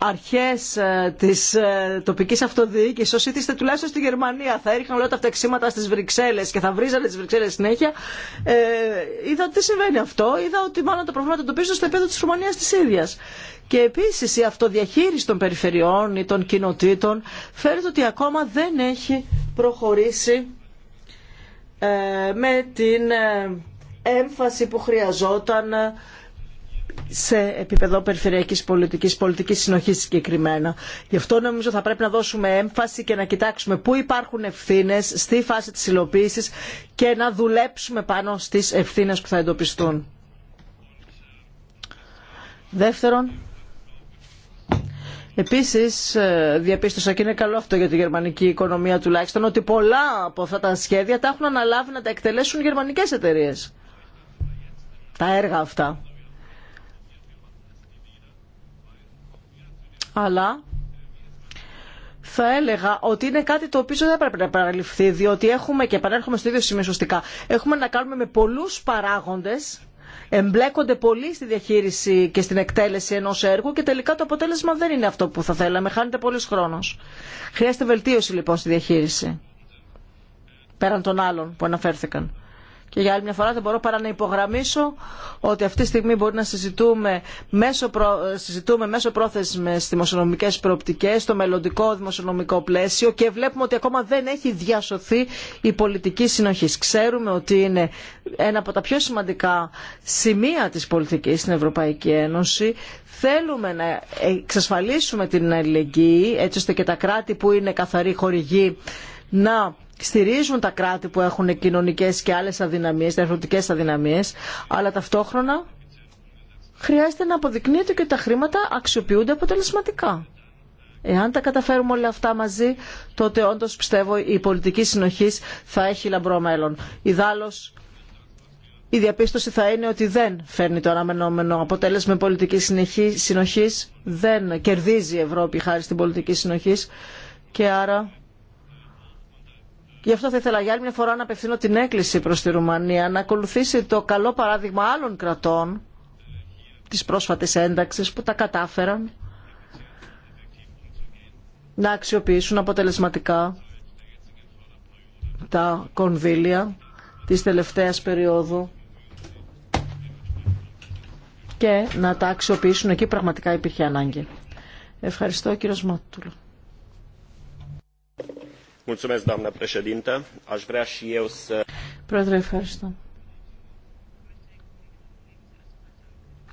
αρχές ε, της ε, τοπικής αυτοδιοίκησης όσοι είστε τουλάχιστον στη Γερμανία θα έριχναν όλα τα φταξίματα στις Βρυξέλλες και θα βρίζανε τις Βρυξέλλες συνέχεια ε, είδα ότι τι συμβαίνει αυτό είδα ότι μάλλον τα προβλήματα το πίσω στο επίπεδο της Ρουμανίας της ίδιας και επίσης η αυτοδιαχείριση των περιφερειών ή των κοινοτήτων φαίνεται ότι ακόμα δεν έχει προχωρήσει ε, με την ε, έμφαση που χρειαζόταν ε, σε επίπεδο περιφερειακής πολιτικής, πολιτικής συνοχής συγκεκριμένα. Γι' αυτό νομίζω θα πρέπει να δώσουμε έμφαση και να κοιτάξουμε πού υπάρχουν ευθύνες στη φάση της υλοποίησης και να δουλέψουμε πάνω στις ευθύνες που θα εντοπιστούν. Δεύτερον, Επίση, ε, διαπίστωσα και είναι καλό αυτό για τη γερμανική οικονομία τουλάχιστον ότι πολλά από αυτά τα σχέδια τα έχουν αναλάβει να τα εκτελέσουν γερμανικέ εταιρείε. Τα έργα αυτά. Αλλά θα έλεγα ότι είναι κάτι το οποίο δεν πρέπει να παραλυφθεί διότι έχουμε και επανέρχομαι στο ίδιο σημείο σωστικά έχουμε να κάνουμε με πολλούς παράγοντες εμπλέκονται πολύ στη διαχείριση και στην εκτέλεση ενό έργου και τελικά το αποτέλεσμα δεν είναι αυτό που θα θέλαμε. Χάνεται πολύ χρόνο. Χρειάζεται βελτίωση λοιπόν στη διαχείριση. Πέραν των άλλων που αναφέρθηκαν. Και για άλλη μια φορά δεν μπορώ παρά να υπογραμμίσω ότι αυτή τη στιγμή μπορεί να συζητούμε μέσω, προ... συζητούμε μέσω πρόθεσμες δημοσιονομικές προοπτικές, στο μελλοντικό δημοσιονομικό πλαίσιο και βλέπουμε ότι ακόμα δεν έχει διασωθεί η πολιτική συνοχή. Ξέρουμε ότι είναι ένα από τα πιο σημαντικά σημεία της πολιτικής στην Ευρωπαϊκή Ένωση. Θέλουμε να εξασφαλίσουμε την αλληλεγγύη έτσι ώστε και τα κράτη που είναι καθαροί χορηγοί να στηρίζουν τα κράτη που έχουν κοινωνικές και άλλες αδυναμίες, διαφορετικές αδυναμίες, αλλά ταυτόχρονα χρειάζεται να αποδεικνύεται και ότι τα χρήματα αξιοποιούνται αποτελεσματικά. Εάν τα καταφέρουμε όλα αυτά μαζί, τότε όντως πιστεύω η πολιτική συνοχή θα έχει λαμπρό μέλλον. Ιδάλλως, η διαπίστωση θα είναι ότι δεν φέρνει το αναμενόμενο αποτέλεσμα πολιτική συνοχής, δεν κερδίζει η Ευρώπη χάρη στην πολιτική συνοχής και άρα Γι' αυτό θα ήθελα για άλλη μια φορά να απευθύνω την έκκληση προς τη Ρουμανία να ακολουθήσει το καλό παράδειγμα άλλων κρατών της πρόσφατης ένταξης που τα κατάφεραν να αξιοποιήσουν αποτελεσματικά τα κονδύλια της τελευταίας περίοδου και να τα αξιοποιήσουν εκεί πραγματικά υπήρχε ανάγκη. Ευχαριστώ κύριο Σμότουλο a vrea i eu să... ευχαριστώ.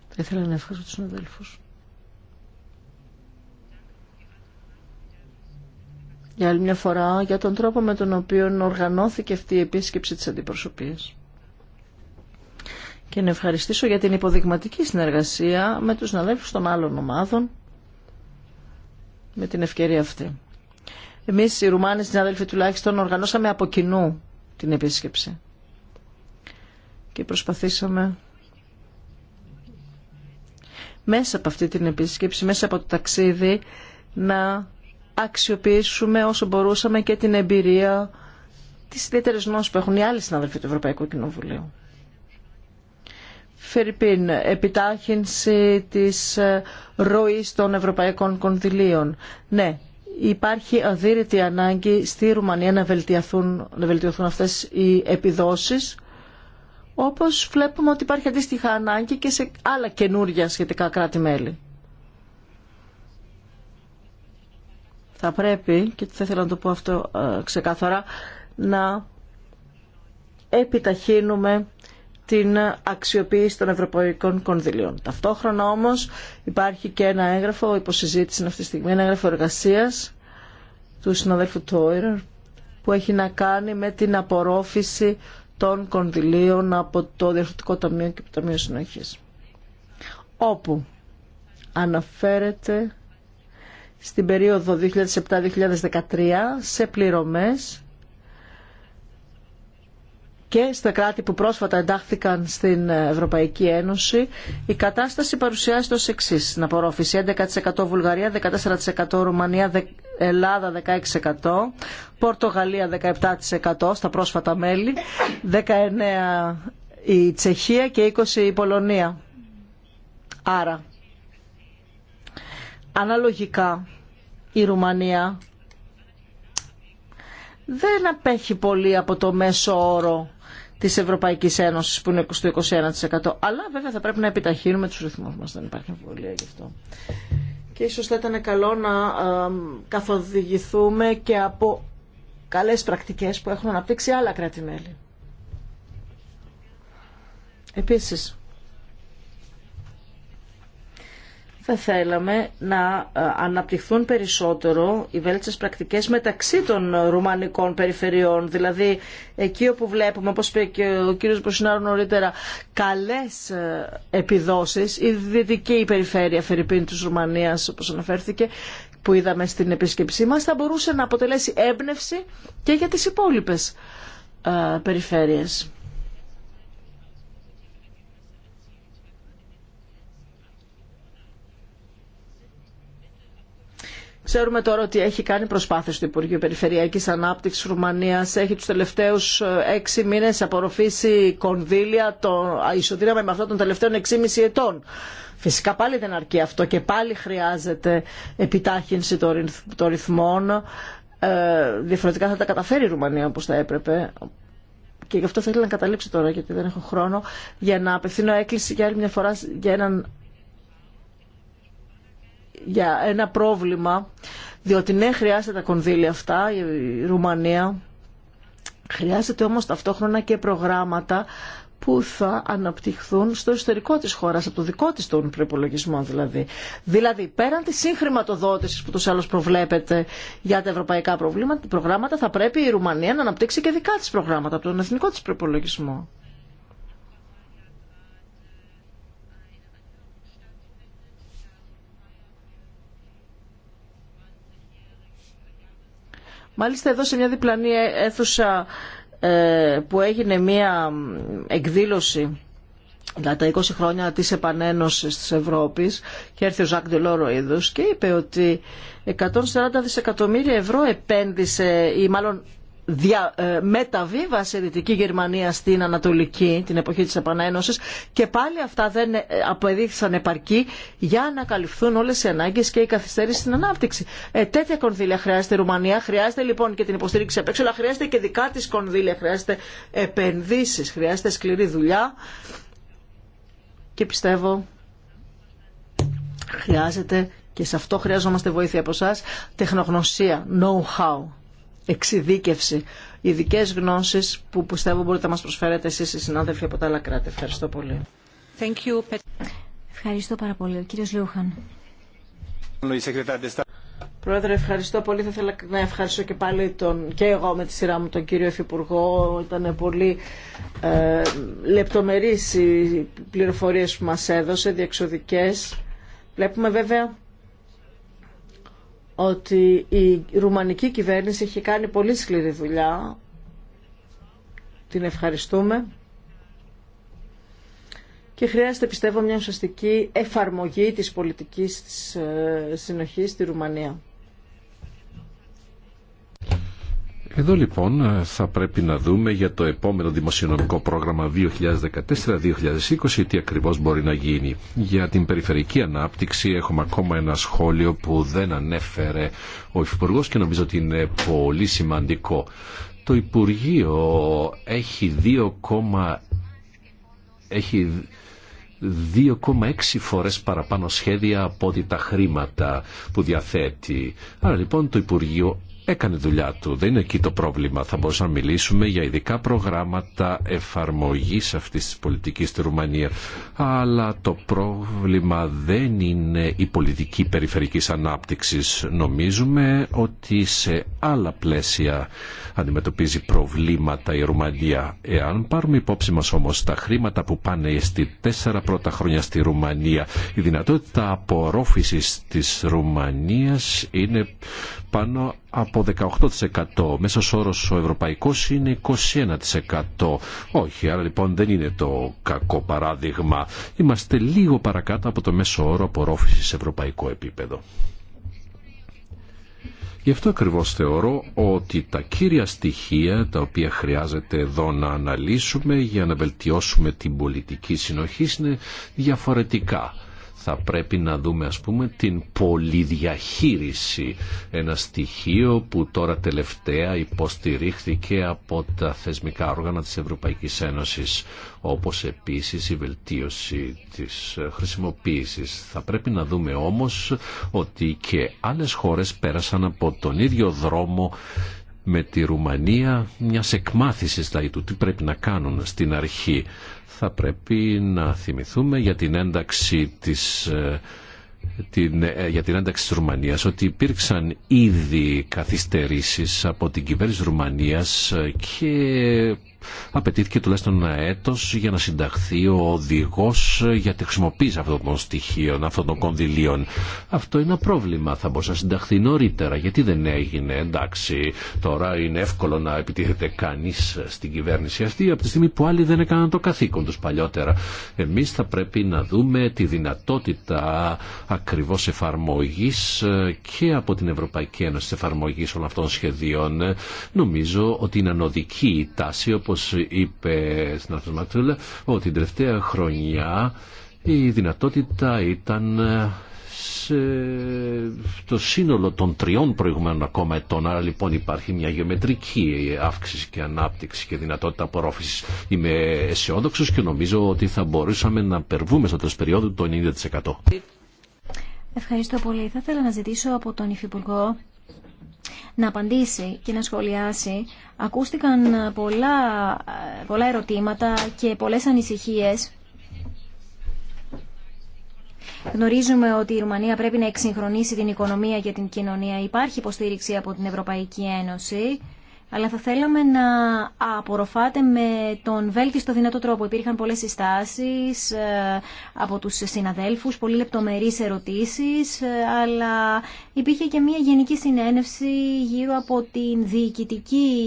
Θα ήθελα να ευχαριστώ Για άλλη μια φορά, για τον τρόπο με τον οποίο οργανώθηκε αυτή η επίσκεψη της αντιπροσωπείας. Και να ευχαριστήσω για την υποδειγματική συνεργασία με τους συναδέλφους των άλλων ομάδων με την ευκαιρία αυτή. Εμεί, οι Ρουμάνοι συνάδελφοι τουλάχιστον οργανώσαμε από κοινού την επίσκεψη και προσπαθήσαμε μέσα από αυτή την επίσκεψη, μέσα από το ταξίδι να αξιοποιήσουμε όσο μπορούσαμε και την εμπειρία τη ιδιαίτερη γνώση που έχουν οι άλλοι συνάδελφοι του Ευρωπαϊκού Κοινοβουλίου. Φερρυπίν, επιτάχυνση της ε, ροής των ευρωπαϊκών κονδυλίων. Ναι, υπάρχει αδύρυτη ανάγκη στη Ρουμανία να βελτιωθούν, να βελτιωθούν αυτές οι επιδόσεις όπως βλέπουμε ότι υπάρχει αντίστοιχα ανάγκη και σε άλλα καινούργια σχετικά κράτη-μέλη. Θα πρέπει, και θα ήθελα να το πω αυτό ε, ξεκάθαρα, να επιταχύνουμε την αξιοποίηση των ευρωπαϊκών κονδυλίων. Ταυτόχρονα όμως υπάρχει και ένα έγγραφο υποσυζήτηση αυτή τη στιγμή, ένα έγγραφο εργασίας του συναδέλφου Τόιρερ που έχει να κάνει με την απορρόφηση των κονδυλίων από το Διευθυντικό Ταμείο και το Ταμείο Συνοχής όπου αναφέρεται στην περίοδο 2007-2013 σε πληρωμές και στα κράτη που πρόσφατα εντάχθηκαν στην Ευρωπαϊκή Ένωση, η κατάσταση παρουσιάζεται ως εξή. Στην απορρόφηση 11% Βουλγαρία, 14% Ρουμανία, Ελλάδα 16%, Πορτογαλία 17% στα πρόσφατα μέλη, 19% η Τσεχία και 20% η Πολωνία. Άρα, αναλογικά η Ρουμανία δεν απέχει πολύ από το μέσο όρο Τη Ευρωπαϊκή Ένωση που είναι στο 21%. Αλλά βέβαια θα πρέπει να επιταχύνουμε τους ρυθμούς μας, δεν υπάρχει αμφιβολία γι' αυτό. Και ίσως θα ήταν καλό να καθοδηγηθούμε και από καλές πρακτικές που έχουν αναπτύξει άλλα κράτη-μέλη. Επίσης, θα θέλαμε να ε, αναπτυχθούν περισσότερο οι βέλτιστες πρακτικές μεταξύ των ρουμανικών περιφερειών. Δηλαδή, εκεί όπου βλέπουμε, όπως είπε και ο κύριος Μποσινάρου νωρίτερα, καλές ε, επιδόσεις, η δυτική περιφέρεια Φερρυπίνη της Ρουμανίας, όπως αναφέρθηκε, που είδαμε στην επίσκεψή μας, θα μπορούσε να αποτελέσει έμπνευση και για τις υπόλοιπες ε, περιφέρειες. Ξέρουμε τώρα ότι έχει κάνει προσπάθειες το Υπουργείο Περιφερειακής Ανάπτυξης Ρουμανίας. Έχει τους τελευταίους ε, έξι μήνες απορροφήσει κονδύλια το, ισοδύναμα με αυτό των τελευταίων 6,5 ετών. Φυσικά πάλι δεν αρκεί αυτό και πάλι χρειάζεται επιτάχυνση των ρυθμών. Ε, διαφορετικά θα τα καταφέρει η Ρουμανία όπως θα έπρεπε. Και γι' αυτό θα ήθελα να καταλήξω τώρα, γιατί δεν έχω χρόνο, για να απευθύνω έκκληση για άλλη μια φορά για έναν για ένα πρόβλημα, διότι ναι χρειάζεται τα κονδύλια αυτά, η Ρουμανία, χρειάζεται όμως ταυτόχρονα και προγράμματα που θα αναπτυχθούν στο εσωτερικό της χώρας, από το δικό της τον προπολογισμό δηλαδή. Δηλαδή, πέραν της συγχρηματοδότησης που τους άλλους προβλέπεται για τα ευρωπαϊκά προβλήματα, προγράμματα, θα πρέπει η Ρουμανία να αναπτύξει και δικά της προγράμματα από τον εθνικό της προπολογισμό. Μάλιστα εδώ σε μια διπλανή αίθουσα ε, που έγινε μια εκδήλωση για τα 20 χρόνια της επανένωσης της Ευρώπης και έρθει ο Ζακ Ντελόρο είδους και είπε ότι 140 δισεκατομμύρια ευρώ επένδυσε ή μάλλον δια, ε, μεταβίβασε Δυτική Γερμανία στην Ανατολική την εποχή της Επανένωσης και πάλι αυτά δεν ε, αποδείχθησαν επαρκή για να καλυφθούν όλες οι ανάγκες και οι καθυστέρηση στην ανάπτυξη. Ε, τέτοια κονδύλια χρειάζεται η Ρουμανία, χρειάζεται λοιπόν και την υποστήριξη απ' έξω, αλλά χρειάζεται και δικά της κονδύλια, χρειάζεται επενδύσεις, χρειάζεται σκληρή δουλειά και πιστεύω χρειάζεται και σε αυτό χρειαζόμαστε βοήθεια από εσά, τεχνογνωσία, know-how εξειδίκευση, ειδικέ γνώσεις που πιστεύω μπορείτε να μας προσφέρετε εσείς οι συνάδελφοι από τα άλλα κράτη. Ευχαριστώ πολύ. Thank you. Ευχαριστώ πάρα πολύ. Ο κύριος Λούχαν. Πρόεδρε, ευχαριστώ πολύ. Θα ήθελα να ευχαριστώ και πάλι τον, και εγώ με τη σειρά μου τον κύριο Υφυπουργό. Ήταν πολύ ε, οι πληροφορίες που μας έδωσε, διεξοδικές. Βλέπουμε βέβαια ότι η ρουμανική κυβέρνηση έχει κάνει πολύ σκληρή δουλειά. Την ευχαριστούμε. Και χρειάζεται, πιστεύω, μια ουσιαστική εφαρμογή της πολιτικής της ε, συνοχής στη Ρουμανία. Εδώ λοιπόν θα πρέπει να δούμε για το επόμενο δημοσιονομικό πρόγραμμα 2014-2020 τι ακριβώς μπορεί να γίνει. Για την περιφερική ανάπτυξη έχουμε ακόμα ένα σχόλιο που δεν ανέφερε ο Υφυπουργό και νομίζω ότι είναι πολύ σημαντικό. Το Υπουργείο έχει 2, έχει 2,6 φορές παραπάνω σχέδια από ό,τι τα χρήματα που διαθέτει. Άρα λοιπόν το Υπουργείο έκανε δουλειά του. Δεν είναι εκεί το πρόβλημα. Θα μπορούσαμε να μιλήσουμε για ειδικά προγράμματα εφαρμογής αυτής της πολιτικής στη Ρουμανία. Αλλά το πρόβλημα δεν είναι η πολιτική περιφερικής ανάπτυξης. Νομίζουμε ότι σε άλλα πλαίσια αντιμετωπίζει προβλήματα η Ρουμανία. Εάν πάρουμε υπόψη μα όμω τα χρήματα που πάνε στη τέσσερα πρώτα χρόνια στη Ρουμανία, η δυνατότητα απορρόφησης της Ρουμανίας είναι πάνω από 18%. Μέσο όρο ο ευρωπαϊκό είναι 21%. Όχι, άρα λοιπόν δεν είναι το κακό παράδειγμα. Είμαστε λίγο παρακάτω από το μέσο όρο απορρόφηση σε ευρωπαϊκό επίπεδο. Γι' αυτό ακριβώς θεωρώ ότι τα κύρια στοιχεία τα οποία χρειάζεται εδώ να αναλύσουμε για να βελτιώσουμε την πολιτική συνοχή είναι διαφορετικά θα πρέπει να δούμε ας πούμε την πολυδιαχείριση ένα στοιχείο που τώρα τελευταία υποστηρίχθηκε από τα θεσμικά όργανα της Ευρωπαϊκής Ένωσης όπως επίσης η βελτίωση της χρησιμοποίησης. Θα πρέπει να δούμε όμως ότι και άλλες χώρες πέρασαν από τον ίδιο δρόμο με τη Ρουμανία μια εκμάθηση τα του τι πρέπει να κάνουν στην αρχή. Θα πρέπει να θυμηθούμε για την ένταξη της ε, την, ε, για την ένταξη της Ρουμανίας ότι υπήρξαν ήδη καθυστερήσεις από την κυβέρνηση Ρουμανίας ε, και απαιτήθηκε τουλάχιστον ένα έτο για να συνταχθεί ο οδηγό για τη χρησιμοποίηση αυτών των στοιχείων, αυτών των κονδυλίων. Αυτό είναι ένα πρόβλημα. Θα μπορούσε να συνταχθεί νωρίτερα. Γιατί δεν έγινε, εντάξει. Τώρα είναι εύκολο να επιτίθεται κανεί στην κυβέρνηση αυτή από τη στιγμή που άλλοι δεν έκαναν το καθήκον του παλιότερα. Εμεί θα πρέπει να δούμε τη δυνατότητα ακριβώ εφαρμογή και από την Ευρωπαϊκή Ένωση εφαρμογή όλων αυτών των σχεδίων. Νομίζω ότι είναι ανωδική η τάση, όπως είπε συνάδελφος Μαξούλα, ότι την τελευταία χρονιά η δυνατότητα ήταν ε, σε το σύνολο των τριών προηγουμένων ακόμα ετών. Άρα λοιπόν υπάρχει μια γεωμετρική αύξηση και ανάπτυξη και δυνατότητα απορρόφησης. Είμαι αισιόδοξο και νομίζω ότι θα μπορούσαμε να περβούμε στο τέλος περίοδο το 90%. Ευχαριστώ πολύ. Θα ήθελα να ζητήσω από τον Υφυπουργό να απαντήσει και να σχολιάσει. Ακούστηκαν πολλά, πολλά ερωτήματα και πολλές ανησυχίες. Γνωρίζουμε ότι η Ρουμανία πρέπει να εξυγχρονίσει την οικονομία και την κοινωνία. Υπάρχει υποστήριξη από την Ευρωπαϊκή Ένωση αλλά θα θέλαμε να απορροφάτε με τον βέλτιστο δυνατό τρόπο. Υπήρχαν πολλές συστάσεις ε, από τους συναδέλφους, πολύ λεπτομερείς ερωτήσεις, ε, αλλά υπήρχε και μια γενική συνένευση γύρω από την διοικητική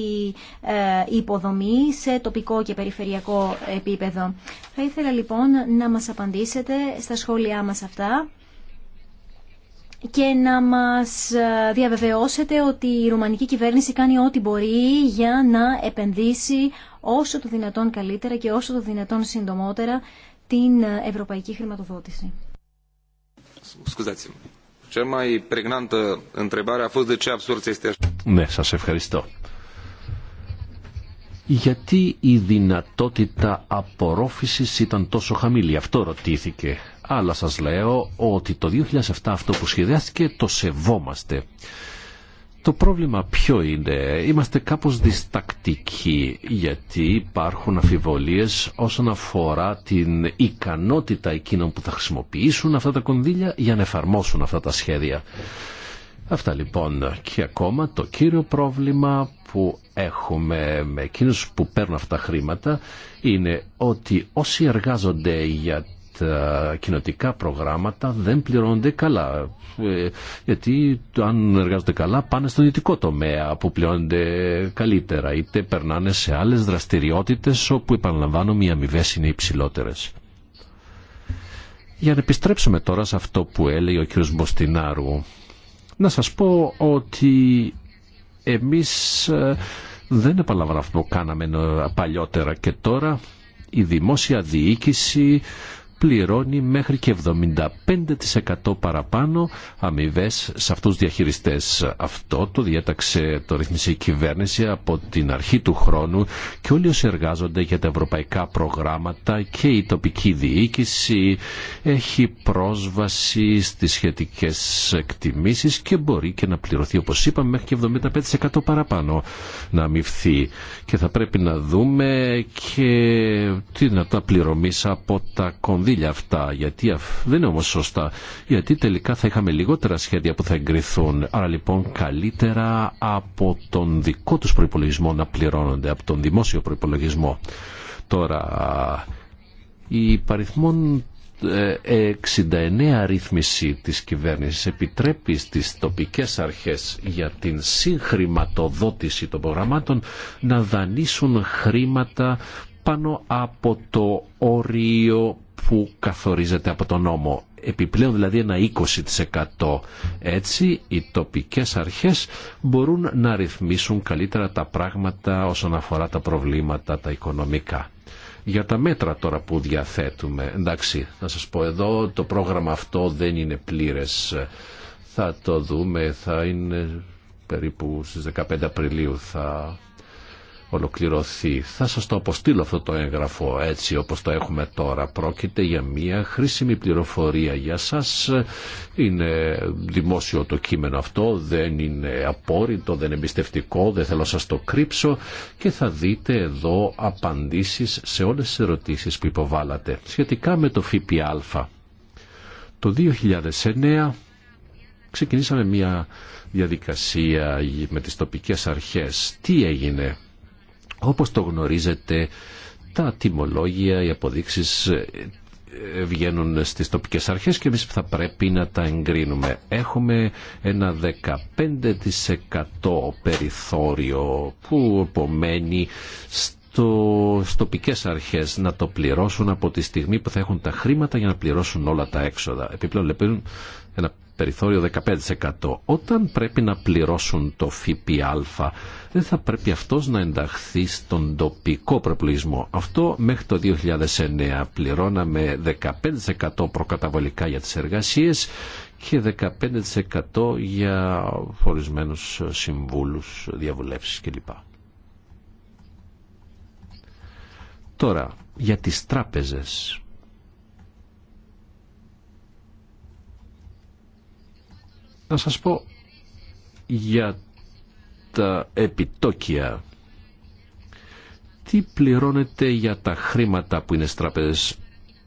ε, υποδομή σε τοπικό και περιφερειακό επίπεδο. Θα ήθελα λοιπόν να μας απαντήσετε στα σχόλιά μας αυτά και να μας ε, διαβεβαιώσετε ότι η ρουμανική κυβέρνηση κάνει ό,τι μπορεί για να επενδύσει όσο το δυνατόν καλύτερα και όσο το δυνατόν συντομότερα την ε, ευρωπαϊκή χρηματοδότηση. Ναι, σας ευχαριστώ γιατί η δυνατότητα απορρόφησης ήταν τόσο χαμηλή. Αυτό ρωτήθηκε. Αλλά σας λέω ότι το 2007 αυτό που σχεδιάστηκε το σεβόμαστε. Το πρόβλημα ποιο είναι. Είμαστε κάπως διστακτικοί γιατί υπάρχουν αφιβολίες όσον αφορά την ικανότητα εκείνων που θα χρησιμοποιήσουν αυτά τα κονδύλια για να εφαρμόσουν αυτά τα σχέδια. Αυτά λοιπόν και ακόμα το κύριο πρόβλημα που έχουμε με εκείνους που παίρνουν αυτά τα χρήματα είναι ότι όσοι εργάζονται για τα κοινοτικά προγράμματα δεν πληρώνονται καλά. Ε, γιατί αν εργάζονται καλά πάνε στον ιδιωτικό τομέα που πληρώνονται καλύτερα είτε περνάνε σε άλλες δραστηριότητες όπου επαναλαμβάνω οι αμοιβέ είναι υψηλότερε. Για να επιστρέψουμε τώρα σε αυτό που έλεγε ο κ. Μποστινάρου να σας πω ότι εμείς ε, δεν που κάναμε ε, παλιότερα και τώρα η δημόσια διοίκηση πληρώνει μέχρι και 75% παραπάνω αμοιβέ σε αυτούς τους διαχειριστές. Αυτό το διέταξε το ρυθμισή κυβέρνηση από την αρχή του χρόνου και όλοι όσοι εργάζονται για τα ευρωπαϊκά προγράμματα και η τοπική διοίκηση έχει πρόσβαση στις σχετικές εκτιμήσεις και μπορεί και να πληρωθεί όπως είπαμε μέχρι και 75% παραπάνω να αμοιβθεί και θα πρέπει να δούμε και τι να τα από τα κονδύλια κονδύλια αυτά, γιατί δεν είναι όμω σωστά, γιατί τελικά θα είχαμε λιγότερα σχέδια που θα εγκριθούν, άρα λοιπόν καλύτερα από τον δικό τους προϋπολογισμό να πληρώνονται, από τον δημόσιο προϋπολογισμό. Τώρα, η παριθμόν 69 ε, αρρύθμιση της κυβέρνησης επιτρέπει στις τοπικές αρχές για την συγχρηματοδότηση των προγραμμάτων να δανείσουν χρήματα πάνω από το όριο που καθορίζεται από τον νόμο. Επιπλέον δηλαδή ένα 20%. Έτσι οι τοπικές αρχές μπορούν να ρυθμίσουν καλύτερα τα πράγματα όσον αφορά τα προβλήματα τα οικονομικά. Για τα μέτρα τώρα που διαθέτουμε, εντάξει, να σας πω εδώ το πρόγραμμα αυτό δεν είναι πλήρες. Θα το δούμε, θα είναι περίπου στις 15 Απριλίου θα ολοκληρωθεί. Θα σας το αποστείλω αυτό το έγγραφο έτσι όπως το έχουμε τώρα. Πρόκειται για μια χρήσιμη πληροφορία για σας. Είναι δημόσιο το κείμενο αυτό, δεν είναι απόρριτο, δεν είναι εμπιστευτικό, δεν θέλω να σας το κρύψω και θα δείτε εδώ απαντήσεις σε όλες τις ερωτήσεις που υποβάλλατε. σχετικά με το ΦΠΑ. Το 2009 ξεκινήσαμε μια διαδικασία με τις τοπικές αρχές. Τι έγινε όπως το γνωρίζετε, τα τιμολόγια, οι αποδείξεις ε, ε, βγαίνουν στις τοπικές αρχές και εμείς θα πρέπει να τα εγκρίνουμε. Έχουμε ένα 15% περιθώριο που απομένει στο, στις τοπικές αρχές να το πληρώσουν από τη στιγμή που θα έχουν τα χρήματα για να πληρώσουν όλα τα έξοδα. Επιπλέον λοιπόν ένα περιθώριο 15%. Όταν πρέπει να πληρώσουν το ΦΠΑ, δεν θα πρέπει αυτός να ενταχθεί στον τοπικό προπλησμό. Αυτό μέχρι το 2009 πληρώναμε 15% προκαταβολικά για τις εργασίες και 15% για φορισμένους συμβούλους, διαβουλεύσεις κλπ. Τώρα, για τις τράπεζες Να σας πω για τα επιτόκια. Τι πληρώνεται για τα χρήματα που είναι στραπέζες.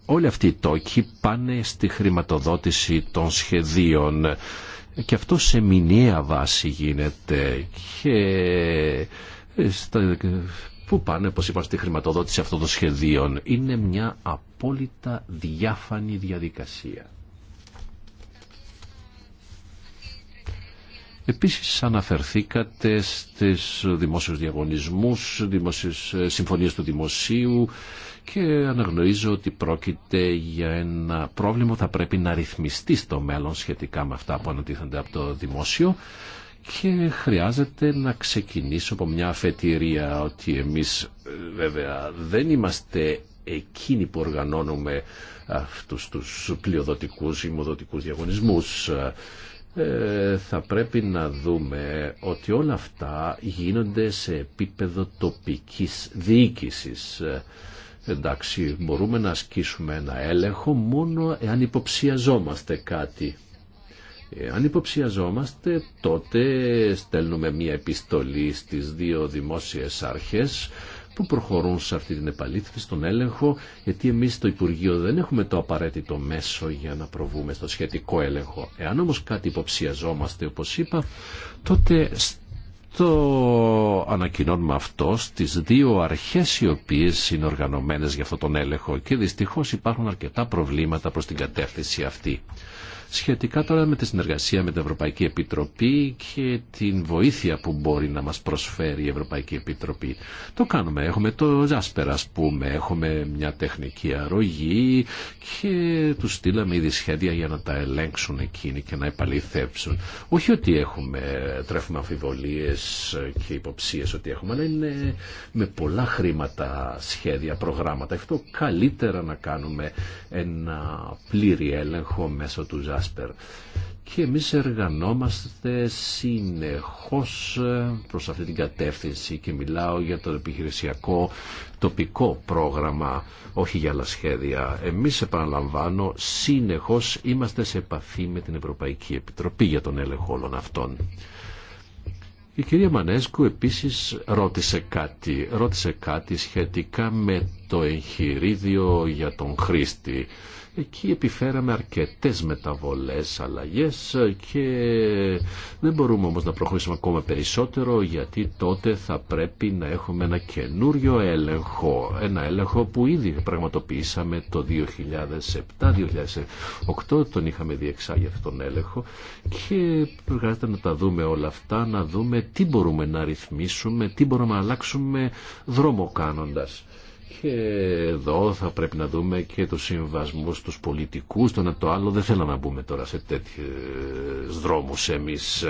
Όλοι αυτοί οι τόκοι πάνε στη χρηματοδότηση των σχεδίων και αυτό σε μηνιαία βάση γίνεται και Πού πάνε, όπως είπα, στη χρηματοδότηση αυτών των σχεδίων. Είναι μια απόλυτα διάφανη διαδικασία. Επίσης αναφερθήκατε στις δημόσιους διαγωνισμούς, δημόσιες ε, συμφωνίες του δημοσίου και αναγνωρίζω ότι πρόκειται για ένα πρόβλημα που θα πρέπει να ρυθμιστεί στο μέλλον σχετικά με αυτά που ανατίθενται από το δημόσιο και χρειάζεται να ξεκινήσω από μια αφετηρία ότι εμείς ε, βέβαια δεν είμαστε εκείνοι που οργανώνουμε αυτούς τους πλειοδοτικούς ή μοδοτικούς διαγωνισμούς ε, θα πρέπει να δούμε ότι όλα αυτά γίνονται σε επίπεδο τοπικής διοίκησης. Ε, εντάξει, μπορούμε να ασκήσουμε ένα έλεγχο μόνο εάν υποψιαζόμαστε κάτι. Ε, αν υποψιαζόμαστε τότε στέλνουμε μια επιστολή στις δύο δημόσιες αρχές που προχωρούν σε αυτή την επαλήθευση, στον έλεγχο, γιατί εμείς στο Υπουργείο δεν έχουμε το απαραίτητο μέσο για να προβούμε στο σχετικό έλεγχο. Εάν όμως κάτι υποψιαζόμαστε, όπως είπα, τότε το ανακοινώνουμε αυτό στις δύο αρχές οι οποίες είναι οργανωμένες για αυτόν τον έλεγχο και δυστυχώς υπάρχουν αρκετά προβλήματα προς την κατεύθυνση αυτή. Σχετικά τώρα με τη συνεργασία με την Ευρωπαϊκή Επιτροπή και την βοήθεια που μπορεί να μας προσφέρει η Ευρωπαϊκή Επιτροπή. Το κάνουμε. Έχουμε το Ζάσπερα, ας πούμε. Έχουμε μια τεχνική αρρωγή και τους στείλαμε ήδη σχέδια για να τα ελέγξουν εκείνοι και να επαληθεύσουν. Όχι ότι έχουμε, τρέφουμε αμφιβολίες και υποψίες ότι έχουμε, αλλά είναι με πολλά χρήματα σχέδια, προγράμματα. Αυτό καλύτερα να κάνουμε ένα πλήρη έλεγχο μέσω του και εμείς εργανόμαστε συνεχώς ε, προς αυτή την κατεύθυνση και μιλάω για το επιχειρησιακό τοπικό πρόγραμμα, όχι για άλλα σχέδια. Εμείς επαναλαμβάνω, συνεχώς είμαστε σε επαφή με την Ευρωπαϊκή Επιτροπή για τον έλεγχο όλων αυτών. Η κυρία Μανέσκου επίσης ρώτησε κάτι, ρώτησε κάτι σχετικά με το εγχειρίδιο για τον χρήστη. Εκεί επιφέραμε αρκετές μεταβολές, αλλαγές και δεν μπορούμε όμως να προχωρήσουμε ακόμα περισσότερο γιατί τότε θα πρέπει να έχουμε ένα καινούριο έλεγχο, ένα έλεγχο που ήδη πραγματοποιήσαμε το 2007-2008 τον είχαμε διεξάγει αυτόν τον έλεγχο και χρειάζεται να τα δούμε όλα αυτά, να δούμε τι μπορούμε να ρυθμίσουμε, τι μπορούμε να αλλάξουμε δρόμο κάνοντας. Και εδώ θα πρέπει να δούμε και του συμβασμού του πολιτικούς, το ένα το άλλο δεν θέλω να μπούμε τώρα σε τέτοιου δρόμους εμείς.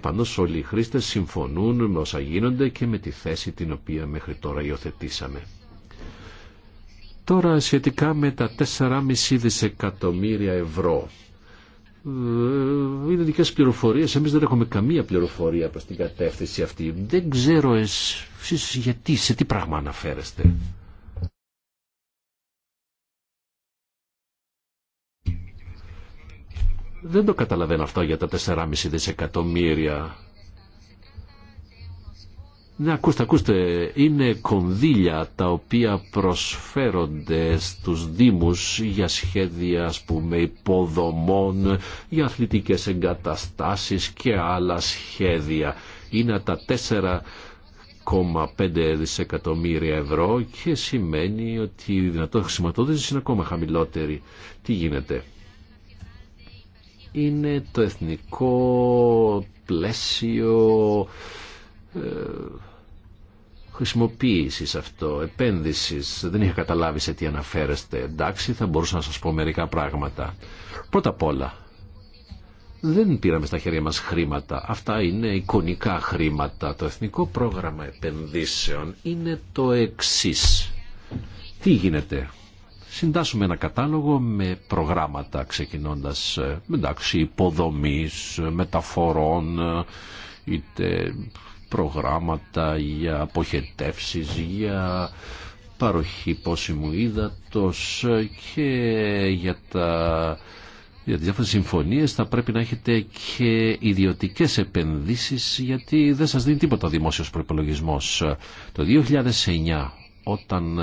Πάντως όλοι οι χρήστες συμφωνούν με όσα γίνονται και με τη θέση την οποία μέχρι τώρα υιοθετήσαμε. Τώρα σχετικά με τα 4,5 δισεκατομμύρια ευρώ. Ε, είναι δικέ πληροφορίε. Εμεί δεν έχουμε καμία πληροφορία προ την κατεύθυνση αυτή. Δεν ξέρω εσεί γιατί, σε τι πράγμα αναφέρεστε. Δεν το καταλαβαίνω αυτό για τα 4,5 δισεκατομμύρια. Ναι, ακούστε, ακούστε, είναι κονδύλια τα οποία προσφέρονται στους Δήμους για σχέδια, ας πούμε, υποδομών, για αθλητικές εγκαταστάσεις και άλλα σχέδια. Είναι τα 4,5 δισεκατομμύρια ευρώ και σημαίνει ότι η δυνατότητα χρηματοδότηση είναι ακόμα χαμηλότερη. Τι γίνεται είναι το εθνικό πλαίσιο ε, χρησιμοποίησης αυτό, επένδυσης. Δεν είχα καταλάβει σε τι αναφέρεστε. Εντάξει, θα μπορούσα να σας πω μερικά πράγματα. Πρώτα απ' όλα, δεν πήραμε στα χέρια μας χρήματα. Αυτά είναι εικονικά χρήματα. Το Εθνικό Πρόγραμμα Επενδύσεων είναι το εξής. Τι γίνεται συντάσσουμε ένα κατάλογο με προγράμματα ξεκινώντας ε, εντάξει υποδομής, ε, μεταφορών, ε, είτε προγράμματα για αποχετεύσεις, για παροχή πόσιμου ύδατος και για τα για τις διάφορες συμφωνίες θα πρέπει να έχετε και ιδιωτικές επενδύσεις γιατί δεν σας δίνει τίποτα ο δημόσιος προϋπολογισμός. Το 2009 όταν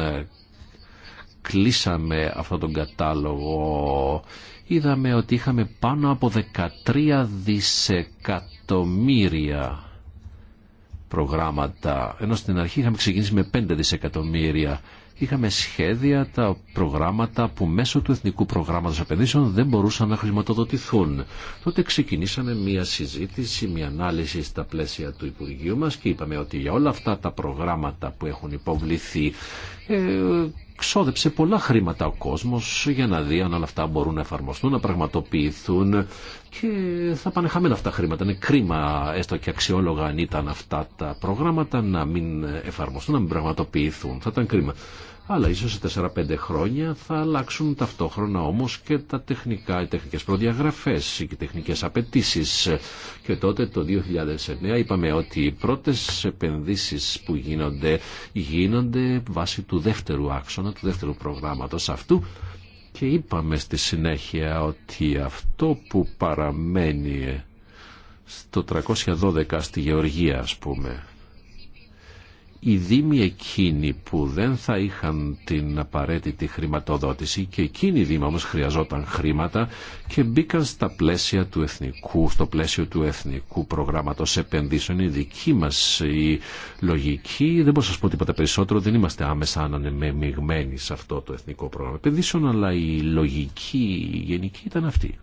κλείσαμε αυτόν τον κατάλογο είδαμε ότι είχαμε πάνω από 13 δισεκατομμύρια προγράμματα ενώ στην αρχή είχαμε ξεκινήσει με 5 δισεκατομμύρια είχαμε σχέδια, τα προγράμματα που μέσω του Εθνικού Προγράμματος Επενδύσεων δεν μπορούσαν να χρηματοδοτηθούν. Τότε ξεκινήσαμε μία συζήτηση, μία ανάλυση στα πλαίσια του Υπουργείου μας και είπαμε ότι για όλα αυτά τα προγράμματα που έχουν υποβληθεί ε, ξόδεψε πολλά χρήματα ο κόσμος για να δει αν όλα αυτά μπορούν να εφαρμοστούν, να πραγματοποιηθούν και θα πάνε χαμένα αυτά τα χρήματα. Είναι κρίμα έστω και αξιόλογα αν ήταν αυτά τα προγράμματα να μην εφαρμοστούν, να μην πραγματοποιηθούν. Θα ήταν κρίμα αλλά ίσως σε 4-5 χρόνια θα αλλάξουν ταυτόχρονα όμως και τα τεχνικά, οι τεχνικές προδιαγραφές και οι τεχνικές απαιτήσει. Και τότε το 2009 είπαμε ότι οι πρώτες επενδύσεις που γίνονται γίνονται βάσει του δεύτερου άξονα, του δεύτερου προγράμματος αυτού και είπαμε στη συνέχεια ότι αυτό που παραμένει στο 312 στη Γεωργία ας πούμε οι δήμοι εκείνοι που δεν θα είχαν την απαραίτητη χρηματοδότηση και εκείνοι οι δήμοι όμως χρειαζόταν χρήματα και μπήκαν στα πλαίσια του εθνικού, στο πλαίσιο του εθνικού προγράμματος επενδύσεων. Η δική μας η λογική, δεν μπορώ να σας πω τίποτα περισσότερο, δεν είμαστε άμεσα ανανεμειγμένοι σε αυτό το εθνικό πρόγραμμα επενδύσεων, αλλά η λογική η γενική ήταν αυτή.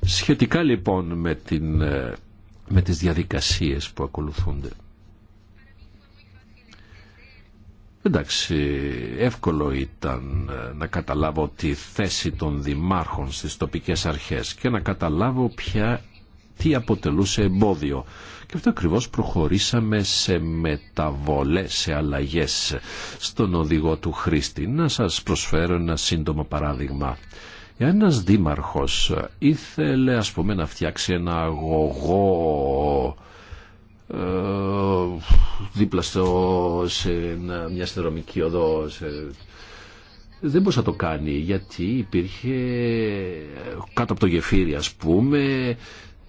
Σχετικά λοιπόν με, την, ε, με τις διαδικασίες που ακολουθούνται. Εντάξει, εύκολο ήταν ε, να καταλάβω τη θέση των δημάρχων στις τοπικές αρχές και να καταλάβω ποια τι αποτελούσε εμπόδιο. Και αυτό ακριβώς προχωρήσαμε σε μεταβολές, σε αλλαγές στον οδηγό του χρήστη. Να σας προσφέρω ένα σύντομο παράδειγμα. Ένα ένας δήμαρχος ήθελε ας πούμε να φτιάξει ένα αγωγό ε, δίπλα σε μια συνδρομική οδό δεν μπορούσε να το κάνει γιατί υπήρχε κάτω από το γεφύρι ας πούμε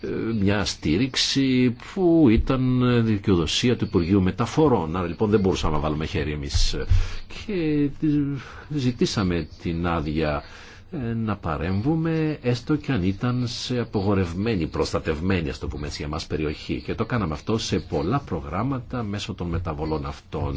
ε, μια στήριξη που ήταν δικαιοδοσία του Υπουργείου Μεταφορών. Άρα λοιπόν δεν μπορούσαμε να βάλουμε χέρι εμείς. Και ζητήσαμε την άδεια ε, να παρέμβουμε έστω και αν ήταν σε απογορευμένη, προστατευμένη ας το πούμε έτσι για μας περιοχή και το κάναμε αυτό σε πολλά προγράμματα μέσω των μεταβολών αυτών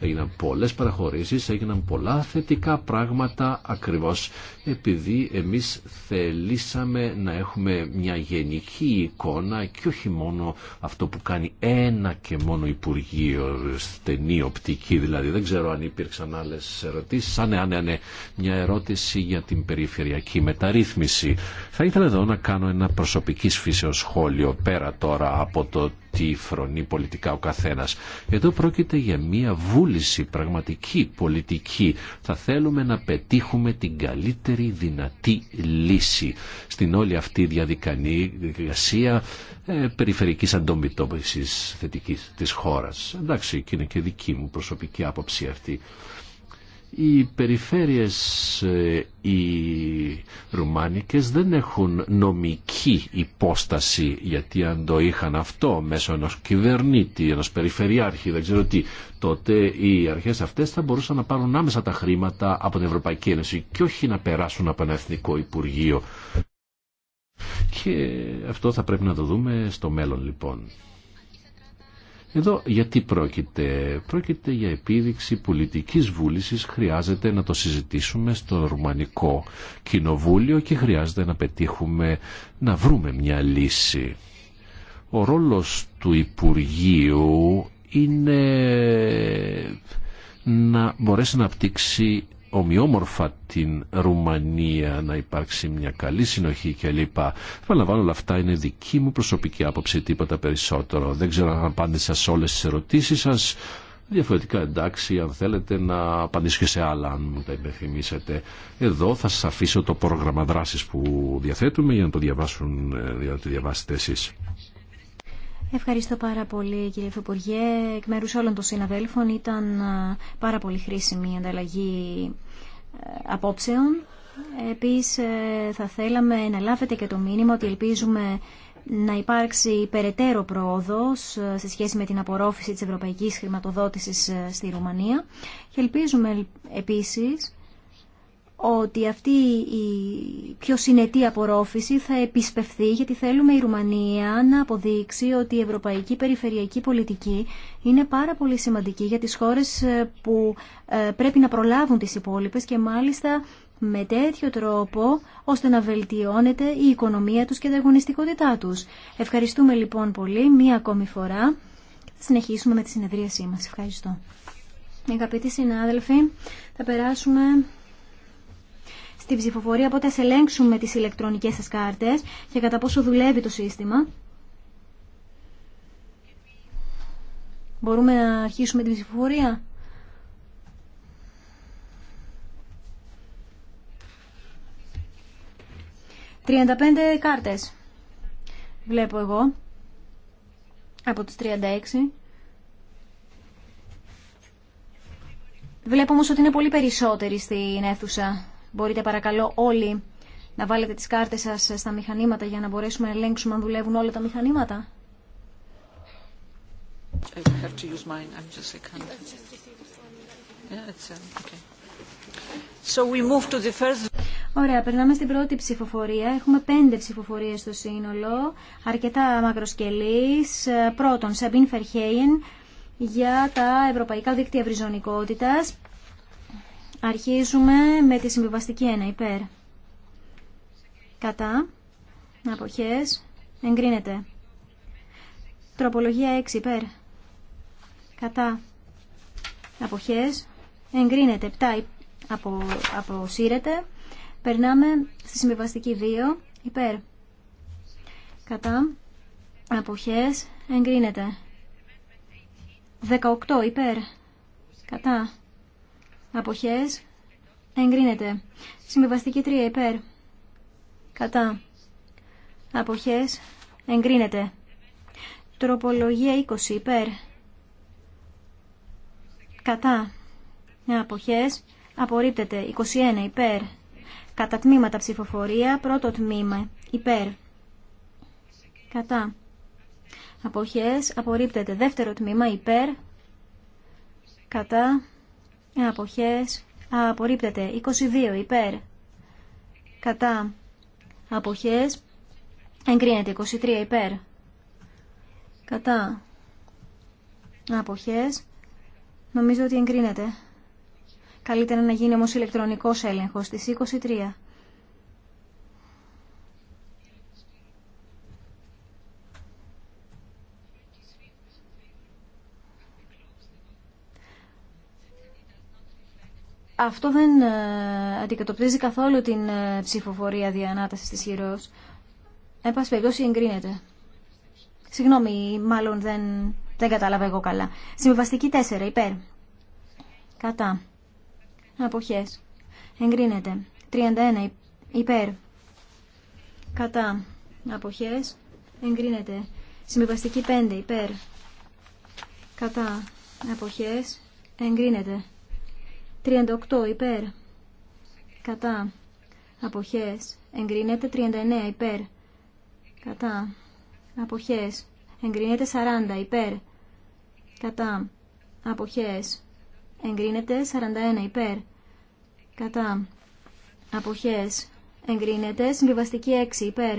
έγιναν πολλές παραχωρήσεις, έγιναν πολλά θετικά πράγματα ακριβώς επειδή εμείς θελήσαμε να έχουμε μια γενική εικόνα και όχι μόνο αυτό που κάνει ένα και μόνο Υπουργείο στενή οπτική δηλαδή δεν ξέρω αν υπήρξαν άλλες ερωτήσεις αν είναι ναι, ναι. μια ερώτηση για την περιφερειακή μεταρρύθμιση. Θα ήθελα εδώ να κάνω ένα προσωπική φύσεως σχόλιο πέρα τώρα από το τι φρονεί πολιτικά ο καθένας. Εδώ πρόκειται για μια βούληση πραγματική πολιτική. Θα θέλουμε να πετύχουμε την καλύτερη δυνατή λύση στην όλη αυτή διαδικασία ε, περιφερικής αντομετώπισης θετικής της χώρας. Εντάξει, και είναι και δική μου προσωπική άποψη αυτή οι περιφέρειες ε, οι ρουμάνικες δεν έχουν νομική υπόσταση γιατί αν το είχαν αυτό μέσω ενός κυβερνήτη, ενός περιφερειάρχη δεν ξέρω τι, τότε οι αρχές αυτές θα μπορούσαν να πάρουν άμεσα τα χρήματα από την Ευρωπαϊκή Ένωση και όχι να περάσουν από ένα εθνικό Υπουργείο. Και αυτό θα πρέπει να το δούμε στο μέλλον λοιπόν. Εδώ γιατί πρόκειται. Πρόκειται για επίδειξη πολιτικής βούλησης. Χρειάζεται να το συζητήσουμε στο Ρουμανικό Κοινοβούλιο και χρειάζεται να πετύχουμε να βρούμε μια λύση. Ο ρόλος του Υπουργείου είναι να μπορέσει να απτύξει ομοιόμορφα την Ρουμανία να υπάρξει μια καλή συνοχή κλπ. Παραλαμβάνω όλα αυτά είναι δική μου προσωπική άποψη τίποτα περισσότερο. Δεν ξέρω αν απάντησα σε όλες τις ερωτήσεις σας. Διαφορετικά εντάξει, αν θέλετε να απαντήσω και σε άλλα, αν μου τα υπενθυμίσετε. Εδώ θα σας αφήσω το πρόγραμμα δράσης που διαθέτουμε για να το, διαβάσουν, ε, για να το διαβάσετε εσείς. Ευχαριστώ πάρα πολύ κύριε Φεπουργέ. Εκ μέρου όλων των συναδέλφων ήταν ε, πάρα πολύ χρήσιμη η ανταλλαγή ε, απόψεων. Επίσης ε, θα θέλαμε να λάβετε και το μήνυμα ότι ελπίζουμε να υπάρξει περαιτέρω πρόοδος σε σχέση με την απορρόφηση της ευρωπαϊκής χρηματοδότησης στη Ρουμανία και ελπίζουμε επίσης ότι αυτή η πιο συνετή απορρόφηση θα επισπευθεί γιατί θέλουμε η Ρουμανία να αποδείξει ότι η ευρωπαϊκή περιφερειακή πολιτική είναι πάρα πολύ σημαντική για τις χώρες ε, που ε, πρέπει να προλάβουν τις υπόλοιπες και μάλιστα με τέτοιο τρόπο ώστε να βελτιώνεται η οικονομία τους και η αγωνιστικότητά τους. Ευχαριστούμε λοιπόν πολύ μία ακόμη φορά θα συνεχίσουμε με τη συνεδρίασή μας. Ευχαριστώ. Αγαπητοί συνάδελφοι, θα περάσουμε στην ψηφοφορία, οπότε ας ελέγξουμε τις ηλεκτρονικές σας κάρτες και κατά πόσο δουλεύει το σύστημα. Μπορούμε να αρχίσουμε την ψηφοφορία. «35 κάρτες» βλέπω εγώ από τις 36. Βλέπω όμως ότι είναι πολύ περισσότεροι στην αίθουσα. Μπορείτε παρακαλώ όλοι να βάλετε τις κάρτες σας στα μηχανήματα για να μπορέσουμε να ελέγξουμε αν δουλεύουν όλα τα μηχανήματα. Ωραία, περνάμε στην πρώτη ψηφοφορία. Έχουμε πέντε ψηφοφορίες στο σύνολο, αρκετά μακροσκελής. Πρώτον, Σαμπίν φερχέιν για τα Ευρωπαϊκά Δίκτυα βριζονικότητας. Αρχίζουμε με τη συμβιβαστική 1 υπέρ. Κατά. Αποχές. Εγκρίνεται. Τροπολογία 6 υπέρ. Κατά. Αποχές. Εγκρίνεται. 7 απο, αποσύρεται. Περνάμε στη συμβιβαστική 2 υπέρ. Κατά. Αποχές. Εγκρίνεται. 18 υπέρ. Κατά αποχές εγκρίνεται. Συμβιβαστική 3 υπέρ κατά αποχές εγκρίνεται. Τροπολογία 20 υπέρ κατά αποχές απορρίπτεται. 21 υπέρ κατά τμήματα ψηφοφορία πρώτο τμήμα υπέρ κατά αποχές απορρίπτεται. Δεύτερο τμήμα υπέρ κατά αποχές απορρίπτεται 22 υπέρ κατά αποχές εγκρίνεται 23 υπέρ κατά αποχές νομίζω ότι εγκρίνεται καλύτερα να γίνει όμως ηλεκτρονικός έλεγχος της 23 Αυτό δεν ε, αντικατοπτρίζει καθόλου την ε, ψηφοφορία διανάτασης της χειρός. Εν πάση περιπτώσει εγκρίνεται. Συγγνώμη, μάλλον δεν, δεν κατάλαβα εγώ καλά. Συμβαστική 4, υπέρ. Κατά. Αποχές. Εγκρίνεται. 31, υπέρ. Κατά. Αποχές. Εγκρίνεται. Συμβαστική 5, υπέρ. Κατά. Αποχές. Εγκρίνεται. 38 υπέρ. Κατά. Αποχές. Εγκρίνεται 39 υπέρ. Κατά. Αποχές. Εγκρίνεται 40 υπέρ. Κατά. Αποχές. Εγκρίνεται 41 υπέρ. Κατά. Αποχές. Εγκρίνεται συμβιβαστική 6 υπέρ.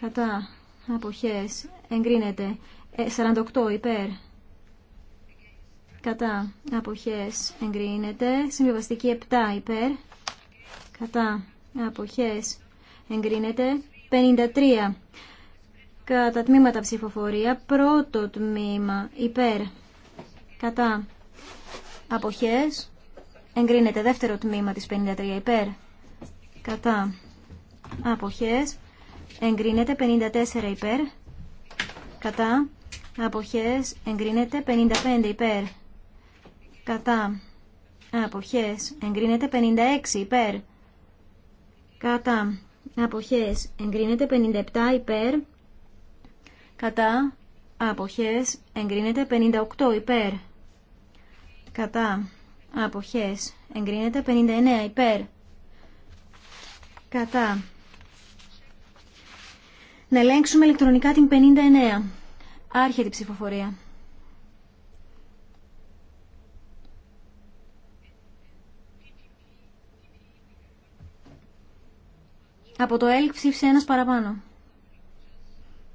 Κατά. Αποχές. Εγκρίνεται 48 ε, υπέρ κατά αποχές εγκρίνεται. Συμβιβαστική 7 υπέρ κατά αποχές εγκρίνεται. 53 κατά τμήματα ψηφοφορία. Πρώτο τμήμα υπέρ κατά αποχές εγκρίνεται. Δεύτερο τμήμα της 53 υπέρ κατά αποχές εγκρίνεται. 54 υπέρ κατά αποχές εγκρίνεται. 55 υπέρ κατά αποχές εγκρίνεται 56 υπέρ κατά αποχές εγκρίνεται 57 υπέρ κατά αποχές εγκρίνεται 58 υπέρ κατά αποχές εγκρίνεται 59 υπέρ κατά να ελέγξουμε ηλεκτρονικά την 59 άρχεται η ψηφοφορία Από το ΕΛΚ ψήφισε ένας παραπάνω.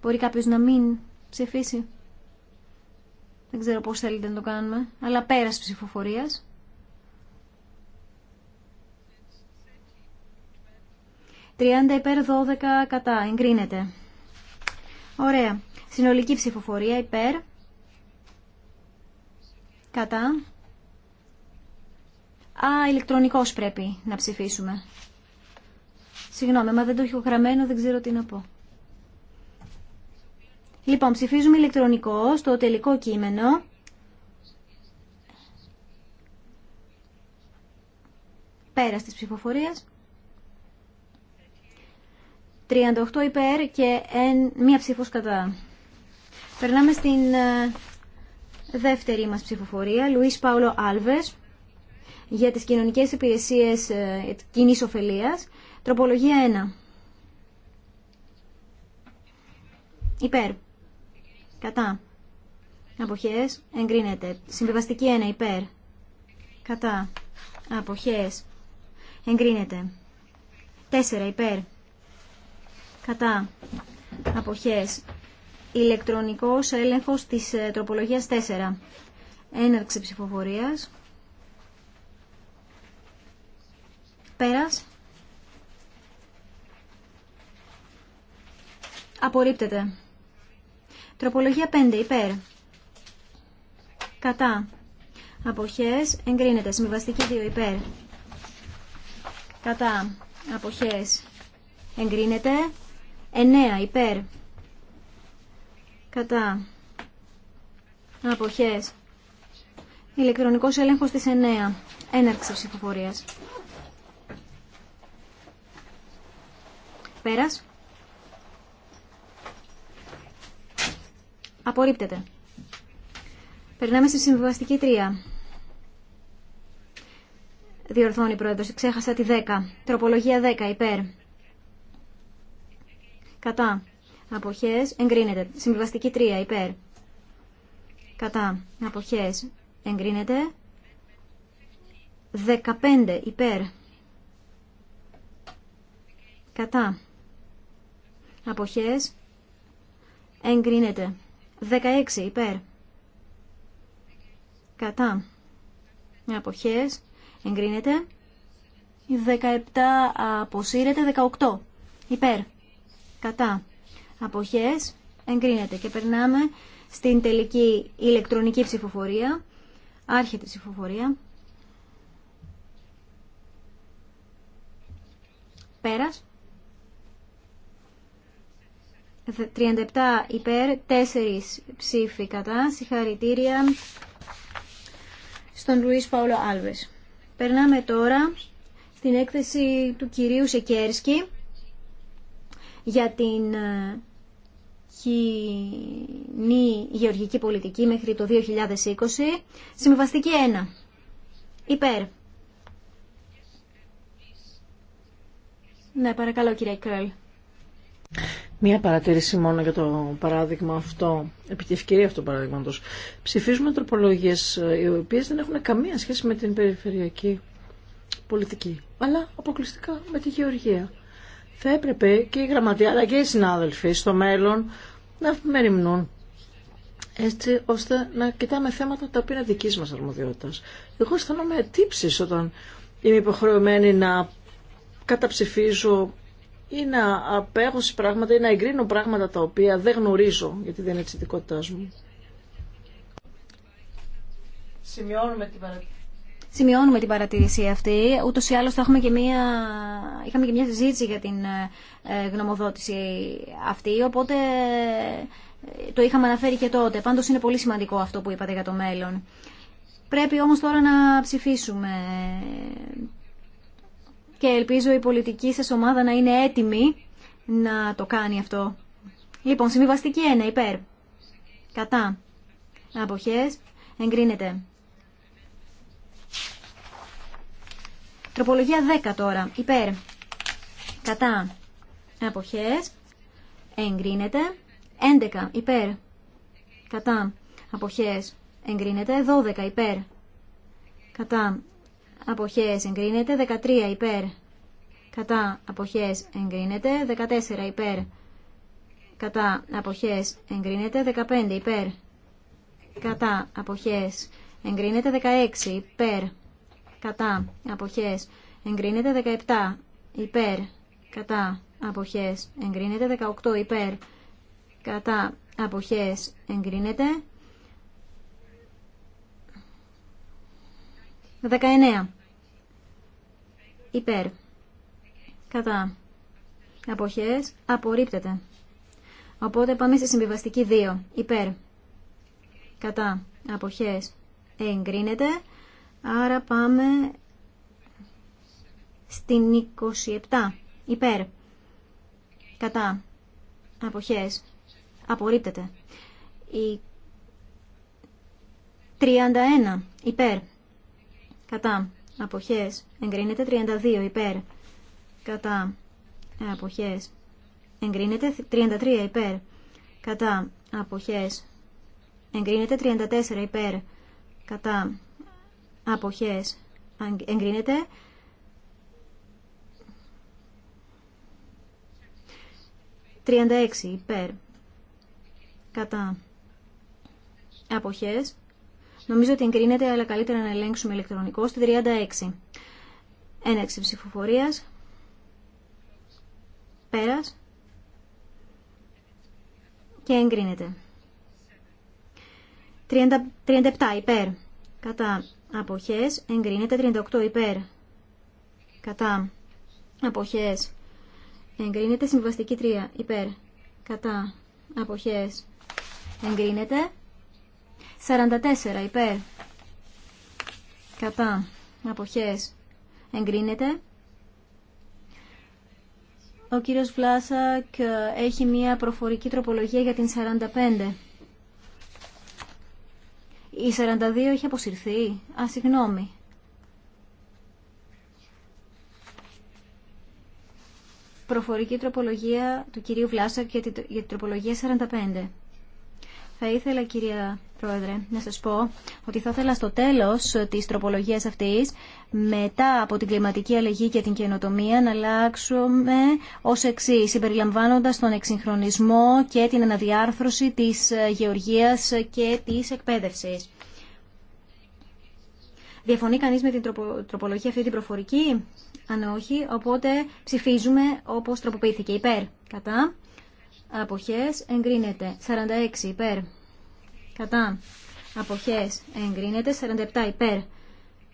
Μπορεί κάποιος να μην ψηφίσει. Δεν ξέρω πώς θέλετε να το κάνουμε. Αλλά πέρας ψηφοφορίας. 30 υπέρ 12 κατά. Εγκρίνεται. Ωραία. Συνολική ψηφοφορία υπέρ. Κατά. Α, ηλεκτρονικός πρέπει να ψηφίσουμε. Συγγνώμη, μα δεν το έχω γραμμένο, δεν ξέρω τι να πω. Λοιπόν, ψηφίζουμε ηλεκτρονικό στο τελικό κείμενο. Πέρα της ψηφοφορίας. 38 υπέρ και μία ψήφος κατά. Περνάμε στην ε, δεύτερη μας ψηφοφορία. Λουίς Παύλο Άλβες για τις κοινωνικές υπηρεσίες ε, κοινής ωφελίας. Τροπολογία 1. Υπέρ. Κατά. Αποχές. Εγκρίνεται. Συμβιβαστική 1. Υπέρ. Κατά. Αποχές. Εγκρίνεται. 4. Υπέρ. Κατά. Αποχές. Ηλεκτρονικός έλεγχος της ε, τροπολογίας 4. Έναρξη ψηφοφορίας. Πέρας. Απορρίπτεται. Τροπολογία 5. Υπέρ. Κατά. Αποχές. Εγκρίνεται. Συμβιβαστική 2. Υπέρ. Κατά. Αποχές. Εγκρίνεται. 9. Υπέρ. Κατά. Αποχές. Ηλεκτρονικός έλεγχος της 9. Έναρξη ψηφοφορία. Πέρας. Απορρίπτεται. Περνάμε στη συμβιβαστική 3. Διορθώνει η πρόεδρος. Ξέχασα τη 10. Τροπολογία 10. Υπέρ. Κατά. Αποχές. Εγκρίνεται. Συμβιβαστική 3. Υπέρ. Κατά. Αποχές. Εγκρίνεται. 15. Υπέρ. Κατά. Αποχές. Εγκρίνεται. 16 υπέρ. Κατά. Αποχές. Εγκρίνεται. 17 αποσύρεται. 18 υπέρ. Κατά. Αποχές. Εγκρίνεται. Και περνάμε στην τελική ηλεκτρονική ψηφοφορία. Άρχεται ψηφοφορία. Πέρας. 37 υπέρ, 4 ψήφοι κατά. Συγχαρητήρια στον Λουίς Παόλο Άλβες. Περνάμε τώρα στην έκθεση του κυρίου Σεκέρσκι για την ε, κοινή γεωργική πολιτική μέχρι το 2020. Συμβαστική 1. Υπέρ. Ναι, παρακαλώ κύριε Κρέλ. Μία παρατήρηση μόνο για το παράδειγμα αυτό, επί τη ευκαιρία αυτού του παραδείγματο. Ψηφίζουμε τροπολογίε ε, οι οποίε δεν έχουν καμία σχέση με την περιφερειακή πολιτική, αλλά αποκλειστικά με τη γεωργία. Θα έπρεπε και οι γραμματεία αλλά και οι συνάδελφοι στο μέλλον να μεριμνούν έτσι ώστε να κοιτάμε θέματα τα οποία είναι δική μα αρμοδιότητα. Εγώ αισθάνομαι τύψει όταν είμαι υποχρεωμένη να καταψηφίζω ή να απέχω σε πράγματα ή να εγκρίνω πράγματα τα οποία δεν γνωρίζω, γιατί δεν είναι της ειδικότητάς μου. Σημειώνουμε την παρατήρηση. Σημειώνουμε την παρατήρηση αυτή. Ούτω ή άλλω είχαμε και μια συζήτηση για την ε, γνωμοδότηση αυτή. Οπότε ε, το είχαμε αναφέρει και τότε. Πάντω είναι πολύ σημαντικό αυτό που είπατε για το μέλλον. Πρέπει όμω τώρα να ψηφίσουμε και ελπίζω η πολιτική σας ομάδα να είναι έτοιμη να το κάνει αυτό. Λοιπόν, συμβιβαστική 1, υπέρ. Κατά. Αποχές. Εγκρίνεται. Τροπολογία 10 τώρα. Υπέρ. Κατά. Αποχές. Εγκρίνεται. 11. Υπέρ. Κατά. Αποχές. Εγκρίνεται. 12. Υπέρ. Κατά αποχές εγκρίνεται, 13 υπέρ κατά αποχές εγκρίνεται, 14 υπέρ κατά αποχές εγκρίνεται, 15 υπέρ κατά αποχές εγκρίνεται, 16 υπέρ κατά αποχές εγκρίνεται, 17 υπέρ κατά αποχές εγκρίνεται, 18 υπέρ κατά αποχές εγκρίνεται, 19 υπέρ. Κατά. Αποχές απορρίπτεται. Οπότε πάμε στη συμβιβαστική 2. Υπέρ. Κατά. Αποχές εγκρίνεται. Άρα πάμε στην 27. Υπέρ. Κατά. Αποχές. Απορρίπτεται. Η 31. Υπέρ. Κατά αποχές εγκρίνεται 32 υπέρ κατά αποχές εγκρίνεται 33 υπέρ κατά αποχές εγκρίνεται 34 υπέρ κατά αποχές εγκρίνεται ...36 υπέρ κατά αποχές Νομίζω ότι εγκρίνεται, αλλά καλύτερα να ελέγξουμε ηλεκτρονικό στη 36. Έναρξη ψηφοφορία. Πέρας. Και εγκρίνεται. 37 υπέρ. Κατά αποχές εγκρίνεται 38 υπέρ. Κατά αποχές εγκρίνεται συμβαστική 3 υπέρ. Κατά αποχές εγκρίνεται 44 υπέρ κατά αποχές εγκρίνεται. Ο κύριος Βλάσακ ε, έχει μία προφορική τροπολογία για την 45. Η 42 έχει αποσυρθεί. Α, συγγνώμη. Προφορική τροπολογία του κυρίου Βλάσακ για την τροπολογία 45. Θα ήθελα κυρία Πρόεδρε να σας πω ότι θα ήθελα στο τέλος της τροπολογίας αυτής μετά από την κλιματική αλλαγή και την καινοτομία να αλλάξουμε ως εξή, συμπεριλαμβάνοντας τον εξυγχρονισμό και την αναδιάρθρωση της γεωργίας και της εκπαίδευσης. Διαφωνεί κανείς με την τροπολογία αυτή την προφορική? Αν όχι, οπότε ψηφίζουμε όπως τροποποιήθηκε. Υπέρ. Κατά αποχές εγκρίνεται 46 υπέρ κατά αποχές εγκρίνεται 47 υπέρ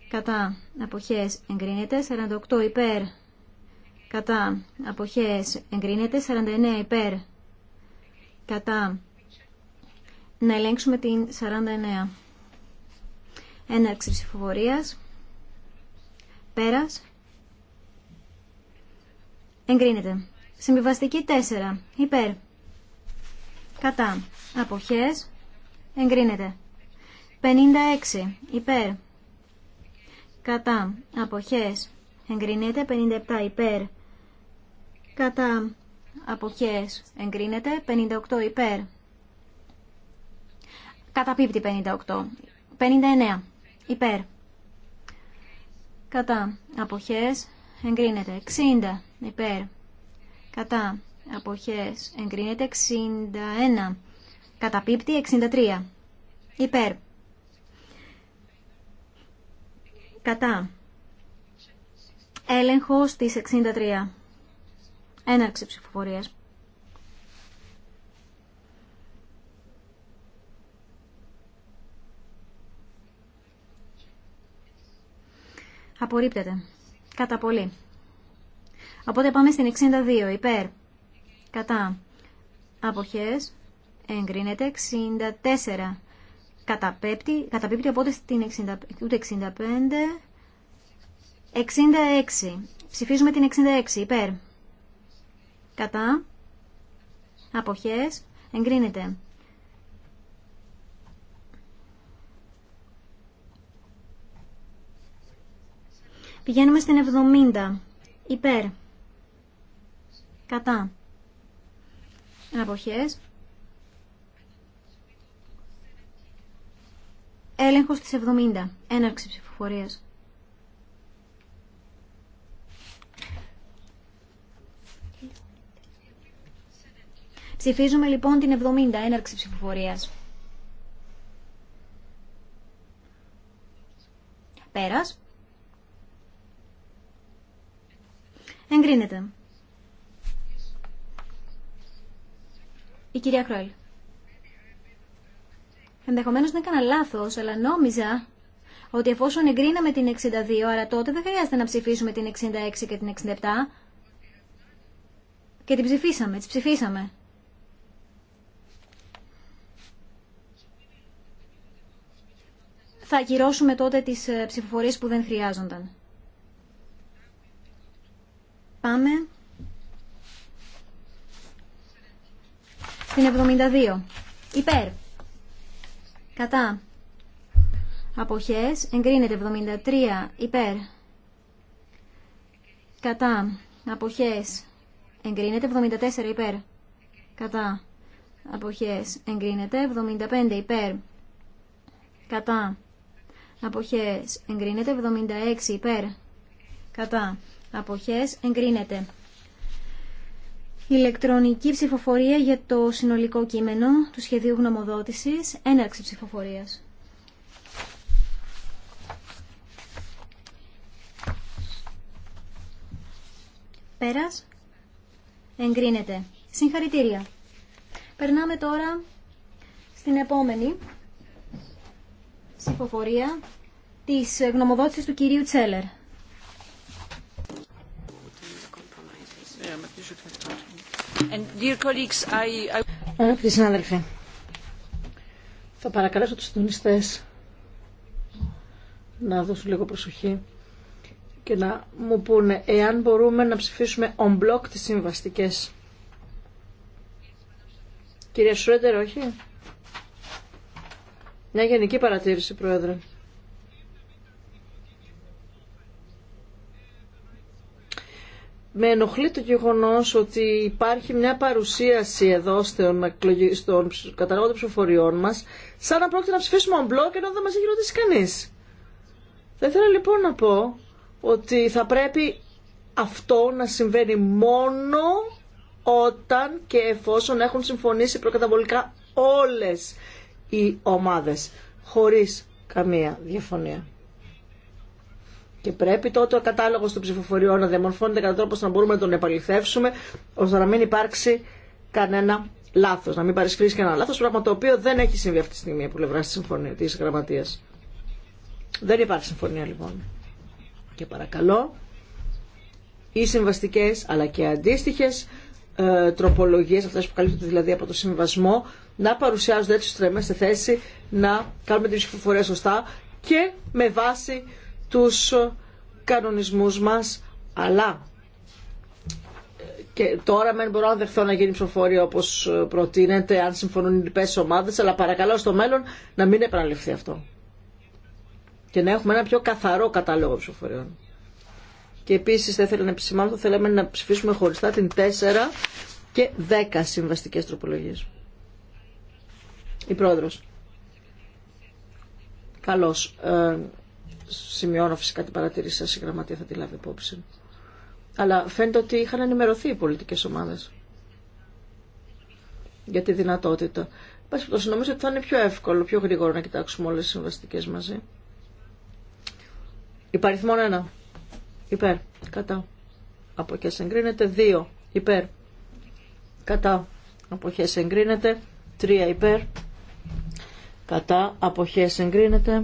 κατά αποχές εγκρίνεται 48 υπέρ κατά αποχές εγκρίνεται 49 υπέρ κατά να ελέγξουμε την 49 έναρξη ψηφοφορίας πέρας εγκρίνεται Συμβιβαστική 4. Υπέρ. Κατά. Αποχές. Εγκρίνεται. 56. Υπέρ. Κατά. Αποχές. Εγκρίνεται. 57. Υπέρ. Κατά. Αποχές. Εγκρίνεται. 58. Υπέρ. Καταπίπτει 58. 59. Υπέρ. Κατά. Αποχές. Εγκρίνεται. 60. Υπέρ κατά αποχές εγκρίνεται 61 καταπίπτει 63 υπέρ κατά έλεγχος της 63 έναρξη ψηφοφορίας απορρίπτεται κατά πολύ Οπότε πάμε στην 62 υπέρ. Κατά. Αποχές. Εγκρίνεται. 64 καταπέπτει. Καταπίπτει οπότε στην 60, 65. 66. Ψηφίζουμε την 66 υπέρ. Κατά. Αποχές. Εγκρίνεται. Πηγαίνουμε στην 70. Υπέρ κατά αποχές έλεγχος της 70 έναρξη ψηφοφορίας Ψηφίζουμε λοιπόν την 70 έναρξη ψηφοφορίας Πέρας εγκρίνεται Η κυρία Κρόιλ. Ενδεχομένω να έκανα λάθο, αλλά νόμιζα ότι εφόσον εγκρίναμε την 62, άρα τότε δεν χρειάζεται να ψηφίσουμε την 66 και την 67. Και την ψηφίσαμε, τι ψηφίσαμε. Θα ακυρώσουμε τότε τις ε, ψηφοφορίες που δεν χρειάζονταν. Πάμε Στην 72. Υπέρ. Κατά. Αποχές. Εγκρίνεται 73. Υπέρ. Κατά. Αποχές. Εγκρίνεται 74. Υπέρ. Κατά. Αποχές. Εγκρίνεται 75. Υπέρ. Κατά. Αποχές. Εγκρίνεται 76. Υπέρ. Κατά. Αποχές. Εγκρίνεται. Ηλεκτρονική ψηφοφορία για το συνολικό κείμενο του σχεδίου γνωμοδότησης. Έναρξη ψηφοφορίας. Πέρας. Εγκρίνεται. Συγχαρητήρια. Περνάμε τώρα στην επόμενη ψηφοφορία της γνωμοδότησης του κυρίου Τσέλερ. Αγαπητοί συνάδελφοι, θα παρακαλέσω τους συντονιστές να δώσουν λίγο προσοχή και να μου πούνε εάν μπορούμε να ψηφίσουμε on block τις συμβαστικές. Κυρία Σρέντερ, όχι. Μια γενική παρατήρηση, Πρόεδρε. με ενοχλεί το γεγονός ότι υπάρχει μια παρουσίαση εδώ στον, στον καταλόγο των ψηφοφοριών μας σαν να πρόκειται να ψηφίσουμε on block ενώ δεν μας έχει ρωτήσει κανείς. Θα ήθελα λοιπόν να πω ότι θα πρέπει αυτό να συμβαίνει μόνο όταν και εφόσον έχουν συμφωνήσει προκαταβολικά όλες οι ομάδες χωρίς καμία διαφωνία. Και πρέπει τότε ο κατάλογο του ψηφοφοριών να διαμορφώνεται κατά τρόπο να μπορούμε να τον επαληθεύσουμε, ώστε να μην υπάρξει κανένα λάθο, να μην παρισφρήσει κανένα λάθο, πράγμα το οποίο δεν έχει συμβεί αυτή τη στιγμή από πλευρά τη Γραμματεία. Δεν υπάρχει συμφωνία λοιπόν. Και παρακαλώ, οι συμβαστικέ αλλά και αντίστοιχε ε, τροπολογίε, αυτέ που καλύπτονται δηλαδή από το συμβασμό, να παρουσιάζονται έτσι ώστε να είμαστε θέση να κάνουμε την ψηφοφορία σωστά και με βάση τους κανονισμούς μας, αλλά και τώρα μεν μπορώ να δεχθώ να γίνει ψηφοφορία όπως προτείνεται, αν συμφωνούν οι λοιπές ομάδες, αλλά παρακαλώ στο μέλλον να μην επαναληφθεί αυτό. Και να έχουμε ένα πιο καθαρό κατάλογο ψηφοφοριών. Και επίσης θα ήθελα να επισημάνω ότι θέλαμε να ψηφίσουμε χωριστά την 4 και 10 συμβαστικές τροπολογίες. Η πρόεδρος. Καλώς. Ε, Σημειώνω φυσικά την παρατήρηση σας, η γραμματεία θα τη λάβει υπόψη. Αλλά φαίνεται ότι είχαν ενημερωθεί οι πολιτικές ομάδες για τη δυνατότητα. Πάση νομίζω ότι θα είναι πιο εύκολο, πιο γρήγορο να κοιτάξουμε όλες τις συμβαστικές μαζί. Υπαριθμόν ένα Υπέρ. Κατά. Αποχές εγκρίνεται. δύο Υπέρ. Κατά. Αποχές εγκρίνεται. τρία Υπέρ. Κατά. Αποχές εγκρίνεται.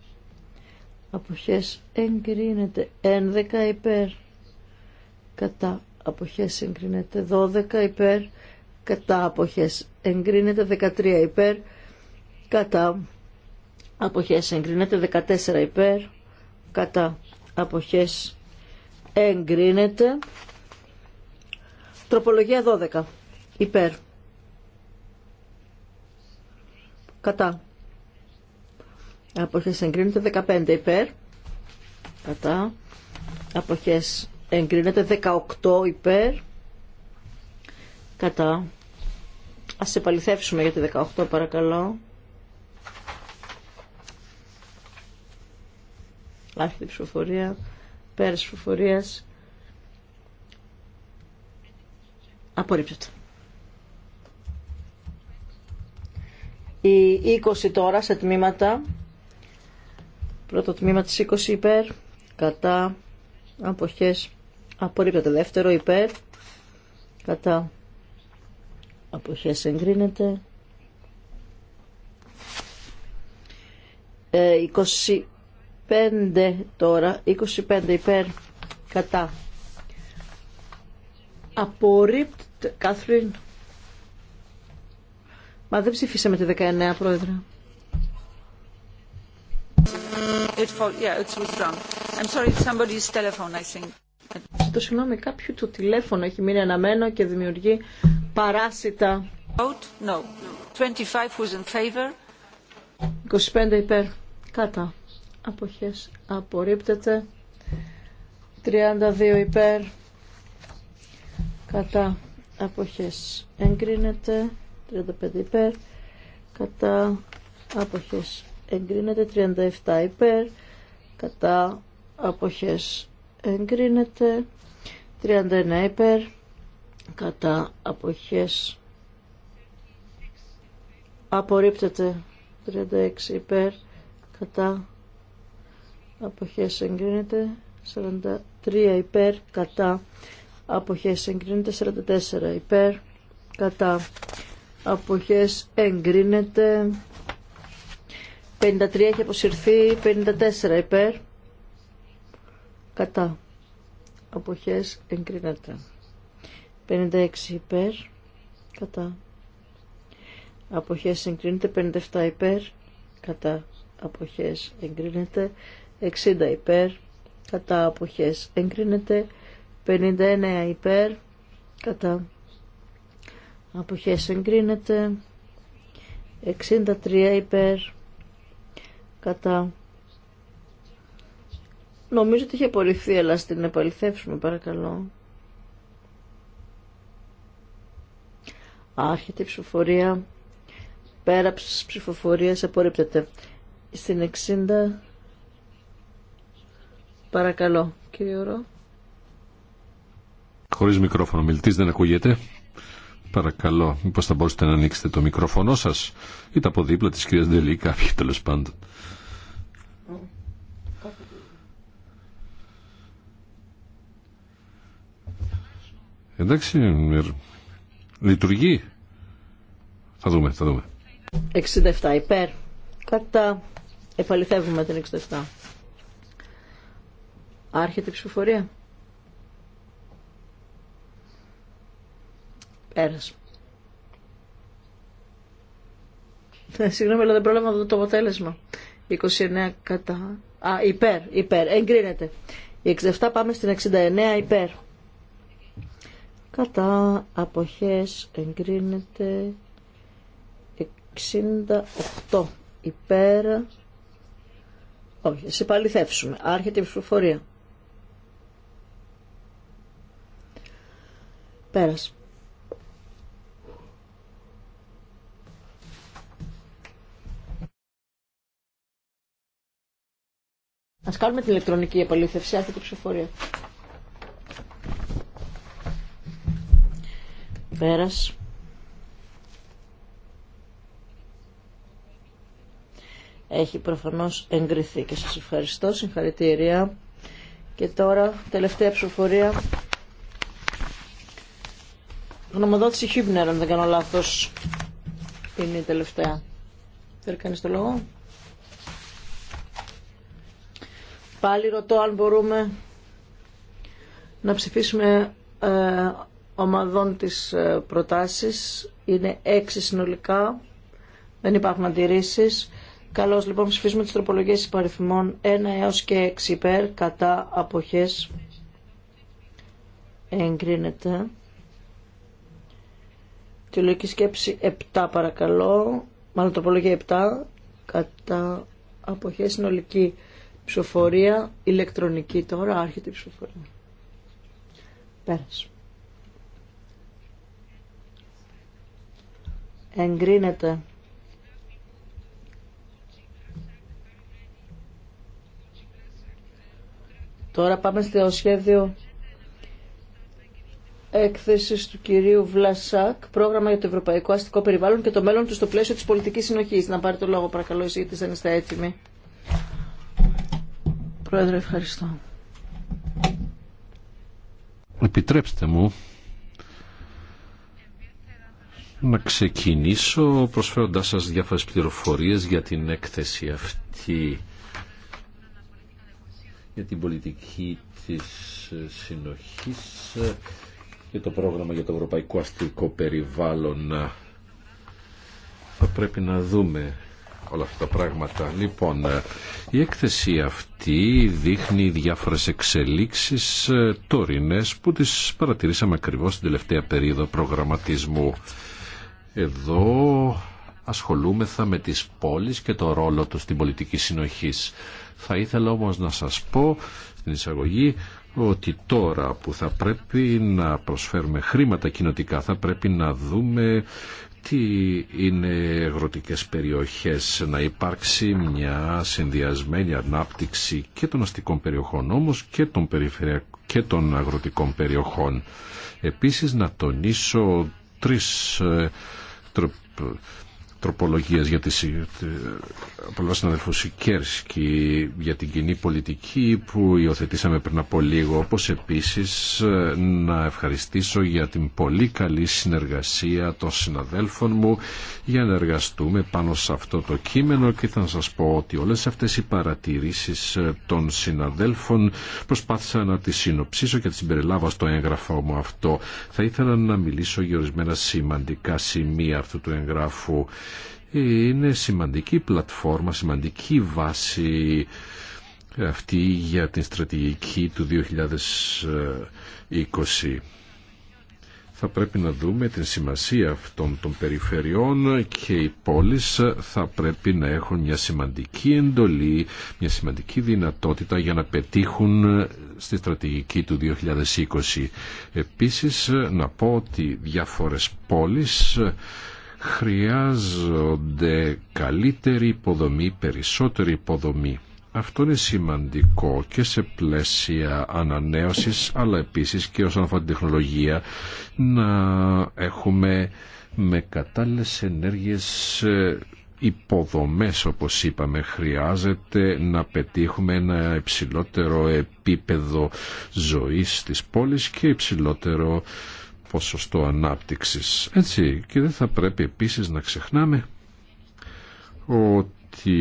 αποχές εγκρίνεται 11 υπέρ κατά αποχές εγκρίνεται 12 υπέρ κατά αποχές εγκρίνεται 13 υπέρ κατά αποχές εγκρίνεται 14 υπέρ κατά αποχές εγκρίνεται τροπολογία 12 υπέρ κατά αποχές εγκρίνεται 15 υπέρ κατά αποχές εγκρίνεται 18 υπέρ κατά ας επαληθεύσουμε για τη 18 παρακαλώ άρχιτη ψηφοφορία πέρας ψηφοφορίας απορρίπτεται η 20 τώρα σε τμήματα Πρώτο τμήμα της 20 υπέρ, κατά αποχές το Δεύτερο υπέρ, κατά αποχές εγκρίνεται. 25 ε, τώρα, 25 υπέρ, κατά. Απορρίπτεται, Κάθριν. Μα δεν ψηφίσαμε τη 19, πρόεδρε. Το συγγνώμη, κάποιο το τηλέφωνο έχει μείνει αναμένο και δημιουργεί παράσιτα. 25 υπέρ. Κατά. Αποχές. Απορρίπτεται. 32 υπέρ. Κατά. Αποχές. Εγκρίνεται. 35 υπέρ. Κατά. Αποχές εγκρίνεται 37 υπέρ κατά αποχές εγκρίνεται 39 υπέρ κατά αποχές απορρίπτεται 36 υπέρ κατά αποχές εγκρίνεται 43 υπέρ κατά αποχές εγκρίνεται 44 υπέρ κατά αποχές εγκρίνεται 53 έχει αποσυρθεί, 54 υπέρ. Κατά. Αποχές εγκρίνεται. 56 υπέρ. Κατά. Αποχές εγκρίνεται. 57 υπέρ. Κατά. Αποχές εγκρίνεται. 60 υπέρ. Κατά. Αποχές εγκρίνεται. 59 υπέρ. Κατά. Αποχές εγκρίνεται. 63 υπέρ κατά. Νομίζω ότι είχε απορριφθεί, αλλά στην επαληθεύσουμε παρακαλώ. Άρχεται η ψηφοφορία. Πέρα ψηφοφορία απορρίπτεται. Στην 60. Παρακαλώ, κύριε Ρο. Χωρίς μικρόφωνο, μιλτής δεν ακούγεται. Παρακαλώ, μήπως θα μπορούσατε να ανοίξετε το μικρόφωνο σας ή τα δίπλα της κυρίας Ντελή, κάποιοι τέλος πάντων. Εντάξει, λειτουργεί. Θα δούμε, θα δούμε. 67 υπέρ. Κατά. Επαληθεύουμε την 67. Άρχεται η ψηφοφορία. Πέρασμα. Ε, συγγνώμη, αλλά δεν πρόλαβα να δω το αποτέλεσμα. 29 κατά. Α, υπέρ, υπέρ. Εγκρίνεται. Η 67 πάμε στην 69 υπέρ. Κατά αποχές εγκρίνεται 68 υπέρ. Όχι, σε παληθεύσουμε. Άρχεται η ψηφοφορία. Πέρασε. Ας κάνουμε την ηλεκτρονική επαλήθευση, άρχεται η ψηφοφορία. Πέρας. Έχει προφανώς εγκριθεί και σας ευχαριστώ, συγχαρητήρια. Και τώρα, τελευταία ψηφοφορία. Γνωμοδότηση Χίμπνερ, αν δεν κάνω λάθος, είναι η τελευταία. Θέλει κανείς το λόγο. Πάλι ρωτώ αν μπορούμε να ψηφίσουμε ε, ομαδών της ε, προτάσεις. Είναι έξι συνολικά. Δεν υπάρχουν αντιρρήσει. Καλώς λοιπόν ψηφίσουμε τις τροπολογίες υπαριθμών 1 έως και 6 υπέρ κατά αποχές. Εγκρίνεται. Τη λογική σκέψη 7 παρακαλώ. Μάλλον τροπολογία 7 κατά αποχές συνολική Ψηφοφορία ηλεκτρονική τώρα, άρχεται η ψηφοφορία. Πέρασε. Εγκρίνεται. Τώρα πάμε στο σχέδιο έκθεση του κυρίου Βλασάκ, πρόγραμμα για το Ευρωπαϊκό Αστικό Περιβάλλον και το μέλλον του στο πλαίσιο τη πολιτική συνοχή. Να πάρει το λόγο, παρακαλώ, εσεί, δεν είστε έτοιμοι. Πρόεδρε, ευχαριστώ. Επιτρέψτε μου να ξεκινήσω προσφέροντάς σας διάφορες πληροφορίες για την έκθεση αυτή για την πολιτική της συνοχής και το πρόγραμμα για το ευρωπαϊκό αστικό περιβάλλον. Θα πρέπει να δούμε όλα αυτά τα πράγματα. Λοιπόν, ε, η έκθεση αυτή δείχνει διάφορες εξελίξεις ε, τωρινές που τις παρατηρήσαμε ακριβώς την τελευταία περίοδο προγραμματισμού. Εδώ ασχολούμεθα με τις πόλεις και το ρόλο του στην πολιτική συνοχής. Θα ήθελα όμως να σας πω στην εισαγωγή ότι τώρα που θα πρέπει να προσφέρουμε χρήματα κοινοτικά θα πρέπει να δούμε τι είναι αγροτικές περιοχές, να υπάρξει μια συνδυασμένη ανάπτυξη και των αστικών περιοχών όμως και των, και των αγροτικών περιοχών. Επίσης να τονίσω τρεις ε, τροπολογίες για τις ε, για την κοινή πολιτική που υιοθετήσαμε πριν από λίγο όπως επίσης ε, να ευχαριστήσω για την πολύ καλή συνεργασία των συναδέλφων μου για να εργαστούμε πάνω σε αυτό το κείμενο και θα σας πω ότι όλες αυτές οι παρατηρήσεις ε, των συναδέλφων προσπάθησα να τις συνοψίσω και να τις περιλάβω στο έγγραφό μου αυτό. Θα ήθελα να μιλήσω για ορισμένα σημαντικά σημεία αυτού του εγγράφου είναι σημαντική πλατφόρμα, σημαντική βάση ε, αυτή για την στρατηγική του 2020. Θα πρέπει να δούμε την σημασία αυτών των περιφερειών και οι πόλεις θα πρέπει να έχουν μια σημαντική εντολή, μια σημαντική δυνατότητα για να πετύχουν ε, στη στρατηγική του 2020. Επίσης να πω ότι διάφορες πόλεις χρειάζονται καλύτερη υποδομή, περισσότερη υποδομή. Αυτό είναι σημαντικό και σε πλαίσια ανανέωσης, αλλά επίσης και όσον αφορά την τεχνολογία, να έχουμε με κατάλληλες ενέργειες ε, υποδομές όπως είπαμε χρειάζεται να πετύχουμε ένα υψηλότερο επίπεδο ζωής της πόλης και υψηλότερο ποσοστό ανάπτυξης. Έτσι και δεν θα πρέπει επίσης να ξεχνάμε ότι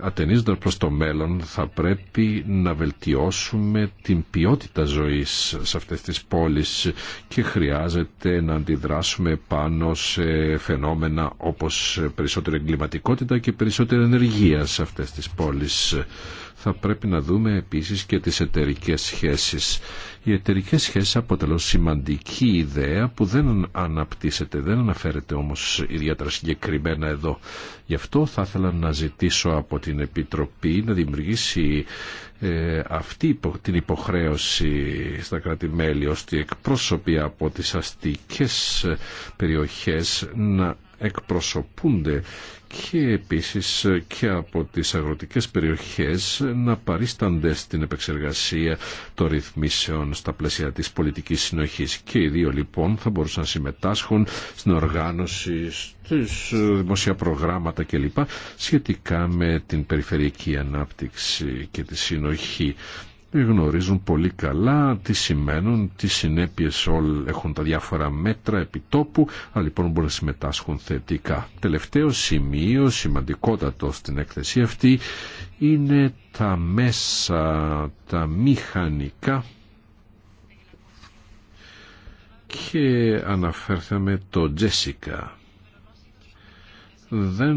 ατενίζοντας προς το μέλλον θα πρέπει να βελτιώσουμε την ποιότητα ζωής σε αυτές τις πόλεις και χρειάζεται να αντιδράσουμε πάνω σε φαινόμενα όπως περισσότερη εγκληματικότητα και περισσότερη ενεργεία σε αυτές τις πόλεις θα πρέπει να δούμε επίσης και τις εταιρικέ σχέσεις. Οι εταιρικέ σχέσεις αποτελούν σημαντική ιδέα που δεν αναπτύσσεται, δεν αναφέρεται όμως ιδιαίτερα συγκεκριμένα εδώ. Γι' αυτό θα ήθελα να ζητήσω από την Επιτροπή να δημιουργήσει ε, αυτή την υποχρέωση στα κράτη-μέλη ώστε οι εκπρόσωποι από τις αστικές περιοχές να εκπροσωπούνται και επίσης και από τις αγροτικές περιοχές να παρίστανται στην επεξεργασία των ρυθμίσεων στα πλαίσια της πολιτικής συνοχής. Και οι δύο λοιπόν θα μπορούσαν να συμμετάσχουν στην οργάνωση, στις δημοσία προγράμματα κλπ. σχετικά με την περιφερειακή ανάπτυξη και τη συνοχή γνωρίζουν πολύ καλά τι σημαίνουν, τι συνέπειες όλοι έχουν τα διάφορα μέτρα επιτόπου, αλλά λοιπόν μπορούν να συμμετάσχουν θετικά. Τελευταίο σημείο, σημαντικότατο στην έκθεση αυτή, είναι τα μέσα, τα μηχανικά και αναφέρθαμε το Τζέσικα. Δεν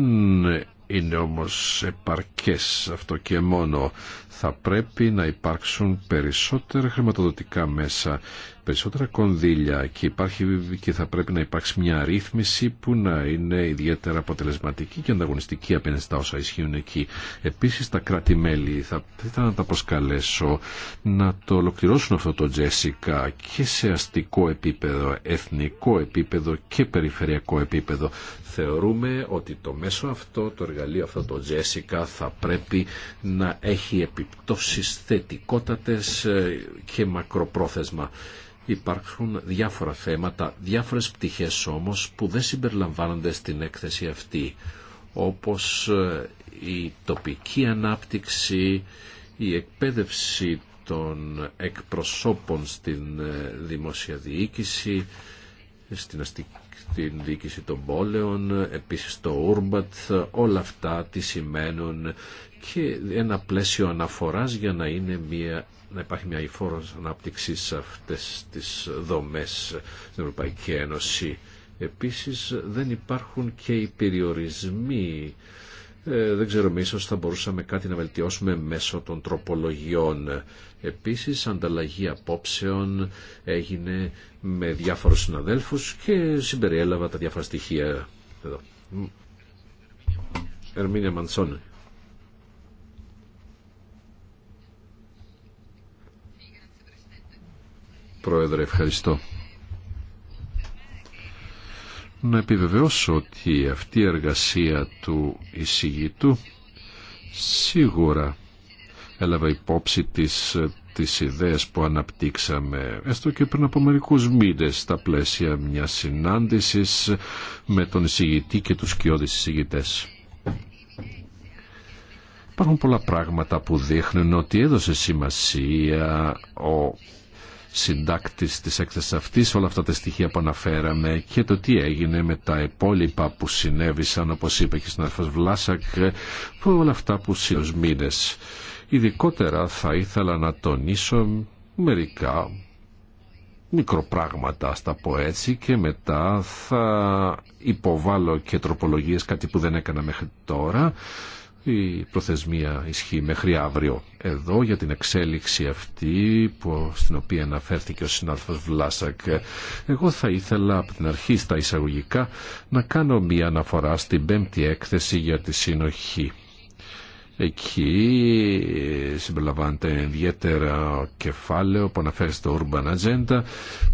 είναι όμως επαρκές αυτό και μόνο. Θα πρέπει να υπάρξουν περισσότερα χρηματοδοτικά μέσα περισσότερα κονδύλια και, υπάρχει, και θα πρέπει να υπάρξει μια ρύθμιση που να είναι ιδιαίτερα αποτελεσματική και ανταγωνιστική απέναντι στα όσα ισχύουν εκεί. Επίσης τα κράτη-μέλη θα ήθελα να τα προσκαλέσω να το ολοκληρώσουν αυτό το Τζέσικα και σε αστικό επίπεδο, εθνικό επίπεδο και περιφερειακό επίπεδο. Θεωρούμε ότι το μέσο αυτό, το εργαλείο αυτό το Τζέσικα θα πρέπει να έχει επιπτώσεις θετικότατες ε, και μακροπρόθεσμα. Υπάρχουν διάφορα θέματα, διάφορες πτυχές όμως που δεν συμπεριλαμβάνονται στην έκθεση αυτή όπως ε, η τοπική ανάπτυξη, η εκπαίδευση των εκπροσώπων στην ε, δημόσια διοίκηση, στην, αστική, την διοίκηση των πόλεων, επίσης το ούρμπατ, όλα αυτά τι σημαίνουν και ένα πλαίσιο αναφοράς για να είναι μια να υπάρχει μια υφόρο ανάπτυξη σε αυτές τις δομές στην Ευρωπαϊκή Ένωση. Επίση, δεν υπάρχουν και οι περιορισμοί. Ε, δεν ξέρω ίσως θα μπορούσαμε κάτι να βελτιώσουμε μέσω των τροπολογιών. Επίσης, ανταλλαγή απόψεων έγινε με διάφορους συναδέλφου και συμπεριέλαβα τα διάφορα στοιχεία εδώ. Ερμήνια Μαντσόνη. Πρόεδρε, ευχαριστώ. Να επιβεβαιώσω ότι αυτή η εργασία του εισηγητού σίγουρα έλαβε υπόψη τις, τις ιδέες που αναπτύξαμε έστω και πριν από μερικούς μήνες στα πλαίσια μιας συνάντησης με τον εισηγητή και τους κοιόδης εισηγητές. Υπάρχουν πολλά πράγματα που δείχνουν ότι έδωσε σημασία ο συντάκτης της έκθεσης αυτής, όλα αυτά τα στοιχεία που αναφέραμε και το τι έγινε με τα υπόλοιπα που συνέβησαν, όπως είπε και συνάδελφο Βλάσακ, που όλα αυτά που στους Μήνε. Ειδικότερα θα ήθελα να τονίσω μερικά μικροπράγματα, ας τα πω έτσι, και μετά θα υποβάλω και τροπολογίες, κάτι που δεν έκανα μέχρι τώρα, η προθεσμία ισχύει μέχρι αύριο. Εδώ για την εξέλιξη αυτή που, στην οποία αναφέρθηκε ο συνάδελφος Βλάσακ εγώ θα ήθελα από την αρχή στα εισαγωγικά να κάνω μία αναφορά στην πέμπτη έκθεση για τη συνοχή. Εκεί συμπεριλαμβάνεται ιδιαίτερα κεφάλαιο που αναφέρει στο Urban Agenda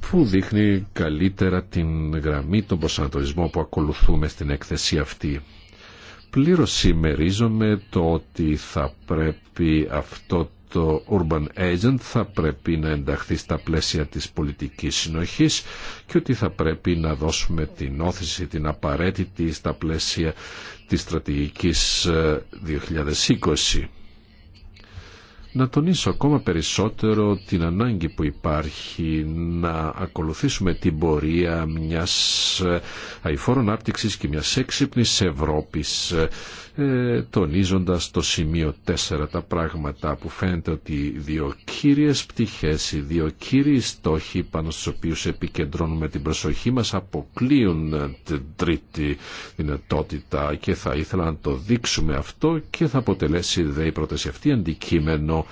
που δείχνει καλύτερα την γραμμή, των προσανατολισμών που ακολουθούμε στην έκθεση αυτή. Πλήρως συμμερίζομαι το ότι θα πρέπει αυτό το Urban Agent θα πρέπει να ενταχθεί στα πλαίσια της πολιτικής συνοχής και ότι θα πρέπει να δώσουμε την όθηση, την απαραίτητη στα πλαίσια της στρατηγικής ε, 2020 να τονίσω ακόμα περισσότερο την ανάγκη που υπάρχει να ακολουθήσουμε την πορεία μιας ε, αηφόρων άπτυξης και μιας έξυπνης Ευρώπης ε, ε, τονίζοντας το σημείο 4 τα πράγματα που φαίνεται ότι οι δύο κύριες πτυχές, οι δύο κύριοι στόχοι πάνω στους οποίους επικεντρώνουμε την προσοχή μας αποκλείουν ε, την τρίτη δυνατότητα και θα ήθελα να το δείξουμε αυτό και θα αποτελέσει δε η πρόταση αυτή αντικείμενο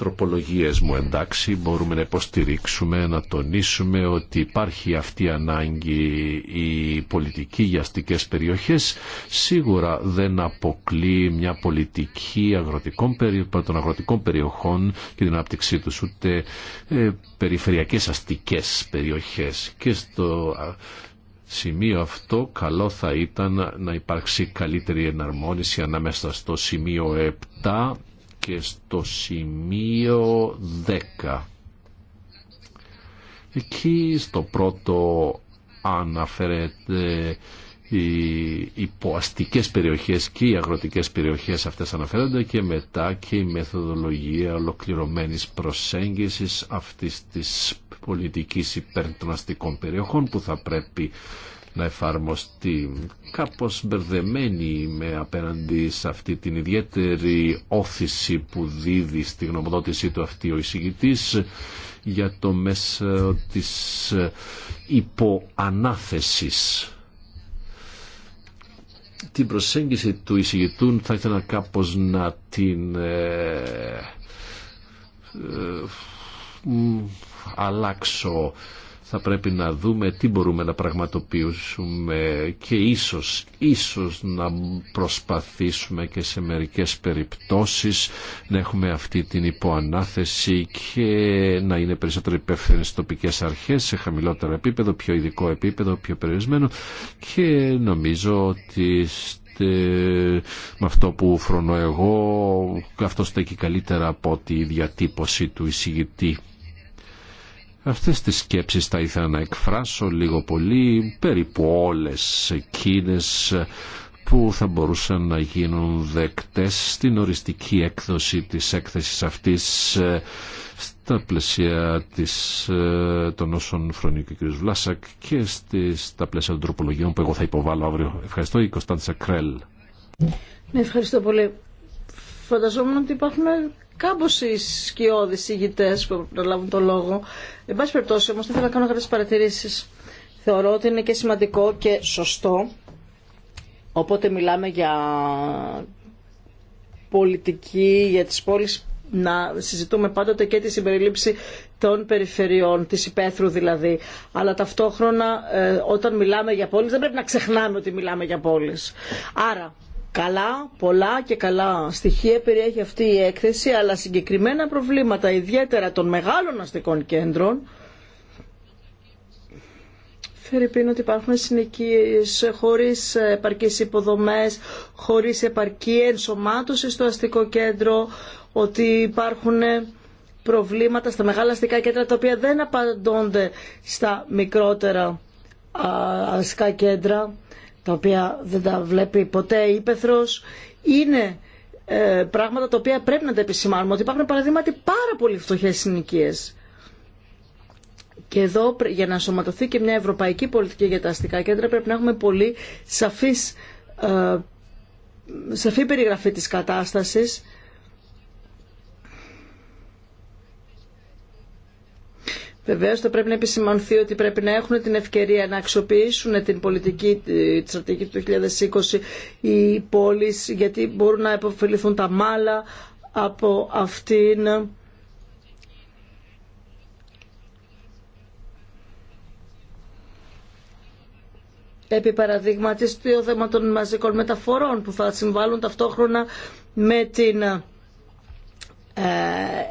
τροπολογίες μου εντάξει μπορούμε να υποστηρίξουμε, να τονίσουμε ότι υπάρχει αυτή η ανάγκη η πολιτική για αστικές περιοχές. Σίγουρα δεν αποκλεί μια πολιτική αγροτικών, των αγροτικών περιοχών και την ανάπτυξή τους ούτε ε, περιφερειακές αστικές περιοχές. Και στο σημείο αυτό καλό θα ήταν να υπάρξει καλύτερη εναρμόνιση ανάμεσα στο σημείο 7 και στο σημείο 10. Εκεί στο πρώτο αναφέρεται οι υποαστικές περιοχές και οι αγροτικές περιοχές αυτές αναφέρονται και μετά και η μεθοδολογία ολοκληρωμένης προσέγγισης αυτής της πολιτικής υπέρ περιοχών που θα πρέπει να εφαρμοστεί κάπως μπερδεμένη με απέναντι σε αυτή την ιδιαίτερη όθηση που δίδει στη γνωμοδότησή του αυτή ο εισηγητής για το μέσο της υποανάθεσης. Την προσέγγιση του εισηγητούν θα ήθελα κάπως να την ε, ε, αλλάξω θα πρέπει να δούμε τι μπορούμε να πραγματοποιήσουμε και ίσως, ίσως να προσπαθήσουμε και σε μερικές περιπτώσεις να έχουμε αυτή την υποανάθεση και να είναι περισσότερο υπεύθυνε τοπικές αρχές σε χαμηλότερο επίπεδο, πιο ειδικό επίπεδο, πιο περιορισμένο και νομίζω ότι με αυτό που φρονώ εγώ αυτό στέκει καλύτερα από τη διατύπωση του εισηγητή. Αυτές τις σκέψεις θα ήθελα να εκφράσω λίγο πολύ περίπου όλες εκείνες που θα μπορούσαν να γίνουν δεκτές στην οριστική έκδοση της έκθεσης αυτής ε, στα πλαίσια της, ε, των όσων φρονεί και ο κ. Βλάσακ και στα πλαίσια των τροπολογιών που εγώ θα υποβάλω αύριο. Ευχαριστώ, η Κωνσταντσα Κρέλ. Ναι, ευχαριστώ πολύ. Φανταζόμουν ότι υπάρχουν οι οι ηγητέ που να λάβουν το λόγο. Εν πάση περιπτώσει, όμω, θέλω να κάνω κάποιε παρατηρήσει. Θεωρώ ότι είναι και σημαντικό και σωστό. Οπότε μιλάμε για πολιτική, για τις πόλεις να συζητούμε πάντοτε και τη συμπεριλήψη των περιφερειών, της υπαίθρου δηλαδή. Αλλά ταυτόχρονα ε, όταν μιλάμε για πόλεις δεν πρέπει να ξεχνάμε ότι μιλάμε για πόλεις. Άρα Καλά, πολλά και καλά στοιχεία περιέχει αυτή η έκθεση, αλλά συγκεκριμένα προβλήματα, ιδιαίτερα των μεγάλων αστικών κέντρων, Φερρυπίν ότι υπάρχουν συνοικίες χωρίς επαρκείς υποδομές, χωρίς επαρκή ενσωμάτωση στο αστικό κέντρο, ότι υπάρχουν προβλήματα στα μεγάλα αστικά κέντρα τα οποία δεν απαντώνται στα μικρότερα αστικά κέντρα τα οποία δεν τα βλέπει ποτέ η Ήπεθρος, είναι ε, πράγματα τα οποία πρέπει να τα επισημάνουμε, ότι υπάρχουν παραδείγματι πάρα πολύ φτωχές συνοικίες. Και εδώ για να σωματωθεί και μια ευρωπαϊκή πολιτική για τα αστικά κέντρα πρέπει να έχουμε πολύ σαφής, ε, σαφή περιγραφή της κατάστασης Βεβαίω θα πρέπει να επισημανθεί ότι πρέπει να έχουν την ευκαιρία να αξιοποιήσουν την πολιτική τη στρατηγική του 2020 οι πόλει, γιατί μπορούν να επωφεληθούν τα μάλα από αυτήν. επί παραδείγματι το θέμα των μαζικών μεταφορών που θα συμβάλλουν ταυτόχρονα με την ε,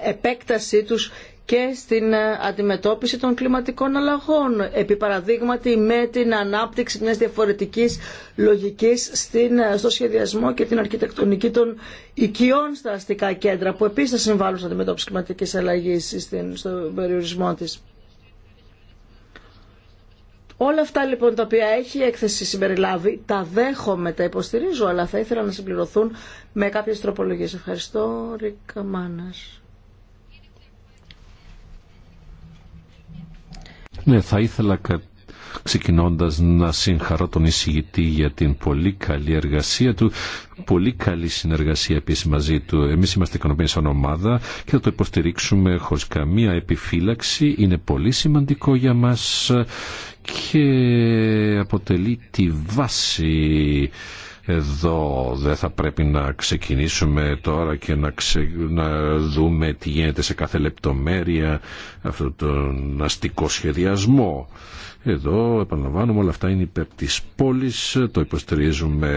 επέκτασή τους και στην ε, αντιμετώπιση των κλιματικών αλλαγών. Επί παραδείγματι με την ανάπτυξη μιας διαφορετικής λογικής στην, ε, στο σχεδιασμό και την αρχιτεκτονική των οικειών στα αστικά κέντρα που επίσης θα συμβάλλουν στην αντιμετώπιση κλιματικής αλλαγής στην, στον περιορισμό της. Όλα αυτά λοιπόν τα οποία έχει η έκθεση συμπεριλάβει τα δέχομαι, τα υποστηρίζω αλλά θα ήθελα να συμπληρωθούν με κάποιες τροπολογίες. Ευχαριστώ Ρικα Μάνας. Ναι, θα ήθελα ξεκινώντας να συγχαρώ τον εισηγητή για την πολύ καλή εργασία του, πολύ καλή συνεργασία επίσης μαζί του. Εμείς είμαστε ικανοποιημένοι σαν ομάδα και θα το υποστηρίξουμε χωρίς καμία επιφύλαξη. Είναι πολύ σημαντικό για μας και αποτελεί τη βάση εδώ δεν θα πρέπει να ξεκινήσουμε τώρα και να, να δούμε τι γίνεται σε κάθε λεπτομέρεια αυτό τον αστικό σχεδιασμό. Εδώ επαναλαμβάνουμε όλα αυτά είναι υπέρ της πόλης, το υποστηρίζουμε,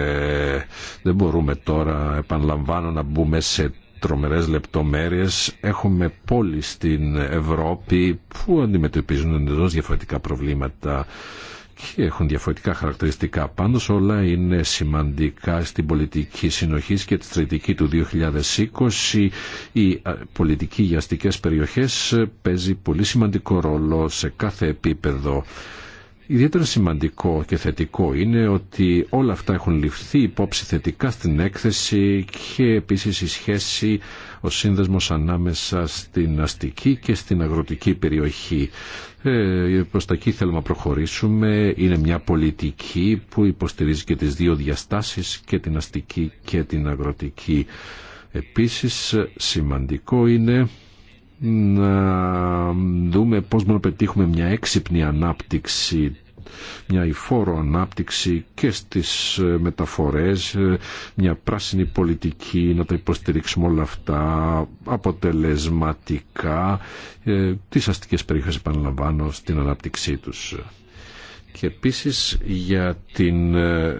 δεν μπορούμε τώρα επαναλαμβάνω να μπούμε σε τρομερές λεπτομέρειες. Έχουμε πόλεις στην Ευρώπη που αντιμετωπίζουν εντελώ διαφορετικά προβλήματα και έχουν διαφορετικά χαρακτηριστικά. Πάντω όλα είναι σημαντικά στην πολιτική συνοχή και τη στρατηγική του 2020. Η ε, πολιτική για αστικέ περιοχές ε, παίζει πολύ σημαντικό ρόλο σε κάθε επίπεδο. Ιδιαίτερα σημαντικό και θετικό είναι ότι όλα αυτά έχουν ληφθεί υπόψη θετικά στην έκθεση και επίσης η σχέση, ο σύνδεσμος ανάμεσα στην αστική και στην αγροτική περιοχή. Ε, προς τα εκεί θέλουμε να προχωρήσουμε. Είναι μια πολιτική που υποστηρίζει και τις δύο διαστάσεις και την αστική και την αγροτική. Επίσης σημαντικό είναι να δούμε πώς μπορούμε να πετύχουμε μια έξυπνη ανάπτυξη μια υφόρο ανάπτυξη και στις ε, μεταφορές, ε, μια πράσινη πολιτική, να τα υποστηρίξουμε όλα αυτά αποτελεσματικά, ε, τις αστικές περιοχές επαναλαμβάνω στην ανάπτυξή τους και επίσης για την ε,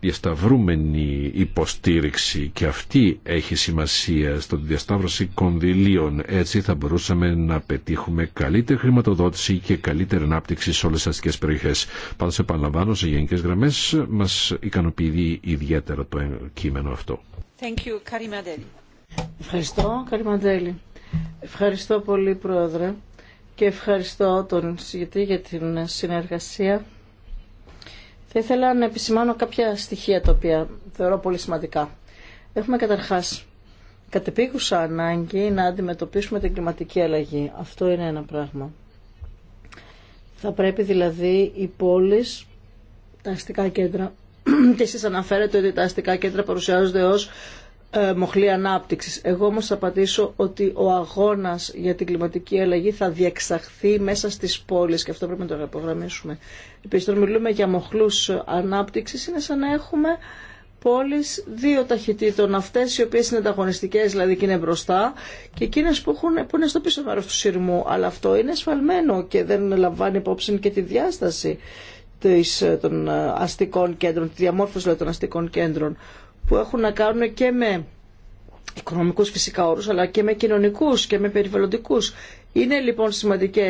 διασταυρούμενη υποστήριξη και αυτή έχει σημασία στον διασταύρωση κονδυλίων. Έτσι θα μπορούσαμε να πετύχουμε καλύτερη χρηματοδότηση και καλύτερη ανάπτυξη σε όλες τις αστικές περιοχές. Πάντως επαναλαμβάνω σε γενικές γραμμές μας ικανοποιεί ιδιαίτερα το κείμενο αυτό. Ευχαριστώ, Ευχαριστώ πολύ, Πρόεδρε και ευχαριστώ τον συγγετή για την συνεργασία. Θα ήθελα να επισημάνω κάποια στοιχεία τα οποία θεωρώ πολύ σημαντικά. Έχουμε καταρχάς κατεπίκουσα ανάγκη να αντιμετωπίσουμε την κλιματική αλλαγή. Αυτό είναι ένα πράγμα. Θα πρέπει δηλαδή οι πόλεις, τα αστικά κέντρα, και εσείς αναφέρετε ότι τα αστικά κέντρα παρουσιάζονται ως ε, μοχλή ανάπτυξη. Εγώ όμω θα απαντήσω ότι ο αγώνα για την κλιματική αλλαγή θα διεξαχθεί μέσα στι πόλει, και αυτό πρέπει να το υπογραμμίσουμε. Επίση, όταν μιλούμε για μοχλού ανάπτυξη, είναι σαν να έχουμε πόλεις δύο ταχυτήτων, αυτέ, οι οποίε είναι ανταγωνιστικέ δηλαδή και είναι μπροστά και εκείνε που, έχουν, που είναι στο πίσω μέρο του σειρμού. Αλλά αυτό είναι σφαλμένο και δεν λαμβάνει υπόψη και τη διάσταση ε, των ε, αστικών κέντρων, τη διαμόρφωση δηλαδή, των αστικών κέντρων που έχουν να κάνουν και με οικονομικούς φυσικά όρους αλλά και με κοινωνικούς και με περιβαλλοντικούς. Είναι λοιπόν σημαντικά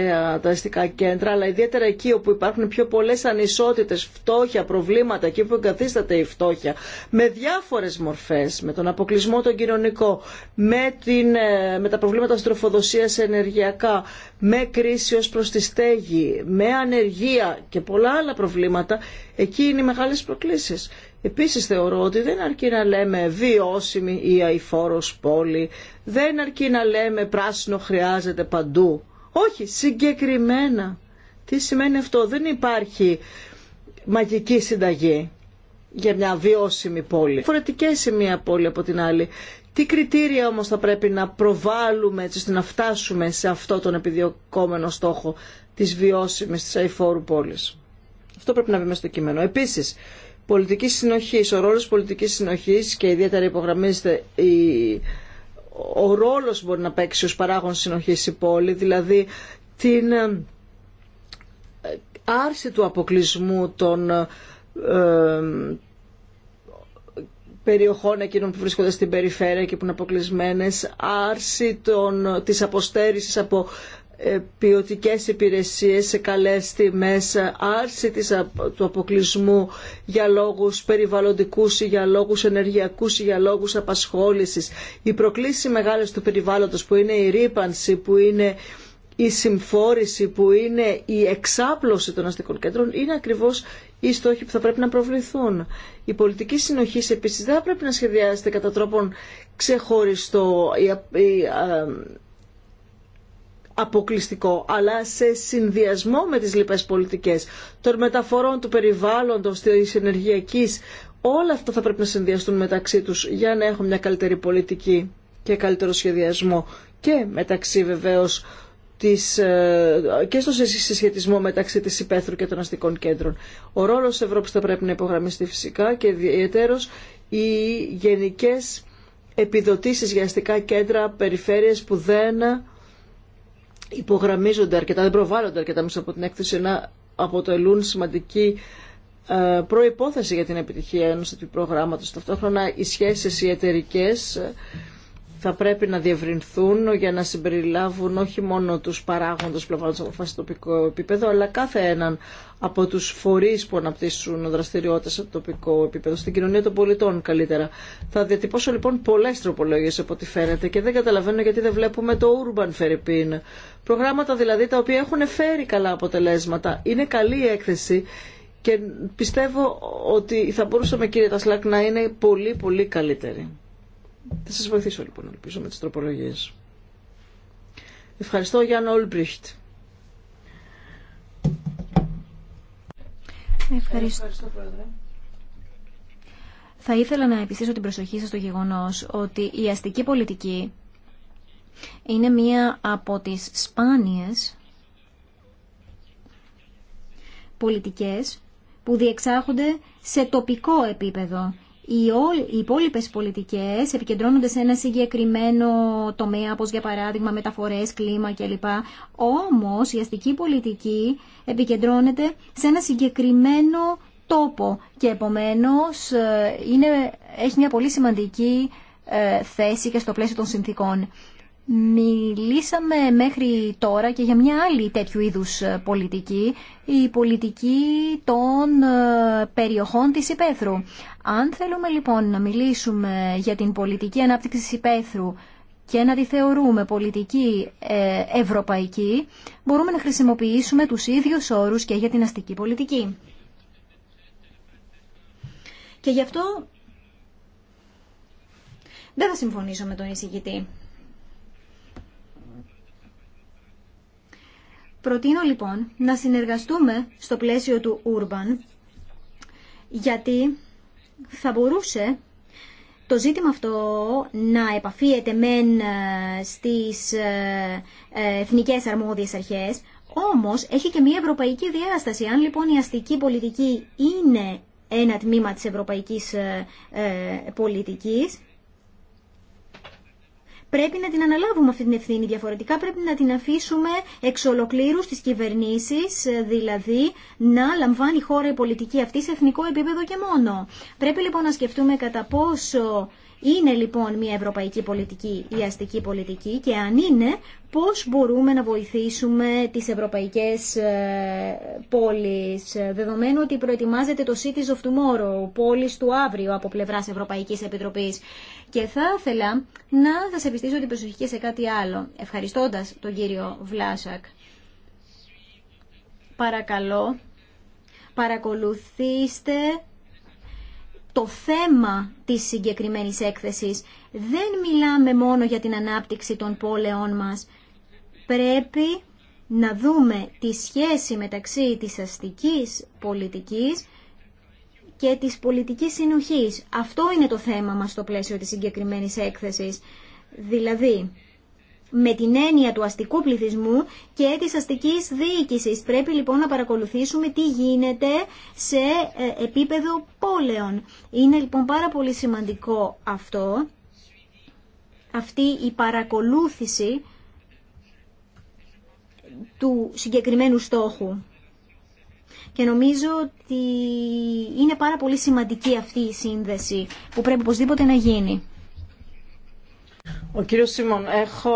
τα αστικά κέντρα, αλλά ιδιαίτερα εκεί όπου υπάρχουν πιο πολλέ ανισότητε, φτώχεια, προβλήματα, εκεί που εγκαθίσταται η φτώχεια, με διάφορε μορφέ, με τον αποκλεισμό τον κοινωνικό, με, ε, με τα προβλήματα στροφοδοσία ενεργειακά, με κρίση ω προ τη στέγη, με ανεργία και πολλά άλλα προβλήματα, εκεί είναι οι μεγάλε προκλήσει. Επίσης θεωρώ ότι δεν αρκεί να λέμε βιώσιμη ή αηφόρος πόλη, δεν αρκεί να λέμε πράσινο χρειάζεται παντού. Όχι, συγκεκριμένα. Τι σημαίνει αυτό, δεν υπάρχει μαγική συνταγή για μια βιώσιμη πόλη. Φορετικές η μία πόλη από την άλλη. Τι κριτήρια όμως θα πρέπει να προβάλλουμε έτσι ώστε να φτάσουμε σε αυτό τον επιδιωκόμενο στόχο της βιώσιμης της αηφόρου πόλης. Αυτό πρέπει να βγει στο κείμενο. Επίσης, πολιτική συνοχή, ο ρόλο πολιτική συνοχή και ιδιαίτερα υπογραμμίζεται η, ο ρόλος μπορεί να παίξει ως παράγον συνοχής η πόλη, δηλαδή την ε, άρση του αποκλεισμού των ε, περιοχών εκείνων που βρίσκονται στην περιφέρεια και που είναι αποκλεισμένες, άρση των, της αποστέρησης από ε, ποιοτικέ υπηρεσίες σε καλές τιμές, άρση του αποκλεισμού για λόγους περιβαλλοντικούς ή για λόγους ενεργειακούς ή για λόγους απασχόλησης. Οι προκλήσεις μεγάλες του περιβάλλοντος που είναι η ρήπανση, που είναι η συμφόρηση, που είναι η εξάπλωση των αστικών κέντρων είναι ακριβώς η προκληση μεγαλες του περιβαλλοντος που ειναι η ρηπανση που ειναι η συμφορηση που ειναι η εξαπλωση των αστικων κεντρων ειναι ακριβως οι στοχοι που θα πρέπει να προβληθούν. Η πολιτική συνοχή επίσης δεν πρέπει να σχεδιάζεται κατά τρόπον ξεχωριστό. Η αποκλειστικό, αλλά σε συνδυασμό με τις λοιπές πολιτικές, των μεταφορών του περιβάλλοντος, της ενεργειακής, όλα αυτά θα πρέπει να συνδυαστούν μεταξύ τους για να έχουν μια καλύτερη πολιτική και καλύτερο σχεδιασμό και μεταξύ βεβαίως ε, και στο συσχετισμό μεταξύ της υπαίθρου και των αστικών κέντρων. Ο ρόλος της Ευρώπης θα πρέπει να υπογραμμιστεί φυσικά και ιδιαίτερος οι γενικές επιδοτήσεις για αστικά κέντρα, περιφέρειες που δεν υπογραμμίζονται αρκετά, δεν προβάλλονται αρκετά μέσα από την έκθεση να αποτελούν σημαντική ε, προϋπόθεση για την επιτυχία ενός τέτοιου προγράμματος. Ταυτόχρονα οι σχέσεις οι εταιρικές θα πρέπει να διευρυνθούν για να συμπεριλάβουν όχι μόνο τους παράγοντες πλευράς από φάση τοπικό επίπεδο, αλλά κάθε έναν από τους φορείς που αναπτύσσουν δραστηριότητες στο τοπικό επίπεδο, στην κοινωνία των πολιτών καλύτερα. Θα διατυπώσω λοιπόν πολλές τροπολογίες από ό,τι φαίνεται και δεν καταλαβαίνω γιατί δεν βλέπουμε το Urban Ferripin. Προγράμματα δηλαδή τα οποία έχουν φέρει καλά αποτελέσματα. Είναι καλή η έκθεση και πιστεύω ότι θα μπορούσαμε κύριε Τασλάκ να είναι πολύ πολύ καλύτερη. Θα σας βοηθήσω λοιπόν, ελπίζω, με τις τροπολογίες. Ευχαριστώ, Γιάννα Ολμπριχτ. Ευχαριστώ. Ευχαριστώ, Πρόεδρε. Θα ήθελα να επιστήσω την προσοχή σας στο γεγονός ότι η αστική πολιτική είναι μία από τις σπάνιες πολιτικές που διεξάγονται σε τοπικό επίπεδο οι υπόλοιπε πολιτικές επικεντρώνονται σε ένα συγκεκριμένο τομέα, όπως για παράδειγμα μεταφορές, κλίμα κλπ. Όμως η αστική πολιτική επικεντρώνεται σε ένα συγκεκριμένο τόπο και επομένως ε, είναι, έχει μια πολύ σημαντική ε, θέση και στο πλαίσιο των συνθήκων. Μιλήσαμε μέχρι τώρα και για μια άλλη τέτοιου είδους ε, πολιτική, η πολιτική των ε, περιοχών της υπέθρου. Αν θέλουμε λοιπόν να μιλήσουμε για την πολιτική ανάπτυξη της υπαίθρου και να τη θεωρούμε πολιτική ε, ευρωπαϊκή, μπορούμε να χρησιμοποιήσουμε τους ίδιους όρους και για την αστική πολιτική. Και γι' αυτό δεν θα συμφωνήσω με τον εισηγητή. Προτείνω λοιπόν να συνεργαστούμε στο πλαίσιο του Urban, γιατί θα μπορούσε το ζήτημα αυτό να επαφίεται μεν ε, στις ε, ε, εθνικές αρμόδιες αρχές, όμως έχει και μια ευρωπαϊκή διάσταση. Αν λοιπόν η αστική πολιτική είναι ένα τμήμα της ευρωπαϊκής πολιτικής, πρέπει να την αναλάβουμε αυτή την ευθύνη. Διαφορετικά πρέπει να την αφήσουμε εξ ολοκλήρου στις κυβερνήσεις, ε, δηλαδή να λαμβάνει η χώρα η πολιτική αυτή σε εθνικό επίπεδο και μόνο. Πρέπει λοιπόν να σκεφτούμε κατά πόσο είναι λοιπόν μια ευρωπαϊκή πολιτική η αστική πολιτική και αν είναι πώς μπορούμε να βοηθήσουμε τις ευρωπαϊκές ε, πόλεις δεδομένου ότι προετοιμάζεται το Cities of Tomorrow, πόλεις του αύριο από πλευράς Ευρωπαϊκής Επιτροπής και θα ήθελα να σας επιστήσω την προσοχή σε κάτι άλλο ευχαριστώντας τον κύριο Βλάσακ. Παρακαλώ, παρακολουθήστε το θέμα της συγκεκριμένης έκθεσης. Δεν μιλάμε μόνο για την ανάπτυξη των πόλεων μας. Πρέπει να δούμε τη σχέση μεταξύ της αστικής πολιτικής και της πολιτικής συνοχής. Αυτό είναι το θέμα μας στο πλαίσιο της συγκεκριμένης έκθεσης. Δηλαδή, με την έννοια του αστικού πληθυσμού και της αστικής διοίκησης. Πρέπει λοιπόν να παρακολουθήσουμε τι γίνεται σε ε, επίπεδο πόλεων. Είναι λοιπόν πάρα πολύ σημαντικό αυτό, αυτή η παρακολούθηση του συγκεκριμένου στόχου. Και νομίζω ότι είναι πάρα πολύ σημαντική αυτή η σύνδεση που πρέπει οπωσδήποτε να γίνει. Ο κύριο Σίμων, έχω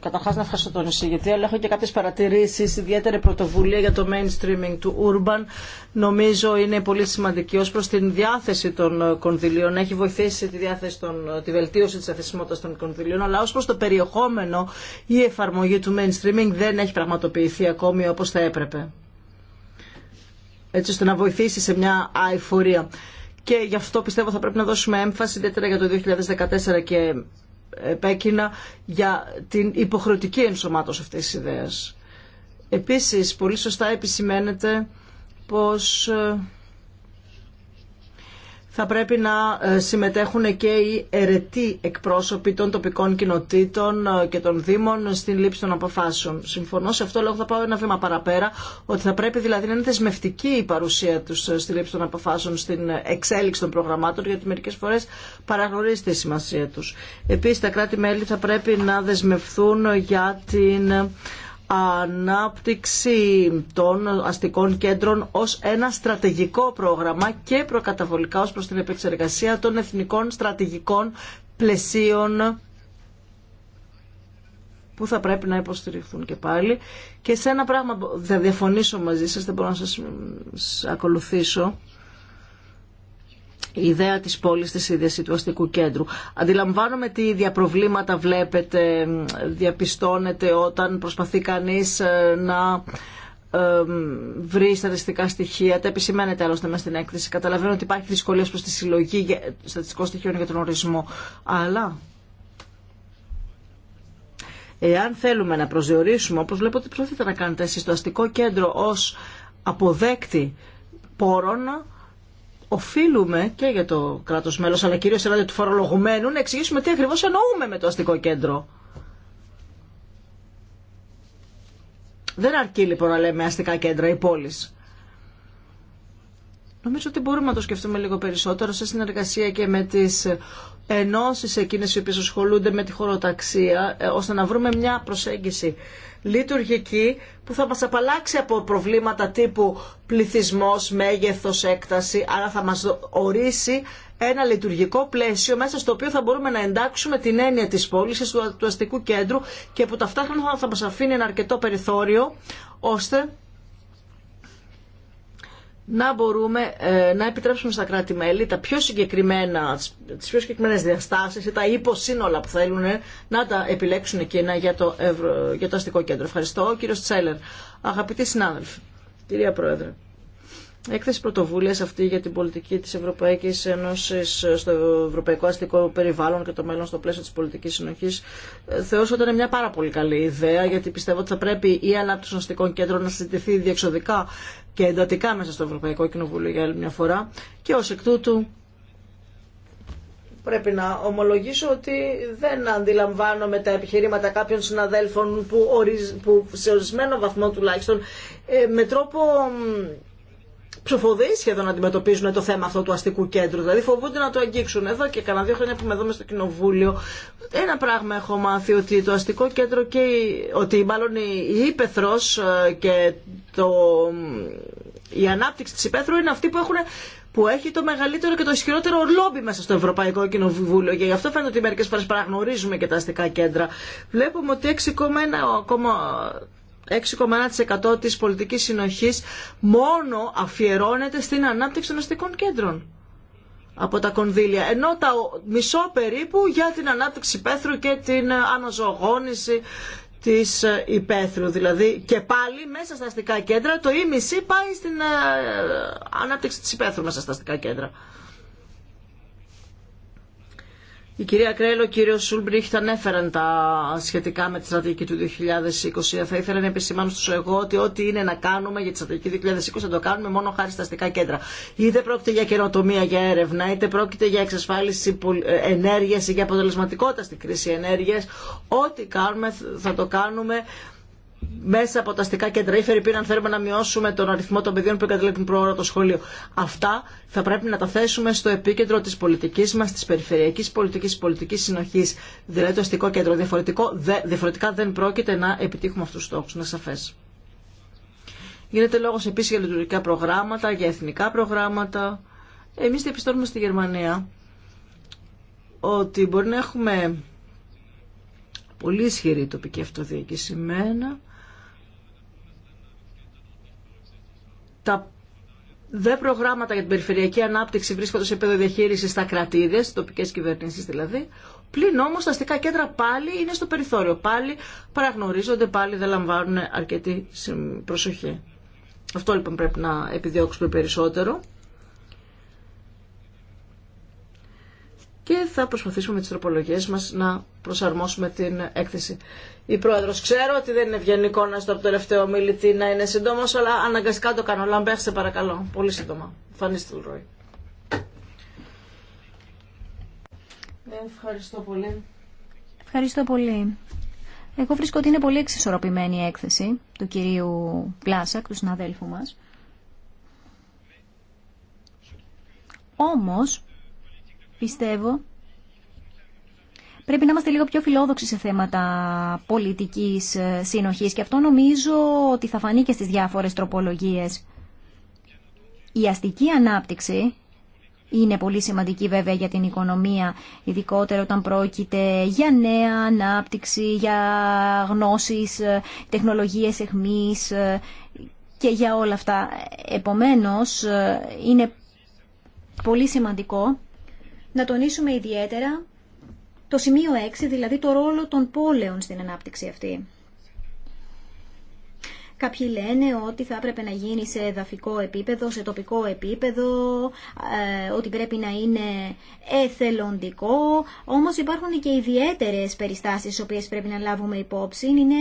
καταρχά να ευχαριστώ τον εισηγητή, αλλά έχω και κάποιε παρατηρήσεις, ιδιαίτερη πρωτοβουλία για το mainstreaming του Urban. Νομίζω είναι πολύ σημαντική ω προ την διάθεση των κονδυλίων. Έχει βοηθήσει τη, διάθεση των, τη βελτίωση της αθεσιμότητα των κονδυλίων, αλλά ω προ το περιεχόμενο η εφαρμογή του mainstreaming δεν έχει πραγματοποιηθεί ακόμη όπω θα έπρεπε. Έτσι ώστε να βοηθήσει σε μια αηφορία. Και γι' αυτό πιστεύω θα πρέπει να δώσουμε έμφαση ιδιαίτερα για το 2014 και επέκεινα για την υποχρεωτική ενσωμάτωση αυτής της ιδέας. Επίσης, πολύ σωστά επισημαίνεται πως ε, θα πρέπει να ε, συμμετέχουν και οι αιρετοί εκπρόσωποι των τοπικών κοινοτήτων ε, και των Δήμων στην λήψη των αποφάσεων. Συμφωνώ σε αυτό, λόγω θα πάω ένα βήμα παραπέρα, ότι θα πρέπει δηλαδή να είναι δεσμευτική η παρουσία του ε, στη λήψη των αποφάσεων, στην εξέλιξη των προγραμμάτων, γιατί μερικέ φορέ παραγνωρίζεται η σημασία του. Επίση, τα κράτη-μέλη θα πρέπει να δεσμευθούν για την ανάπτυξη των αστικών κέντρων ως ένα στρατηγικό πρόγραμμα και προκαταβολικά ως προς την επεξεργασία των εθνικών στρατηγικών πλαισίων που θα πρέπει να υποστηριχθούν και πάλι. Και σε ένα πράγμα θα διαφωνήσω μαζί σας, δεν μπορώ να σας ακολουθήσω η ιδέα της πόλης της ίδιας του αστικού κέντρου. Αντιλαμβάνομαι τι διαπροβλήματα βλέπετε, διαπιστώνετε όταν προσπαθεί κανείς ε, να ε, βρει στατιστικά στοιχεία, τα επισημαίνεται άλλωστε μέσα στην έκθεση. Καταλαβαίνω ότι υπάρχει δυσκολία προς τη συλλογή στατιστικών στοιχείων για τον ορισμό. Αλλά εάν θέλουμε να προσδιορίσουμε, όπως βλέπω ότι προσπαθείτε να κάνετε εσείς το αστικό κέντρο ως αποδέκτη πόρων, οφείλουμε και για το κράτο μέλο, αλλά κυρίω για του φορολογουμένου, να εξηγήσουμε τι ακριβώ εννοούμε με το αστικό κέντρο. Δεν αρκεί λοιπόν να λέμε αστικά κέντρα ή πόλει. Νομίζω ότι μπορούμε να το σκεφτούμε λίγο περισσότερο σε συνεργασία και με τις ενώσεις εκείνες οι οποίες ασχολούνται με τη χωροταξία, ε, ώστε να βρούμε μια προσέγγιση λειτουργική που θα μας απαλλάξει από προβλήματα τύπου πληθυσμός, μέγεθος, έκταση, αλλά θα μας ορίσει ένα λειτουργικό πλαίσιο μέσα στο οποίο θα μπορούμε να εντάξουμε την έννοια της πόλης του αστικού κέντρου και που ταυτόχρονα θα μας αφήνει ένα αρκετό περιθώριο ώστε να μπορούμε ε, να επιτρέψουμε στα κράτη-μέλη τα πιο συγκεκριμένα, τις πιο συγκεκριμένες διαστάσεις ή τα υποσύνολα που θέλουν ε, να τα επιλέξουν εκείνα για το, Ευρω... για το αστικό κέντρο. Ευχαριστώ. Κύριος Τσέλερ, αγαπητοί συνάδελφοι, κυρία Πρόεδρε. Έκθεση πρωτοβουλία αυτή για την πολιτική τη Ευρωπαϊκή Ένωση στο ευρωπαϊκό αστικό περιβάλλον και το μέλλον στο πλαίσιο τη πολιτική συνοχή. Ε, θεωρώ ότι είναι μια πάρα πολύ καλή ιδέα γιατί πιστεύω ότι θα πρέπει η ανάπτυξη των αστικών κέντρων να συζητηθεί διεξοδικά και εντατικά μέσα στο Ευρωπαϊκό Κοινοβούλιο για άλλη μια φορά και ω εκ τούτου Πρέπει να ομολογήσω ότι δεν αντιλαμβάνομαι τα επιχειρήματα κάποιων συναδέλφων που, ορισ... που σε ορισμένο βαθμό τουλάχιστον ε, με τρόπο ψηφοδεί σχεδόν να αντιμετωπίζουν το θέμα αυτό του αστικού κέντρου. Δηλαδή φοβούνται να το αγγίξουν. Εδώ και κανένα δύο χρόνια που είμαι εδώ στο Κοινοβούλιο, ένα πράγμα έχω μάθει ότι το αστικό κέντρο και ότι μάλλον η ύπεθρο ε, και το, η ανάπτυξη τη υπαίθρου είναι αυτή που έχουν που έχει το μεγαλύτερο και το ισχυρότερο λόμπι μέσα στο Ευρωπαϊκό Κοινοβούλιο. Και γι' αυτό φαίνεται ότι μερικέ φορέ παραγνωρίζουμε και τα αστικά κέντρα. Βλέπουμε ότι 6,1 6,1% της πολιτικής συνοχής μόνο αφιερώνεται στην ανάπτυξη των αστικών κέντρων από τα κονδύλια. Ενώ τα μισό περίπου για την ανάπτυξη υπαίθρου και την αναζωογόνηση της ε, υπαίθρου. Δηλαδή και πάλι μέσα στα αστικά κέντρα το ίμιση e πάει στην ε, ανάπτυξη της υπαίθρου μέσα στα αστικά κέντρα. Η κυρία Κρέλο, ο κύριο Σούλμπριχτ ανέφεραν τα σχετικά με τη στρατηγική του 2020. Θα ήθελα να επισημάνω στου εγώ ότι ό,τι είναι να κάνουμε για τη στρατηγική 2020 θα το κάνουμε μόνο χάρη στα αστικά κέντρα. Είτε πρόκειται για καινοτομία, για έρευνα, είτε πρόκειται για εξασφάλιση ε, ενέργεια ή για αποτελεσματικότητα στην κρίση ενέργεια. Ό,τι κάνουμε θα το κάνουμε μέσα από τα αστικά κέντρα ή φερειπίν αν θέλουμε να μειώσουμε τον αριθμό των παιδιών που εγκαταλείπουν προώρα το σχολείο. Αυτά θα πρέπει να τα θέσουμε στο επίκεντρο της πολιτικής μας, της περιφερειακής πολιτικής, της πολιτικής συνοχής, δηλαδή το αστικό κέντρο. Διαφορετικό, δε, διαφορετικά δεν πρόκειται να επιτύχουμε αυτούς τους στόχους, είναι σαφές. Γίνεται λόγος επίσης για λειτουργικά προγράμματα, για εθνικά προγράμματα. Εμείς διαπιστώνουμε στη Γερμανία ότι μπορεί να έχουμε πολύ ισχυρή τοπική αυτοδιοίκηση ένα, Τα δε προγράμματα για την περιφερειακή ανάπτυξη βρίσκονται σε επίπεδο διαχείριση στα κρατήδια, στι τοπικέ κυβερνήσει δηλαδή. Πλην όμω τα αστικά κέντρα πάλι είναι στο περιθώριο. Πάλι παραγνωρίζονται, πάλι δεν λαμβάνουν αρκετή προσοχή. Αυτό λοιπόν πρέπει να επιδιώξουμε περισσότερο. και θα προσπαθήσουμε με τις τροπολογίες μας να προσαρμόσουμε την έκθεση. Η Πρόεδρος, ξέρω ότι δεν είναι ευγενικό να στο από το τελευταίο μιλητή να είναι σύντομος, αλλά αναγκαστικά το κάνω. παρακαλώ. Πολύ σύντομα. Φανίστε, Λουρόι. Ναι, ευχαριστώ πολύ. Ευχαριστώ πολύ. Εγώ βρίσκω ότι είναι πολύ εξισορροπημένη η έκθεση του κυρίου Πλάσακ, του συναδέλφου μας. Όμως, πιστεύω πρέπει να είμαστε λίγο πιο φιλόδοξοι σε θέματα πολιτικής ε, συνοχής και αυτό νομίζω ότι θα φανεί και στις διάφορες τροπολογίες. Η αστική ανάπτυξη είναι πολύ σημαντική βέβαια για την οικονομία, ειδικότερα όταν πρόκειται για νέα ανάπτυξη, για γνώσεις, ε, τεχνολογίες εχμής ε, και για όλα αυτά. Επομένως, είναι πολύ σημαντικό να τονίσουμε ιδιαίτερα το σημείο 6, δηλαδή το ρόλο των πόλεων στην ανάπτυξη αυτή. Κάποιοι λένε ότι θα έπρεπε να γίνει σε εδαφικό επίπεδο, σε τοπικό επίπεδο, ε, ότι πρέπει να είναι εθελοντικό. Όμως υπάρχουν και ιδιαίτερες περιστάσεις, στις οποίες πρέπει να λάβουμε υπόψη. Είναι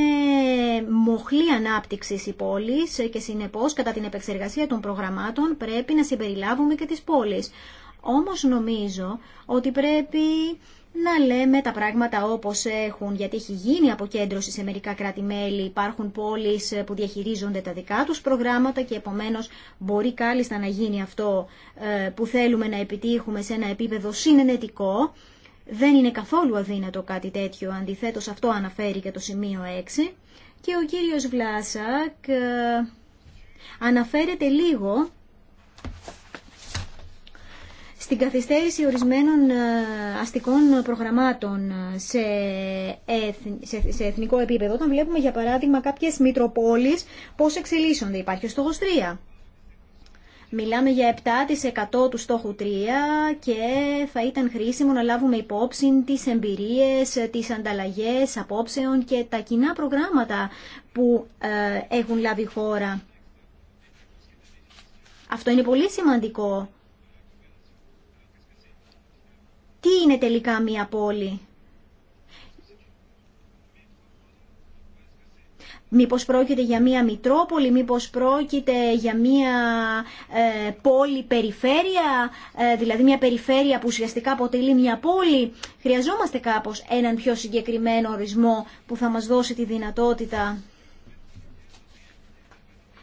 μοχλή ανάπτυξης η πόλη και συνεπώς κατά την επεξεργασία των προγραμμάτων πρέπει να συμπεριλάβουμε και τις πόλεις. Όμως νομίζω ότι πρέπει να λέμε τα πράγματα όπως έχουν, γιατί έχει γίνει αποκέντρωση σε μερικά κράτη-μέλη, υπάρχουν πόλεις που διαχειρίζονται τα δικά τους προγράμματα και επομένως μπορεί κάλλιστα να γίνει αυτό ε, που θέλουμε να επιτύχουμε σε ένα επίπεδο συνενετικό. Δεν είναι καθόλου αδύνατο κάτι τέτοιο, αντιθέτως αυτό αναφέρει και το σημείο 6. Και ο κύριος Βλάσακ ε, αναφέρεται λίγο στην καθυστέρηση ορισμένων ε, αστικών προγραμμάτων σε, σε εθνικό επίπεδο, όταν βλέπουμε για παράδειγμα κάποιες μητροπόλεις πώς εξελίσσονται. Υπάρχει ο στόχος 3. Μιλάμε για 7% του στόχου 3 και θα ήταν χρήσιμο να λάβουμε υπόψη τις εμπειρίες, τις ανταλλαγές απόψεων και τα κοινά προγράμματα που ε, έχουν λάβει χώρα. Αυτό είναι πολύ σημαντικό τι είναι τελικά μία πόλη. Μήπως πρόκειται για μία Μητρόπολη, μήπως πρόκειται για μία ε, πόλη-περιφέρεια, ε, δηλαδή μία περιφέρεια που ουσιαστικά αποτελεί μία πόλη. Χρειαζόμαστε κάπως έναν πιο συγκεκριμένο ορισμό που θα μας δώσει τη δυνατότητα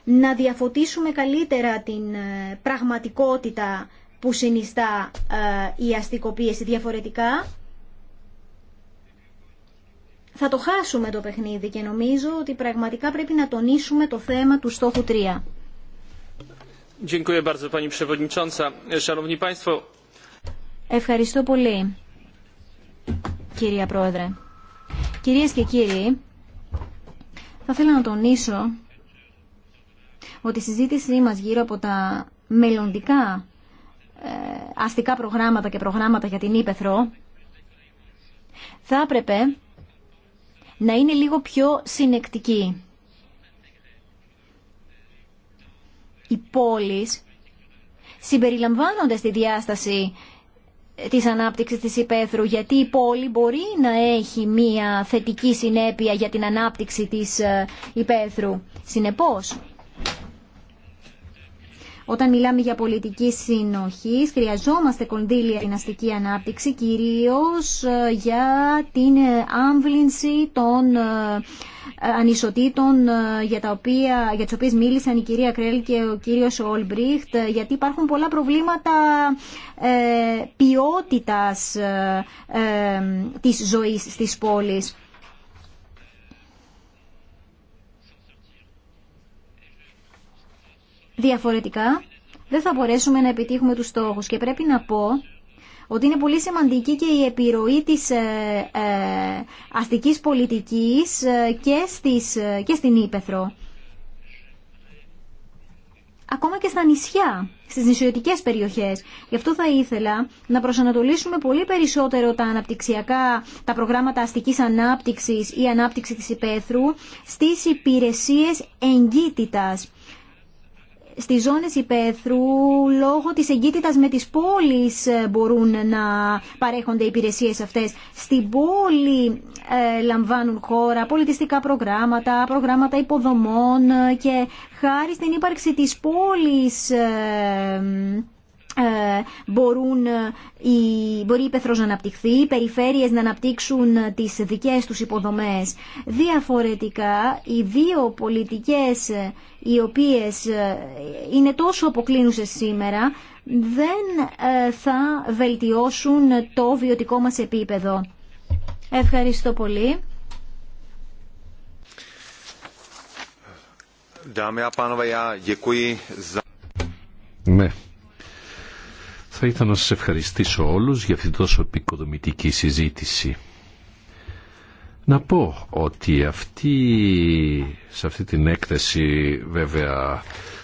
να διαφωτίσουμε καλύτερα την ε, πραγματικότητα που συνιστά ε, η αστικοποίηση διαφορετικά. Θα το χάσουμε το παιχνίδι και νομίζω ότι πραγματικά πρέπει να τονίσουμε το θέμα του στόχου 3. Ευχαριστώ πολύ, κυρία Πρόεδρε. Κυρίες και κύριοι, θα ήθελα να τονίσω ότι η συζήτησή μας γύρω από τα μελλοντικά ε, αστικά προγράμματα και προγράμματα για την Ήπεθρο, θα έπρεπε να είναι λίγο πιο συνεκτική. Οι πόλεις συμπεριλαμβάνονται στη διάσταση της ανάπτυξης της υπαίθρου, γιατί η πόλη μπορεί να έχει μία θετική συνέπεια για την ανάπτυξη της ε, Ήπεθρου. Συνεπώς, όταν μιλάμε για πολιτική συνοχή, χρειαζόμαστε κονδύλια στην αστική ανάπτυξη, κυρίω ε, για την ε, άμβλυνση των ε, ανισοτήτων για, τα οποία, για τις οποίες μίλησαν η κυρία Κρέλ και ο κύριος Ολμπρίχτ γιατί υπάρχουν πολλά προβλήματα ε, ποιότητας ε, της ζωής στις πόλεις. Διαφορετικά δεν θα μπορέσουμε να επιτύχουμε τους στόχους και πρέπει να πω ότι είναι πολύ σημαντική και η επιρροή της ε, ε, αστικής πολιτικής ε, και, και στην Ήπεθρο. Ακόμα και στα νησιά, στις νησιωτικές περιοχές. Γι' αυτό θα ήθελα να προσανατολίσουμε πολύ περισσότερο τα αναπτυξιακά, τα προγράμματα αστικής ανάπτυξης ή ανάπτυξη της Ήπεθρου στις υπηρεσίες εγκύτητας στις ζώνες υπαίθρου λόγω της εγκύτητας με τις πόλεις ε, μπορούν να παρέχονται οι υπηρεσίες αυτές. Στην πόλη ε, λαμβάνουν χώρα πολιτιστικά προγράμματα, προγράμματα υποδομών ε, και χάρη στην ύπαρξη της πόλης ε, μπορούν ε, μπορεί η Πεθρός να αναπτυχθεί, οι περιφέρειες να αναπτύξουν ε, τις δικές τους υποδομές. Διαφορετικά, οι δύο πολιτικές οι οποίες είναι τόσο αποκλίνουσες σήμερα, δεν θα βελτιώσουν το βιωτικό μας επίπεδο. Ευχαριστώ πολύ. Ναι. Θα ήθελα να σας ευχαριστήσω όλους για αυτή τόσο επικοδομητική συζήτηση. Να πω ότι αυτή, σε αυτή την έκθεση βέβαια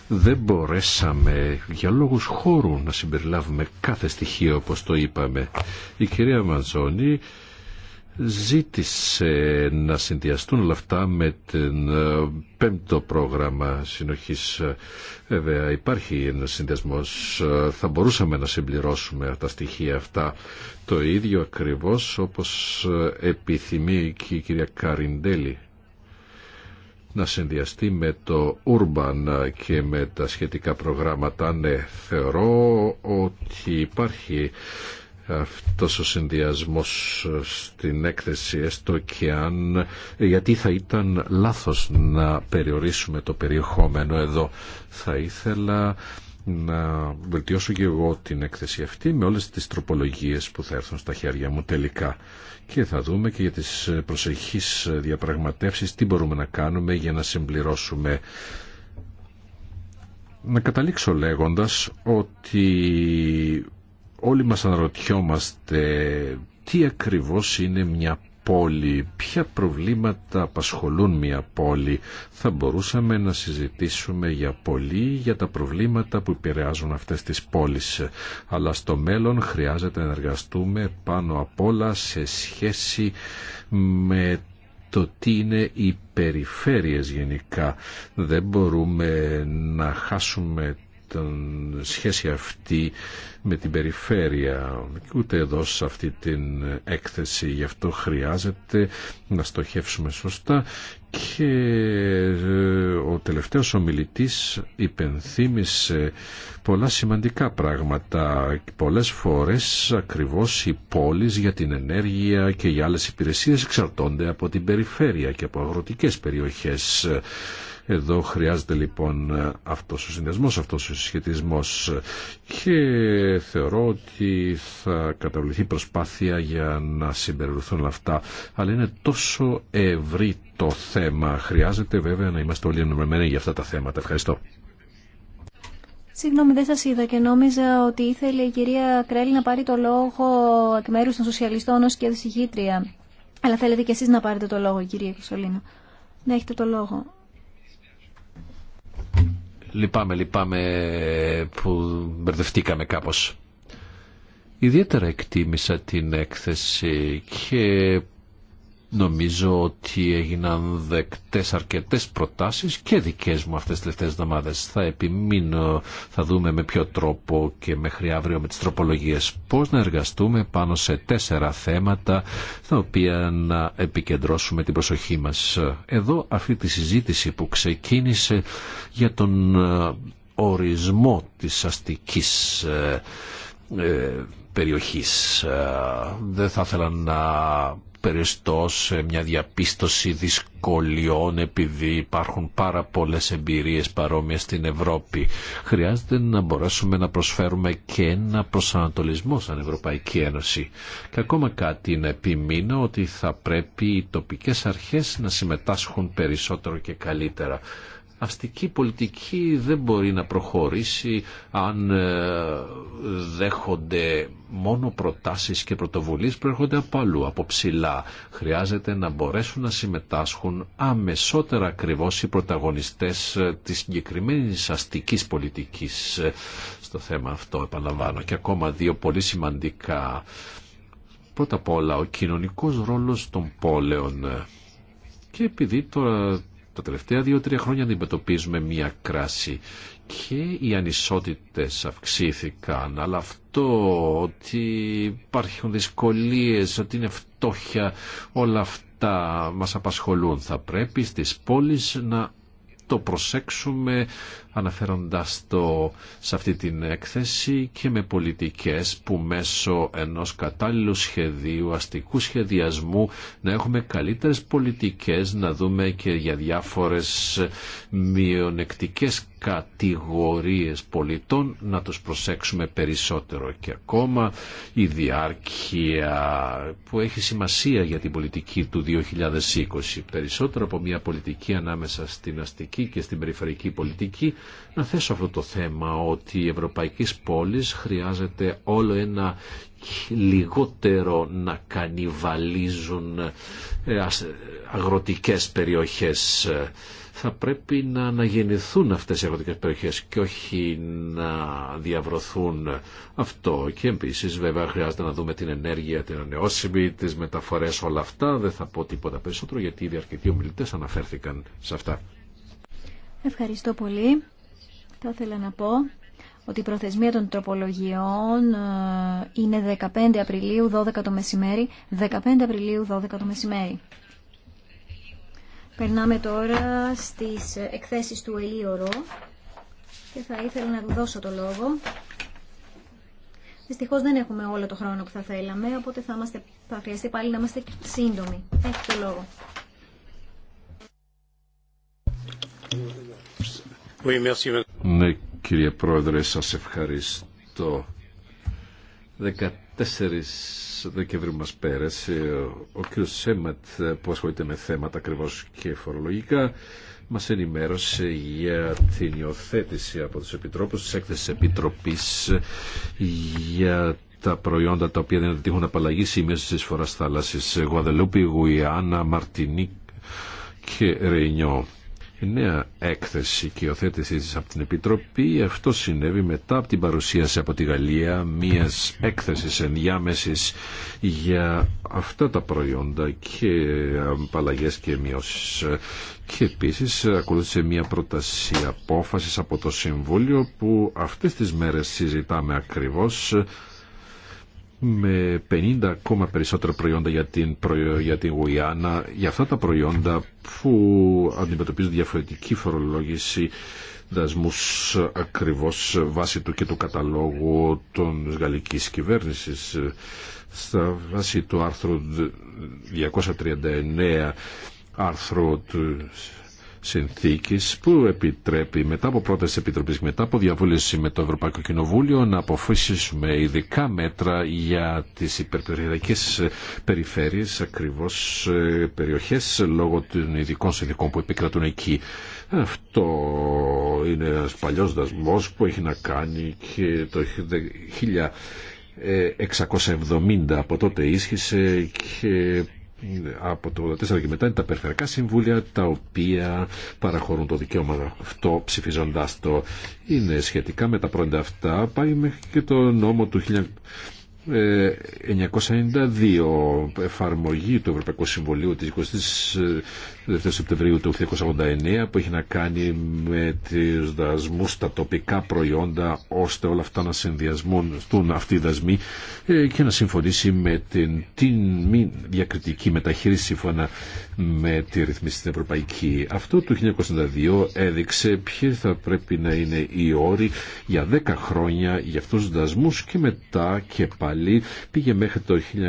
δεν μπορέσαμε για λόγους χώρου να συμπεριλάβουμε κάθε στοιχείο όπως το είπαμε. Η κυρία Μαντζόνη ζήτησε να συνδυαστούν όλα αυτά με την ε, πέμπτο πρόγραμμα συνοχής. Βέβαια υπάρχει ένας συνδυασμός, ε, θα μπορούσαμε να συμπληρώσουμε τα στοιχεία αυτά. Το ίδιο ακριβώς όπως ε, επιθυμεί και η κυρία Καριντέλη να συνδυαστεί με το Urban και με τα σχετικά προγράμματα. Ναι, θεωρώ ότι υπάρχει αυτός ο συνδυασμός στην έκθεση έστω και αν γιατί θα ήταν λάθος να περιορίσουμε το περιεχόμενο εδώ θα ήθελα να βελτιώσω και εγώ την έκθεση αυτή με όλες τις τροπολογίες που θα έρθουν στα χέρια μου τελικά και θα δούμε και για τις προσεχείς διαπραγματεύσεις τι μπορούμε να κάνουμε για να συμπληρώσουμε να καταλήξω λέγοντας ότι όλοι μας αναρωτιόμαστε τι ακριβώς είναι μια πόλη, ποια προβλήματα απασχολούν μια πόλη. Θα μπορούσαμε να συζητήσουμε για πολύ για τα προβλήματα που επηρεάζουν αυτές τις πόλεις. Αλλά στο μέλλον χρειάζεται να εργαστούμε πάνω απ' όλα σε σχέση με το τι είναι οι περιφέρειες γενικά. Δεν μπορούμε να χάσουμε την σχέση αυτή με την περιφέρεια ούτε εδώ σε αυτή την έκθεση γι' αυτό χρειάζεται να στοχεύσουμε σωστά και ε, ο τελευταίος ομιλητής υπενθύμησε πολλά σημαντικά πράγματα πολλές φορές ακριβώς οι πόλεις για την ενέργεια και οι άλλες υπηρεσίες εξαρτώνται από την περιφέρεια και από αγροτικές περιοχές εδώ χρειάζεται λοιπόν αυτός ο συνδυασμός, αυτός ο συσχετισμός και θεωρώ ότι θα καταβληθεί προσπάθεια για να συμπεριληφθούν αυτά. Αλλά είναι τόσο ευρύ το θέμα. Χρειάζεται βέβαια να είμαστε όλοι ενωμένοι για αυτά τα θέματα. Ευχαριστώ. Συγγνώμη, δεν σας είδα και νόμιζα ότι ήθελε η κυρία Κρέλη να πάρει το λόγο εκ μέρου των σοσιαλιστών ως και δυσυχήτρια. Αλλά θέλετε κι εσείς να πάρετε το λόγο, κυρία Κρυσολίνα. Να έχετε το λόγο. Λυπάμαι, λυπάμαι που μπερδευτήκαμε κάπως. Ιδιαίτερα εκτίμησα την έκθεση και Νομίζω ότι έγιναν δεκτές αρκετές προτάσεις και δικές μου αυτές τις τελευταίες εβδομάδες. Θα επιμείνω, θα δούμε με ποιο τρόπο και μέχρι αύριο με τις τροπολογίες πώς να εργαστούμε πάνω σε τέσσερα θέματα στα οποία να επικεντρώσουμε την προσοχή μας. Εδώ αυτή τη συζήτηση που ξεκίνησε για τον ε, ορισμό της αστικής ε, ε, περιοχής. δεν θα ήθελα να σε μια διαπίστωση δυσκολιών επειδή υπάρχουν πάρα πολλές εμπειρίες παρόμοιες στην Ευρώπη. Χρειάζεται να μπορέσουμε να προσφέρουμε και ένα προσανατολισμό σαν Ευρωπαϊκή Ένωση. Και ακόμα κάτι να επιμείνω ότι θα πρέπει οι τοπικές αρχές να συμμετάσχουν περισσότερο και καλύτερα αστική πολιτική δεν μπορεί να προχωρήσει αν ε, δέχονται μόνο προτάσεις και πρωτοβουλίες που έρχονται από αλλού, από ψηλά. Χρειάζεται να μπορέσουν να συμμετάσχουν αμεσότερα ακριβώς οι πρωταγωνιστές ε, της συγκεκριμένη αστικής πολιτικής ε, στο θέμα αυτό, επαναλαμβάνω. Και ακόμα δύο πολύ σημαντικά. Πρώτα απ' όλα, ο κοινωνικός ρόλος των πόλεων. Και επειδή τώρα τα τελευταία δύο-τρία χρόνια αντιμετωπίζουμε μία κράση και οι ανισότητες αυξήθηκαν, αλλά αυτό ότι υπάρχουν δυσκολίες, ότι είναι φτώχεια, όλα αυτά μας απασχολούν. Θα πρέπει στις πόλεις να το προσέξουμε αναφέροντας το σε αυτή την έκθεση και με πολιτικές που μέσω ενός κατάλληλου σχεδίου, αστικού σχεδιασμού να έχουμε καλύτερες πολιτικές, να δούμε και για διάφορες μειονεκτικές κατηγορίες πολιτών να τους προσέξουμε περισσότερο και ακόμα η διάρκεια που έχει σημασία για την πολιτική του 2020 περισσότερο από μια πολιτική ανάμεσα στην αστική και στην περιφερική πολιτική να θέσω αυτό το θέμα ότι οι ευρωπαϊκές πόλεις χρειάζεται όλο ένα λιγότερο να κανιβαλίζουν ε, αγροτικές περιοχές θα πρέπει να αναγεννηθούν αυτές οι αγροτικές περιοχές και όχι να διαβρωθούν αυτό. Και επίσης βέβαια χρειάζεται να δούμε την ενέργεια, την ανεώσιμη, τις μεταφορές, όλα αυτά. Δεν θα πω τίποτα περισσότερο γιατί ήδη αρκετοί ομιλητές αναφέρθηκαν σε αυτά. Ευχαριστώ πολύ. Θα ήθελα να πω ότι η προθεσμία των τροπολογιών ε, είναι 15 Απριλίου 12 το μεσημέρι, 15 Απριλίου 12 το μεσημέρι. Περνάμε τώρα στις εκθέσεις του Ελίωρο και θα ήθελα να του δώσω το λόγο. Δυστυχώς δεν έχουμε όλο το χρόνο που θα θέλαμε, οπότε θα, είμαστε, θα χρειαστεί πάλι να είμαστε σύντομοι. Έχει το λόγο. Ναι, κύριε Πρόεδρε, σας ευχαριστώ. 4 Δεκεμβρίου μας πέρασε ο κ. Σέματ που ασχολείται με θέματα ακριβώ και φορολογικά μας ενημέρωσε για την υιοθέτηση από τους επιτρόπους της έκθεσης επιτροπής για τα προϊόντα τα οποία δεν τύχουν απαλλαγή σημείωση της φοράς θάλασσης Γουαδελούπη, Γουιάννα, Μαρτινίκ και Ρενιό. Η νέα έκθεση και υιοθέτησή της από την Επιτροπή, αυτό συνέβη μετά από την παρουσίαση από τη Γαλλία μιας έκθεσης ενδιάμεση για αυτά τα προϊόντα και απαλλαγέ και μείωσει. Και επίσης ακολούθησε μια πρόταση απόφασης από το Συμβούλιο που αυτές τις μέρες συζητάμε ακριβώς με 50 ακόμα περισσότερα προϊόντα για την, προϊό, για την Γουιάννα, για αυτά τα προϊόντα που αντιμετωπίζουν διαφορετική φορολόγηση δασμούς ακριβώς βάσει του και του καταλόγου των γαλλικής κυβέρνησης στα βάση του άρθρου 239 άρθρο του συνθήκη που επιτρέπει μετά από πρώτες επίτροπε, μετά από διαβούλευση με το Ευρωπαϊκό Κοινοβούλιο να αποφασίσουμε ειδικά μέτρα για τις υπερπεριφερειακέ περιφέρειες, ακριβώς ε, περιοχές λόγω των ειδικών συνθήκων που επικρατούν εκεί. Αυτό είναι ένα παλιό δασμό που έχει να κάνει και το 1670 ε, από τότε ίσχυσε και από το 1984 και μετά είναι τα περιφερειακά συμβούλια τα οποία παραχωρούν το δικαίωμα αυτό ψηφίζοντα το. Είναι σχετικά με τα πρώτα αυτά, πάει μέχρι και το νόμο του 1992 ε, εφαρμογή του Ευρωπαϊκού Συμβουλίου της ε, 2 Σεπτεμβρίου του 1989 που έχει να κάνει με τις δασμούς στα τοπικά προϊόντα ώστε όλα αυτά να συνδυασμούν αυτοί οι δασμοί ε, και να συμφωνήσει με την, την μη διακριτική μεταχείριση σύμφωνα με τη ρυθμίση στην Ευρωπαϊκή. Αυτό το 1992 έδειξε ποιοι θα πρέπει να είναι οι όροι για 10 χρόνια για αυτούς τους δασμούς και μετά και πάλι πήγε μέχρι το 1994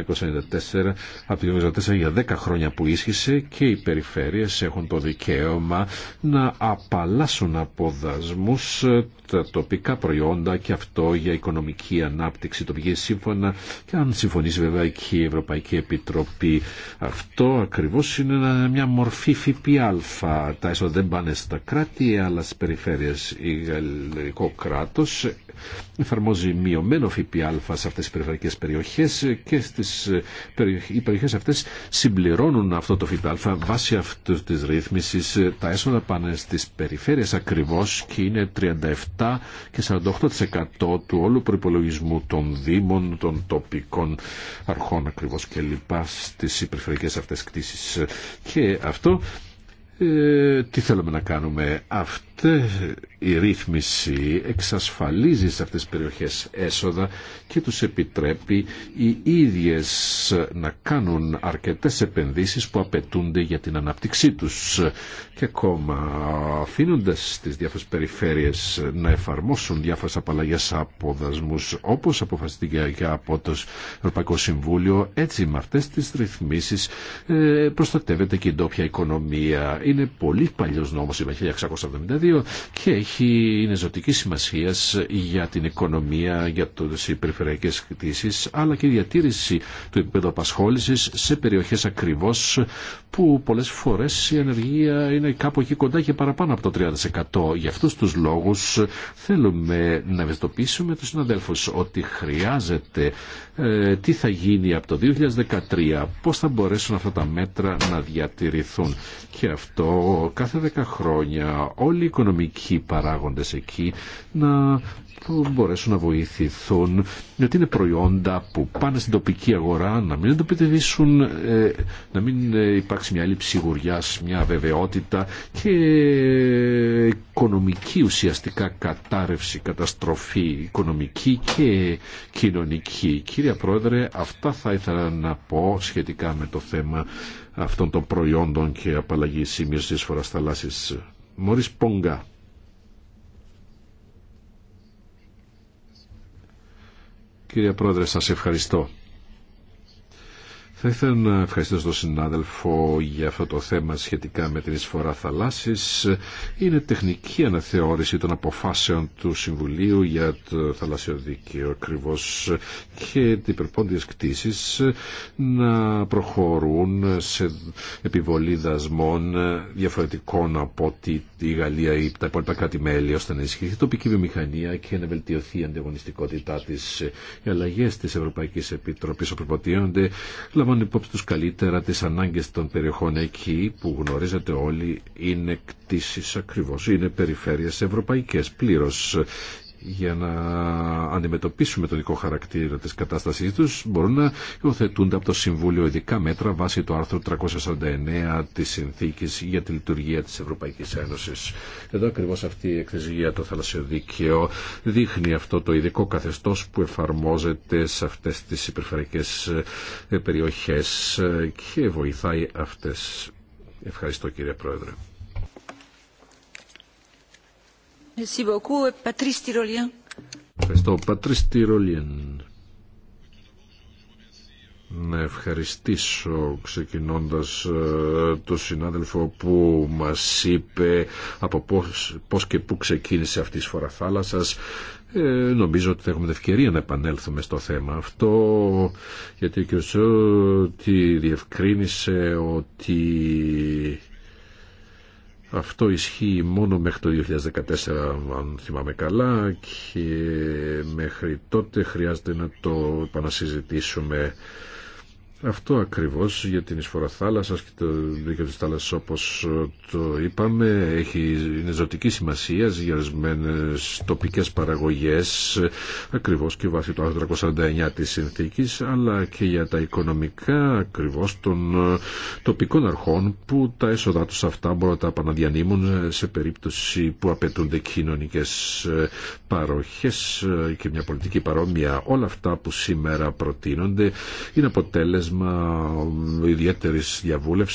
από το 1994 για 10 χρόνια που ίσχυσε και η περιφέρεια περιφέρειες έχουν το δικαίωμα να απαλλάσσουν από δασμούς ε, τα τοπικά προϊόντα και αυτό για οικονομική ανάπτυξη τοπική σύμφωνα και αν συμφωνήσει βέβαια και η Ευρωπαϊκή Επιτροπή. Αυτό ακριβώς είναι μια μορφή ΦΠΑ. Τα έσοδα δεν πάνε στα κράτη αλλά στις περιφέρειες. Η κράτος εφαρμόζει μειωμένο ΦΠΑ σε αυτέ τις περιφερειακές περιοχές και στις οι περιοχές αυτές συμπληρώνουν αυτό το ΦΠΑ βάσει αυτή τη ρύθμιση τα έσοδα πάνε στι περιφέρειε ακριβώ και είναι 37 και 48% του όλου προπολογισμού των δήμων, των τοπικών αρχών ακριβώ και λοιπά στις περιφερειακέ αυτές Και αυτό ε, τι θέλουμε να κάνουμε αυτό Οπότε η ρύθμιση εξασφαλίζει σε αυτές τις περιοχές έσοδα και τους επιτρέπει οι ίδιες να κάνουν αρκετές επενδύσεις που απαιτούνται για την ανάπτυξή τους. Και ακόμα αφήνοντα τις διάφορες περιφέρειες να εφαρμόσουν διάφορες απαλλαγές από όπως αποφασίστηκε από το Ευρωπαϊκό Συμβούλιο, έτσι με αυτές τις ρυθμίσεις ε, προστατεύεται και η ντόπια οικονομία. Είναι πολύ παλιός νόμος, είμαι 1672 σχέδιο και έχει, είναι ζωτική σημασία για την οικονομία, για τι περιφερειακέ κτήσει, αλλά και η διατήρηση του επίπεδου απασχόληση σε περιοχέ ακριβώ που πολλέ φορέ η ανεργία είναι κάπου εκεί κοντά και παραπάνω από το 30%. Γι' αυτού του λόγου θέλουμε να ευαισθητοποιήσουμε του συναδέλφου ότι χρειάζεται ε, τι θα γίνει από το 2013, πώ θα μπορέσουν αυτά τα μέτρα να διατηρηθούν. Και αυτό κάθε 10 χρόνια όλοι οι οικονομικοί παράγοντες εκεί να μπορέσουν να βοηθηθούν γιατί είναι προϊόντα που πάνε στην τοπική αγορά να μην εντοπιτεύσουν ε, να μην ε, υπάρξει μια έλλειψη σιγουριάς, μια βεβαιότητα και οικονομική ουσιαστικά κατάρρευση, καταστροφή οικονομική και κοινωνική. Κύριε Πρόεδρε, αυτά θα ήθελα να πω σχετικά με το θέμα αυτών των προϊόντων και απαλλαγή σημείας φοράς θαλάσσης. Μωρίς Πόγκα. Κύριε Πρόεδρε, σας ευχαριστώ. Θα ήθελα να ευχαριστήσω τον συνάδελφο για αυτό το θέμα σχετικά με την εισφορά θαλάσσης. Είναι τεχνική αναθεώρηση των αποφάσεων του Συμβουλίου για το θαλάσσιο δίκαιο ακριβώ και οι υπερπόντιες κτήσεις να προχωρούν σε επιβολή δασμών διαφορετικών από ότι η Γαλλία ή τα υπόλοιπα κάτι μέλη ώστε να ισχυθεί η τα υπολοιπα κρατη μελη ωστε να ενισχυθει η τοπικη βιομηχανια και να βελτιωθεί η ανταγωνιστικότητά της. Οι αλλαγές της Ευρωπαϊκής Επιτροπής λαμβάνουν υπόψη τους καλύτερα τις ανάγκες των περιοχών εκεί που γνωρίζετε όλοι είναι κτίσεις ακριβώς, είναι περιφέρειες ευρωπαϊκές πλήρως για να αντιμετωπίσουμε τον δικό χαρακτήρα της κατάστασής τους μπορούν να υιοθετούνται από το Συμβούλιο ειδικά μέτρα βάσει του άρθρου 349 της Συνθήκης για τη λειτουργία της Ευρωπαϊκής Ένωσης. Εδώ ακριβώς αυτή η έκθεση το θαλασσιο δίκαιο δείχνει αυτό το ειδικό καθεστώς που εφαρμόζεται σε αυτές τις υπερφερικές ε, περιοχές και βοηθάει αυτές. Ευχαριστώ κύριε Πρόεδρε. Ευχαριστώ. Πατρίς Τυρολιέν. Να ευχαριστήσω ξεκινώντας ε, το συνάδελφο που μας είπε από πώς, πώς και πού ξεκίνησε αυτή η σφορά θάλασσας. Ε, νομίζω ότι έχουμε την ευκαιρία να επανέλθουμε στο θέμα αυτό γιατί ο κ. διευκρίνησε ότι αυτό ισχύει μόνο μέχρι το 2014 αν θυμάμαι καλά και μέχρι τότε χρειάζεται να το επανασυζητήσουμε. Αυτό ακριβώς για την εισφορά θάλασσας και το δίκαιο της θάλασσας όπως το είπαμε έχει, είναι ζωτική σημασία για τοπικές παραγωγές ακριβώς και βάσει το άρθρο 349 της συνθήκης αλλά και για τα οικονομικά ακριβώς των τοπικών αρχών που τα έσοδα τους αυτά μπορούν να τα επαναδιανύμουν σε περίπτωση που απαιτούνται κοινωνικές παροχές και μια πολιτική παρόμοια όλα αυτά που σήμερα προτείνονται είναι αποτέλεσμα αποτέλεσμα ιδιαίτερης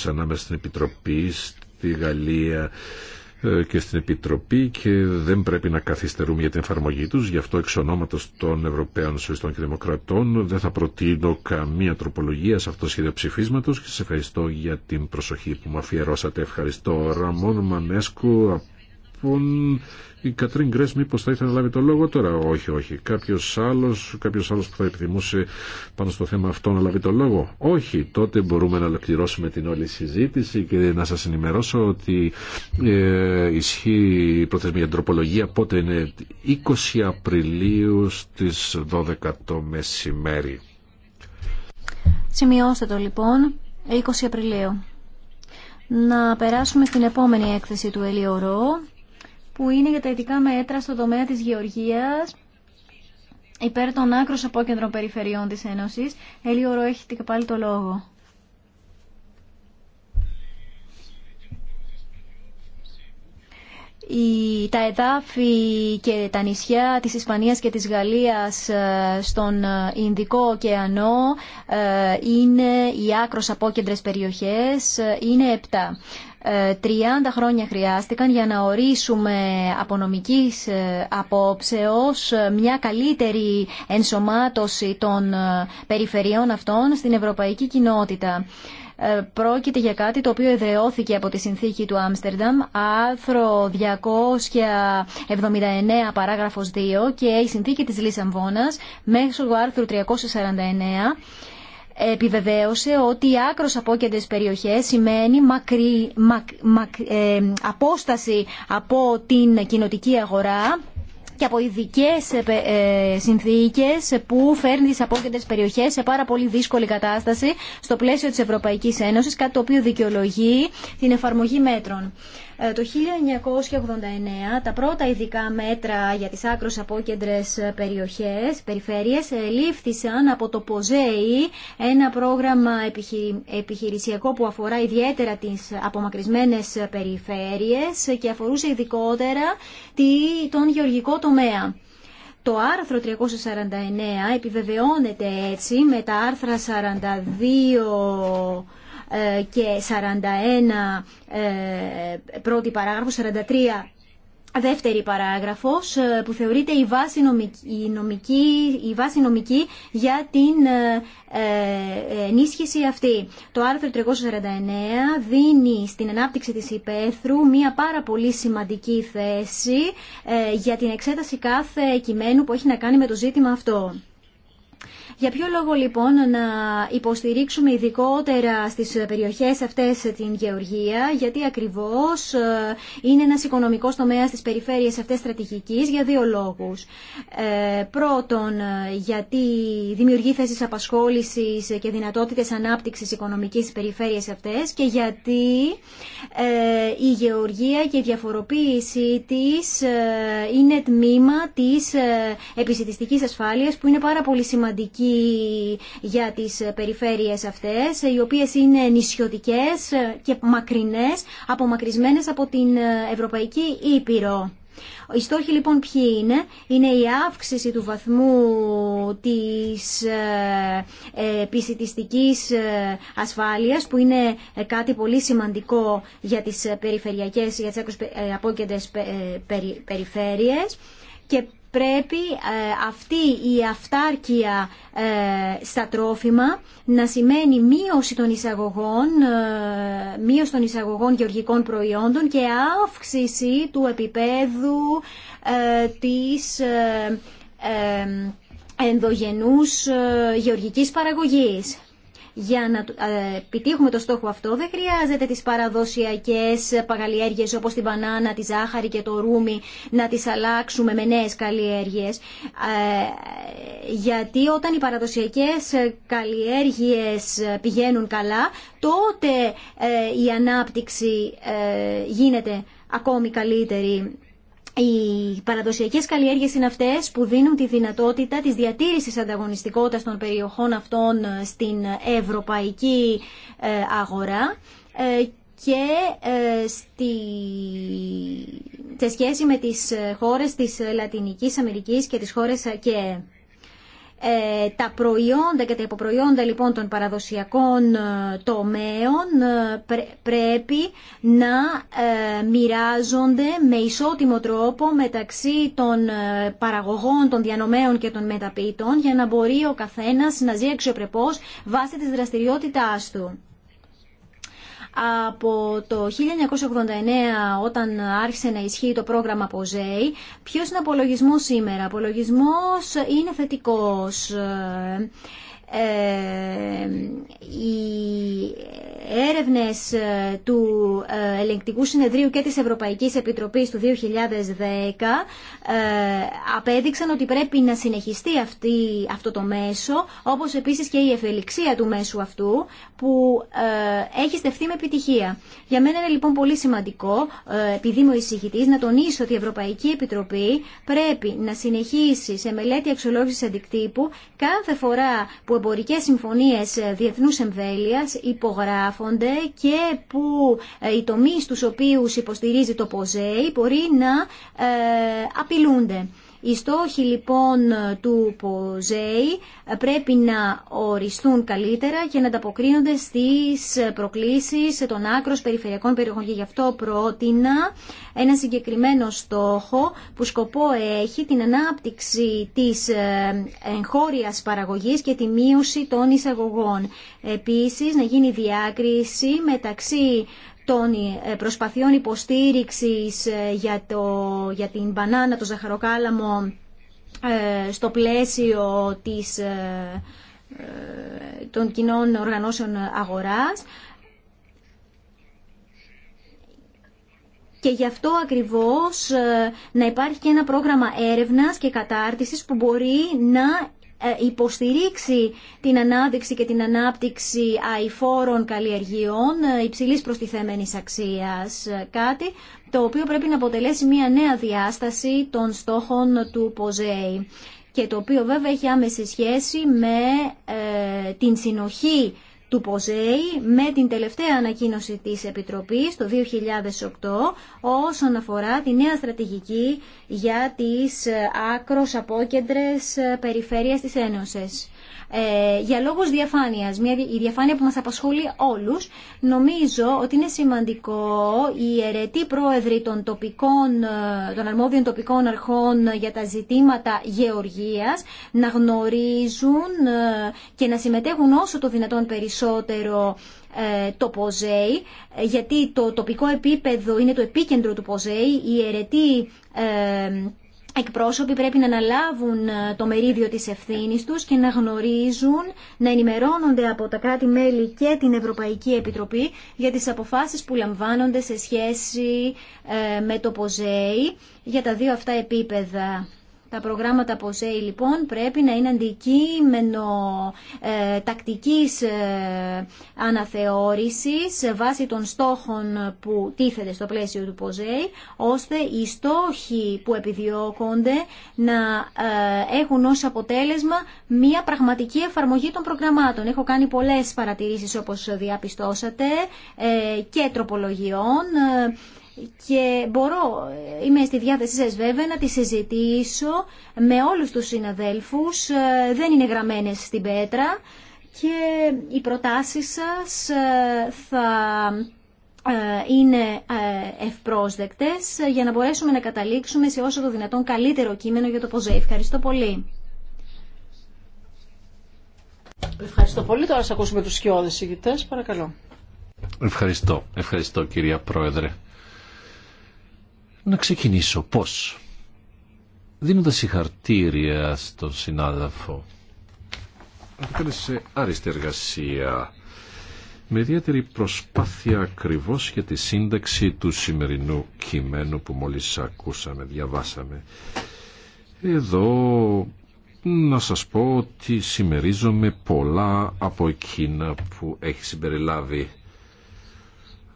να ανάμεσα στην Επιτροπή, στη Γαλλία ε, και στην Επιτροπή και δεν πρέπει να καθυστερούμε για την εφαρμογή τους. Γι' αυτό εξ ονόματος των Ευρωπαίων Σοσιαλιστών και Δημοκρατών δεν θα προτείνω καμία τροπολογία σε αυτό το σχέδιο ψηφίσματος και σα ευχαριστώ για την προσοχή που μου αφιερώσατε. Ευχαριστώ Ραμόν Μανέσκου από η Κατρίν Γκρέσ μήπω θα ήθελε να λάβει το λόγο τώρα. Όχι, όχι. Κάποιο άλλο κάποιος άλλος που θα επιθυμούσε πάνω στο θέμα αυτό να λάβει το λόγο. Όχι. Τότε μπορούμε να ολοκληρώσουμε την όλη συζήτηση και να σας ενημερώσω ότι ε, ισχύει η προθεσμία τροπολογία πότε είναι 20 Απριλίου στι 12 το μεσημέρι. Σημειώστε το λοιπόν, 20 Απριλίου. Να περάσουμε στην επόμενη έκθεση του Ελιορώ, που είναι για τα ειδικά μέτρα στο τομέα της γεωργίας υπέρ των άκρο απόκεντρων περιφερειών της Ένωσης. Ελίωρο, έχετε και πάλι το λόγο. Η, τα εδάφη και τα νησιά της Ισπανίας και της Γαλλίας ε, στον ε, Ινδικό ωκεανό ε, είναι οι άκρος απόκεντρες περιοχές, είναι επτά. 30 ε, χρόνια χρειάστηκαν για να ορίσουμε από νομικής ε, απόψεως ε, μια καλύτερη ενσωμάτωση των περιφερειών αυτών στην ευρωπαϊκή κοινότητα. Πρόκειται για κάτι το οποίο εδρεώθηκε από τη συνθήκη του Άμστερνταμ, άρθρο 279 παράγραφος 2 και η συνθήκη της Λισαμβόνας μέσω του άρθρου 349 επιβεβαίωσε ότι οι άκρος απόκεντες περιοχές σημαίνει μακρύ, μακ, ε, απόσταση από την κοινοτική αγορά και από ειδικέ ε, ε, συνθήκε που φέρνει τι απόκεντε περιοχέ σε πάρα πολύ δύσκολη κατάσταση στο πλαίσιο τη Ευρωπαϊκή Ένωση, κάτι το οποίο δικαιολογεί την εφαρμογή μέτρων. Ε, το 1989 τα πρώτα ειδικά μέτρα για τις άκρως απόκεντρες περιοχές, περιφέρειες, ε, λήφθησαν από το ΠΟΖΕΗ ένα πρόγραμμα επιχειρησιακό που αφορά ιδιαίτερα τις απομακρυσμένες περιφέρειες και αφορούσε ειδικότερα τον γεωργικό τομέα. Το άρθρο 349 επιβεβαιώνεται έτσι με τα άρθρα 42 και 41 ε, πρώτη παράγραφο, 43 Δεύτερη παράγραφος ε, που θεωρείται η βάση νομική, η νομική, η βάση νομική για την ε, ε ενίσχυση αυτή. Το άρθρο 349 δίνει στην ανάπτυξη της υπαίθρου μία πάρα πολύ σημαντική θέση για την εξέταση κάθε κειμένου που έχει να κάνει με το ζήτημα αυτό. Για ποιο λόγο λοιπόν να υποστηρίξουμε ειδικότερα στις περιοχές αυτές την γεωργία, γιατί ακριβώς ε, είναι ένας οικονομικός τομέας της περιφέρειας αυτές στρατηγικής για δύο λόγους. Ε, πρώτον, ε, γιατί δημιουργεί θέσεις απασχόλησης και δυνατότητες ανάπτυξης οικονομικής της περιφέρειας αυτές και γιατί η γεωργία και η διαφοροποίηση της είναι τμήμα της ε, επισητιστικής ασφάλειας που είναι πάρα πολύ σημαντική για τις περιφέρειες αυτές, οι οποίες είναι νησιωτικές και μακρινές, απομακρυσμένες από την Ευρωπαϊκή Ήπειρο. Οι στόχοι λοιπόν ποιοι είναι. Είναι η αύξηση του βαθμού της ε, ε, ε ασφάλειας που είναι ε, κάτι πολύ σημαντικό για τις περιφερειακές, για τις απόκεντες περιφέρειες και πρέπει ε, αυτή η αυτάρκεια ε, στα τρόφιμα να σημαίνει μείωση των εισαγωγών, ε, μείωση των εισαγωγών γεωργικών προϊόντων και αύξηση του επίπεδου της ενδογενούς γεωργικής παραγωγής. Για να ε, επιτύχουμε το στόχο αυτό δεν χρειάζεται τις παραδοσιακές παγαλλιέργειες όπως την μπανάνα, τη ζάχαρη και το ρούμι να τις αλλάξουμε με νέες καλλιέργειες. Ε, γιατί όταν οι παραδοσιακές καλλιέργειες πηγαίνουν καλά, τότε ε, η ανάπτυξη γίνεται ακόμη καλύτερη οι παραδοσιακέ καλλιέργειε είναι αυτές που δίνουν τη δυνατότητα της διατήρησης ανταγωνιστικότητας των περιοχών αυτών ε, στην ευρωπαϊκή ε, αγορά ε, και στη... σε σχέση με τις χώρες της Λατινικής Αμερικής και τις χώρες και ε, τα προϊόντα και τα υποπροϊόντα λοιπόν των παραδοσιακών ε, τομέων ε, πρέπει να μοιράζονται με ισότιμο τρόπο μεταξύ των παραγωγών, των διανομέων και των μεταπίτων για να μπορεί ο καθένας να ζει αξιοπρεπώς βάσει της δραστηριότητάς του από το 1989 όταν άρχισε να ισχύει το πρόγραμμα ΠΟΖΕΙ. Ποιος είναι ο απολογισμός σήμερα. Ο απολογισμός είναι θετικός. Ε, ε, οι έρευνες ε, του Ελεγκτικού Συνεδρίου και της Ευρωπαϊκής Επιτροπής του 2010 απέδειξαν ότι πρέπει να συνεχιστεί αυτή, αυτό το μέσο, όπως επίσης και η ευελιξία του μέσου αυτού, που ε, έχει στεφθεί με επιτυχία. Για μένα είναι λοιπόν πολύ σημαντικό, ε, επειδή είμαι ο εισηγητή, να τονίσω ότι η Ευρωπαϊκή Επιτροπή πρέπει να συνεχίσει σε μελέτη αξιολόγηση αντικτύπου κάθε φορά που εμπορικές συμφωνίες ε, διεθνού εμβέλειας υπογράφονται και που οι τομεί τους οποίους υποστηρίζει το ΠΟΖΕΙ μπορεί να απειλούνται. Οι στόχοι λοιπόν του ΠΟΖΕΙ πρέπει να οριστούν καλύτερα και να ανταποκρίνονται στις προκλήσεις των άκρος περιφερειακών περιοχών. Και γι' αυτό πρότεινα ένα συγκεκριμένο στόχο που σκοπό έχει την ανάπτυξη της ε, εγχώριας παραγωγής και τη μείωση των εισαγωγών. Επίσης να γίνει διάκριση μεταξύ των ε, προσπαθειών υποστήριξης ε, για, το, για την μπανάνα, το ζαχαροκάλαμο ε, στο πλαίσιο της, των κοινών οργανώσεων αγοράς. Και γι' αυτό ακριβώς να υπάρχει και ένα πρόγραμμα έρευνας και κατάρτισης που μπορεί να ε, υποστηρίξει την ανάδειξη και την ανάπτυξη αηφόρων καλλιεργειών ε, υψηλής προστιθέμενης αξίας. Ε, κάτι το οποίο πρέπει να αποτελέσει μια νέα διάσταση των στόχων του ΠΟΖΕΙ και το οποίο βέβαια έχει άμεση σχέση με την συνοχή του ΠΟΖΕΗ με την τελευταία ανακοίνωση της Επιτροπής το 2008 όσον αφορά τη νέα στρατηγική για τις άκρος απόκεντρες περιφέρειες της Ένωσης. Ε, για λόγους διαφάνειας, μια, η διαφάνεια που μας απασχολεί όλους, νομίζω ότι είναι σημαντικό οι αιρετοί πρόεδροι των, τοπικών, ε, των αρμόδιων τοπικών αρχών για τα ζητήματα γεωργίας να γνωρίζουν ε, και να συμμετέχουν όσο το δυνατόν περισσότερο ε, το ΠΟΖΕΙ, γιατί το τοπικό επίπεδο είναι το επίκεντρο του ΠΟΖΕΙ, οι Ε εκπρόσωποι πρέπει να αναλάβουν ε, το μερίδιο της ευθύνης τους και να γνωρίζουν, να ενημερώνονται από τα κράτη-μέλη και την Ευρωπαϊκή Επιτροπή για τις αποφάσεις που λαμβάνονται σε σχέση ε, με το ΠΟΖΕΙ για τα δύο αυτά επίπεδα. Τα προγράμματα ΠΟΣΕΙ λοιπόν πρέπει να είναι αντικείμενο ε, τακτικής ε, αναθεώρησης βάσει των στόχων που τίθεται στο πλαίσιο του ΠΟΣΕΙ ώστε οι στόχοι που επιδιώκονται να ε, έχουν ως αποτέλεσμα μια πραγματική εφαρμογή των προγραμμάτων. Έχω κάνει πολλές παρατηρήσεις όπως διαπιστώσατε ε, και τροπολογιών και μπορώ, είμαι στη διάθεσή σας βέβαια, να τη συζητήσω με όλους τους συναδέλφους. Ε, δεν είναι γραμμένες στην πέτρα και οι προτάσεις σας ε, θα ε, είναι ευπρόσδεκτες για να μπορέσουμε να καταλήξουμε σε όσο το δυνατόν καλύτερο κείμενο για το ΠΟΖΕ. Ευχαριστώ πολύ. Ευχαριστώ πολύ. Τώρα σας ακούσουμε τους σκιώδες ηγητές. Παρακαλώ. Ευχαριστώ. Ευχαριστώ κυρία Πρόεδρε. Να ξεκινήσω. Πώς. Δίνοντας συγχαρτήρια στον συνάδελφο. Αποτέλεσε άριστη εργασία με ιδιαίτερη προσπάθεια ακριβώς για τη σύνταξη του σημερινού κειμένου που μόλις ακούσαμε, διαβάσαμε. Εδώ να σας πω ότι συμμερίζομαι πολλά από εκείνα που έχει συμπεριλάβει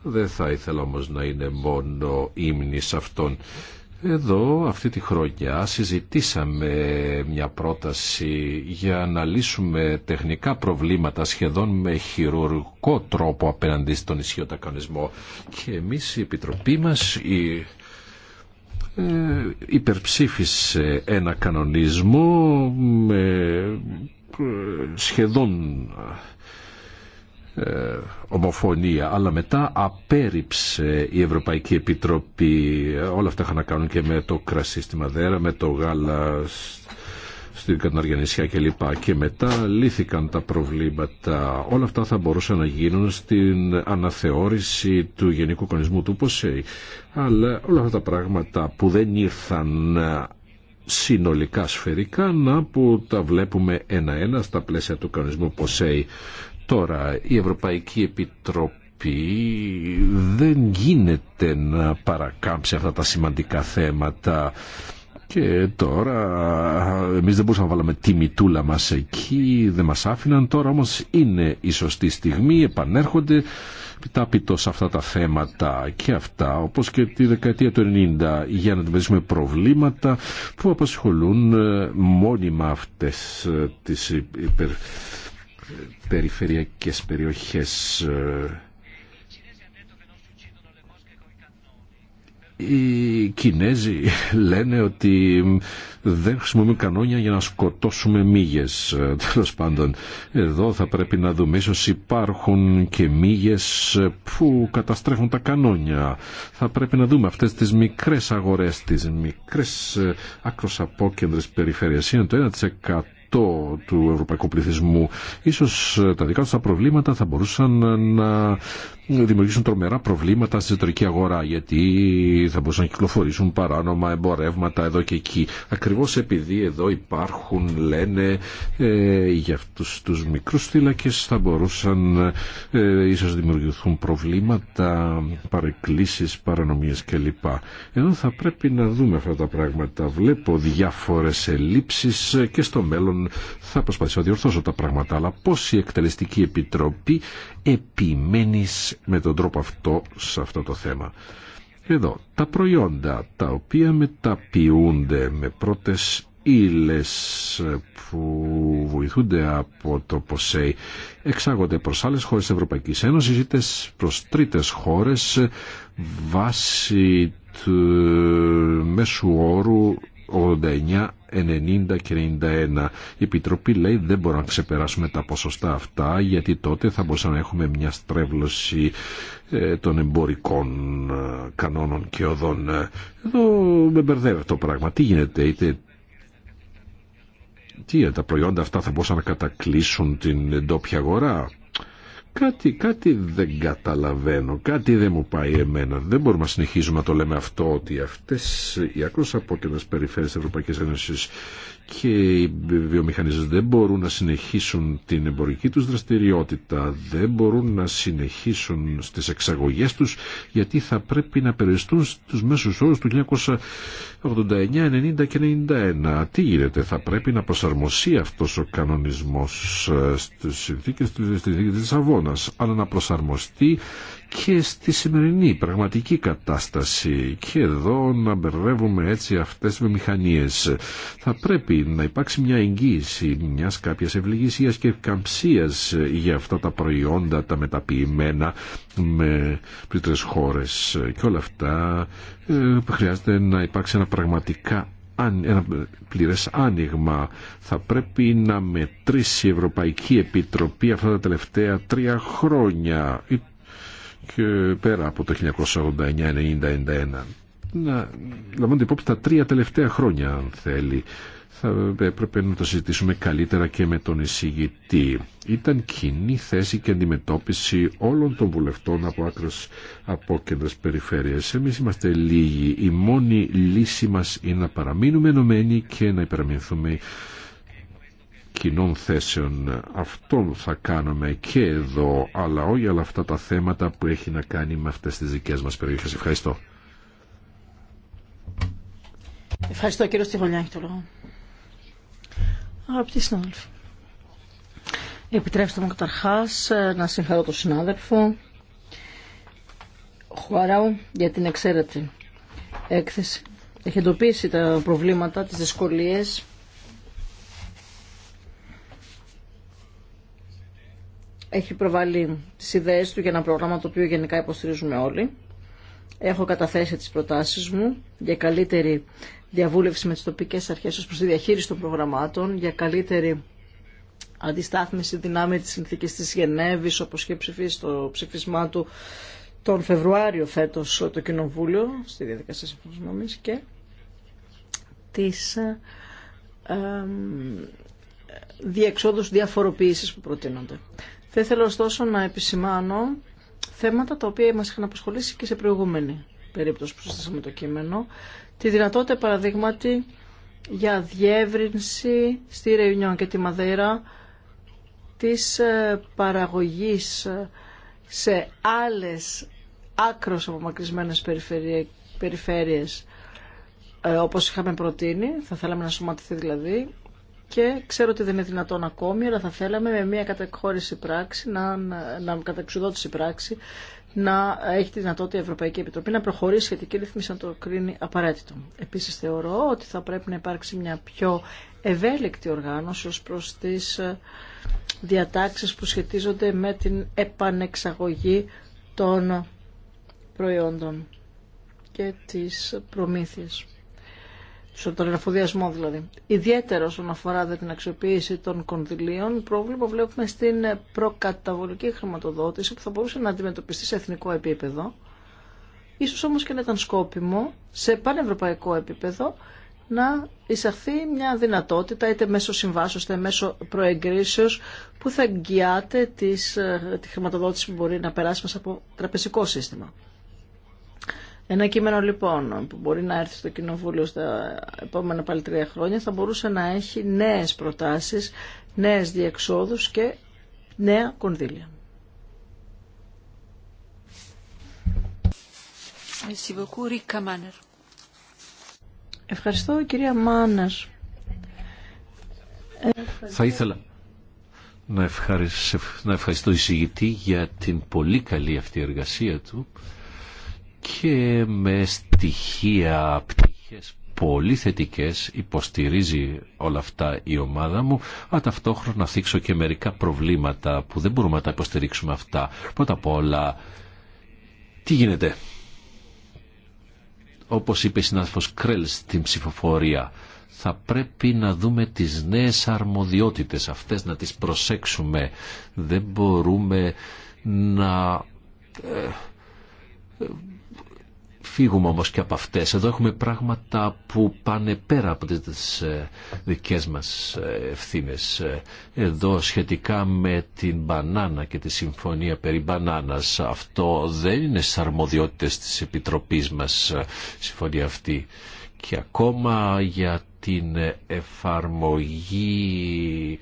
δεν θα ήθελα όμως να είναι μόνο ύμνης αυτών. Εδώ αυτή τη χρονιά συζητήσαμε μια πρόταση για να λύσουμε τεχνικά προβλήματα σχεδόν με χειρουργικό τρόπο απέναντι στον ισχυρό κανονισμό. Και εμείς η Επιτροπή μας η, ε, υπερψήφισε ένα κανονισμό με ε, σχεδόν ε, ομοφωνία, αλλά μετά απέρριψε η Ευρωπαϊκή Επιτροπή. Όλα αυτά είχαν να κάνουν και με το κρασί στη Μαδέρα, με το γάλα στην νησία κλπ. Και μετά λύθηκαν τα προβλήματα. Όλα αυτά θα μπορούσαν να γίνουν στην αναθεώρηση του Γενικού κονισμού του ΠΟΣΕΙ. Αλλά όλα αυτά τα πράγματα που δεν ήρθαν συνολικά σφαιρικά να που τα βλέπουμε ένα-ένα στα πλαίσια του κανονισμού ΠΟΣΕΙ. Τώρα η Ευρωπαϊκή Επιτροπή δεν γίνεται να παρακάμψει αυτά τα σημαντικά θέματα και τώρα εμεί δεν μπορούσαμε να βάλαμε τη μητούλα μα εκεί, δεν μας άφηναν. Τώρα όμως είναι η σωστή στιγμή, επανέρχονται πιτάπιτο σε αυτά τα θέματα και αυτά, όπως και τη δεκαετία του 90, για να αντιμετωπίσουμε προβλήματα που απασχολούν ε, μόνιμα αυτές ε, τις υπερ περιφερειακές περιοχές. Ε, οι Κινέζοι λένε ότι δεν χρησιμοποιούν κανόνια για να σκοτώσουμε μύγες. Ε, τέλο πάντων, εδώ θα πρέπει να δούμε ίσως υπάρχουν και μύγες που καταστρέφουν τα κανόνια. Θα πρέπει να δούμε αυτές τις μικρές αγορές, τις μικρές ε, άκρος απόκεντρες Είναι το του ευρωπαϊκού πληθυσμού. Ίσως τα δικά τους τα προβλήματα θα μπορούσαν να δημιουργήσουν τρομερά προβλήματα στην εσωτερική αγορά γιατί θα μπορούσαν να κυκλοφορήσουν παράνομα εμπορεύματα εδώ και εκεί. Ακριβώς επειδή εδώ υπάρχουν λένε ε, για αυτούς τους μικρούς θύλακες θα μπορούσαν ε, να δημιουργηθούν προβλήματα, παρεκκλήσεις, παρανομίες κλπ. Εδώ θα πρέπει να δούμε αυτά τα πράγματα. Βλέπω διάφορες ελλείψεις και στο μέλλον θα προσπαθήσω να διορθώσω τα πράγματα αλλά πώς η Εκτελεστική Επιτροπή επιμένει με τον τρόπο αυτό σε αυτό το θέμα. Εδώ, τα προϊόντα τα οποία μεταποιούνται με πρώτες ύλες που βοηθούνται από το ΠΟΣΕΙ εξάγονται προς άλλες χώρες της Ευρωπαϊκής Ένωσης είτε προς τρίτες χώρες βάσει του μέσου όρου 89, 90 και 91. Η Επιτροπή λέει δεν μπορούμε να ξεπεράσουμε τα ποσοστά αυτά γιατί τότε θα μπορούσαμε να έχουμε μια στρέβλωση ε, των εμπορικών ε, κανόνων και οδών. Εδώ με μπερδεύει το πράγμα. Τι γίνεται, είτε τι, τα προϊόντα αυτά θα μπορούσαν να κατακλείσουν την ντόπια αγορά. Κάτι, κάτι δεν καταλαβαίνω, κάτι δεν μου πάει εμένα. Δεν μπορούμε να συνεχίζουμε να το λέμε αυτό ότι αυτές οι άκρως απόκεντρες περιφέρειες της Ευρωπαϊκής Ένωσης και οι βιομηχανίες δεν μπορούν να συνεχίσουν την εμπορική τους δραστηριότητα, δεν μπορούν να συνεχίσουν στις εξαγωγές τους γιατί θα πρέπει να περιοριστούν στους μέσους όρους του 89, 90 και 91. Τι γίνεται, θα πρέπει να προσαρμοστεί αυτός ο κανονισμός ε, στις συνθήκες της Λισαβόνας, αλλά να προσαρμοστεί και στη σημερινή πραγματική κατάσταση και εδώ να μπερδεύουμε έτσι αυτές τις μηχανίες. Θα πρέπει να υπάρξει μια εγγύηση μιας κάποιας ευληγησίας και καμψίας για αυτά τα προϊόντα, τα μεταποιημένα με πλήτρες χώρες και όλα αυτά ε, χρειάζεται να υπάρξει ένα πραγματικά ένα πλήρες άνοιγμα θα πρέπει να μετρήσει η Ευρωπαϊκή Επιτροπή αυτά τα τελευταία τρία χρόνια και πέρα από το 1989-1991 να λαμβάνονται υπόψη τα τρία τελευταία χρόνια αν θέλει θα έπρεπε να το συζητήσουμε καλύτερα και με τον εισηγητή. Ήταν κοινή θέση και αντιμετώπιση όλων των βουλευτών από από απόκεντρες περιφέρειες. Εμείς είμαστε λίγοι. Η μόνη λύση μας είναι να παραμείνουμε ενωμένοι και να υπεραμεινθούμε κοινών θέσεων. Αυτό θα κάνουμε και εδώ, αλλά όχι όλα αυτά τα θέματα που έχει να κάνει με αυτές τις δικές μας περιοχές. Ευχαριστώ. Ευχαριστώ κύριο το λόγο. Αγαπητοί συνάδελφοι, επιτρέψτε μου καταρχάς ε, να συγχαρώ τον συνάδελφο Χουαράου για την εξαίρετη έκθεση. Έχει εντοπίσει τα προβλήματα, τις δυσκολίες έχει προβάλει τις ιδέες του για ένα πρόγραμμα το οποίο γενικά υποστηρίζουμε όλοι. Έχω καταθέσει τις προτάσεις μου για καλύτερη διαβούλευση με τις τοπικές αρχές ως προς τη διαχείριση των προγραμμάτων για καλύτερη αντιστάθμιση δυνάμει της συνθήκης της Γενέβης όπως και ψηφίσει το ψηφισμά του τον Φεβρουάριο φέτος το Κοινοβούλιο στη διαδικασία νομής και της ε, ε, διεξόδους διαφοροποίησης που προτείνονται. Θα ήθελα ωστόσο να επισημάνω θέματα τα οποία μας είχαν απασχολήσει και σε προηγούμενη περίπτωση που συζητήσαμε το κείμενο τη δυνατότητα παραδείγματι για διεύρυνση στη Ρεϊνιόν και τη Μαδέρα της ε, παραγωγής ε, σε άλλες άκρως απομακρυσμένες περιφέρειες ε, όπως είχαμε προτείνει, θα θέλαμε να σωματιθεί δηλαδή και ξέρω ότι δεν είναι δυνατόν ακόμη αλλά θα θέλαμε με μια καταχώρηση πράξη να, να καταξουδότηση πράξη να έχει τη δυνατότητα η Ευρωπαϊκή Επιτροπή να προχωρήσει σχετική ρύθμιση να το κρίνει απαραίτητο. Επίση, θεωρώ ότι θα πρέπει να υπάρξει μια πιο ευέλικτη οργάνωση ω προ τι ε, διατάξει που σχετίζονται με την επανεξαγωγή των προϊόντων και τις προμήθειες. Στον εφοδιασμό δηλαδή. Ιδιαίτερα όσον αφορά την αξιοποίηση των κονδυλίων, πρόβλημα βλέπουμε στην προκαταβολική χρηματοδότηση που θα μπορούσε να αντιμετωπιστεί σε εθνικό επίπεδο. Ίσως όμως και να ήταν σκόπιμο σε πανευρωπαϊκό επίπεδο να εισαχθεί μια δυνατότητα είτε μέσω συμβάσεως είτε μέσω προεγκρίσεως που θα εγγυάται ε, τη χρηματοδότηση που μπορεί να περάσει μέσα από τραπεζικό σύστημα. Ένα κείμενο λοιπόν που μπορεί να έρθει στο Κοινοβούλιο στα επόμενα πάλι τρία χρόνια θα μπορούσε να έχει νέες προτάσεις, νέες διεξόδους και νέα κονδύλια. Ευχαριστώ κυρία Μάνας. Θα ήθελα να ευχαριστώ εισηγητή για την πολύ καλή αυτή εργασία του και με στοιχεία, πτυχές πολύ θετικές, υποστηρίζει όλα αυτά η ομάδα μου, αλλά ταυτόχρονα θίξω και μερικά προβλήματα που δεν μπορούμε να τα υποστηρίξουμε αυτά. Πρώτα απ' όλα, τι γίνεται. Όπως είπε η συνάδελφος Κρέλ στην ψηφοφορία, θα πρέπει να δούμε τις νέες αρμοδιότητες αυτές, να τις προσέξουμε. Δεν μπορούμε να ε, Φύγουμε όμως και από αυτές. Εδώ έχουμε πράγματα που πάνε πέρα από τις ε, δικές μας ε, ευθύνες. Ε, εδώ σχετικά με την μπανάνα και τη συμφωνία περί μπανάνας. Αυτό δεν είναι στις αρμοδιότητες της Επιτροπής μας συμφωνία αυτή. Και ακόμα για την εφαρμογή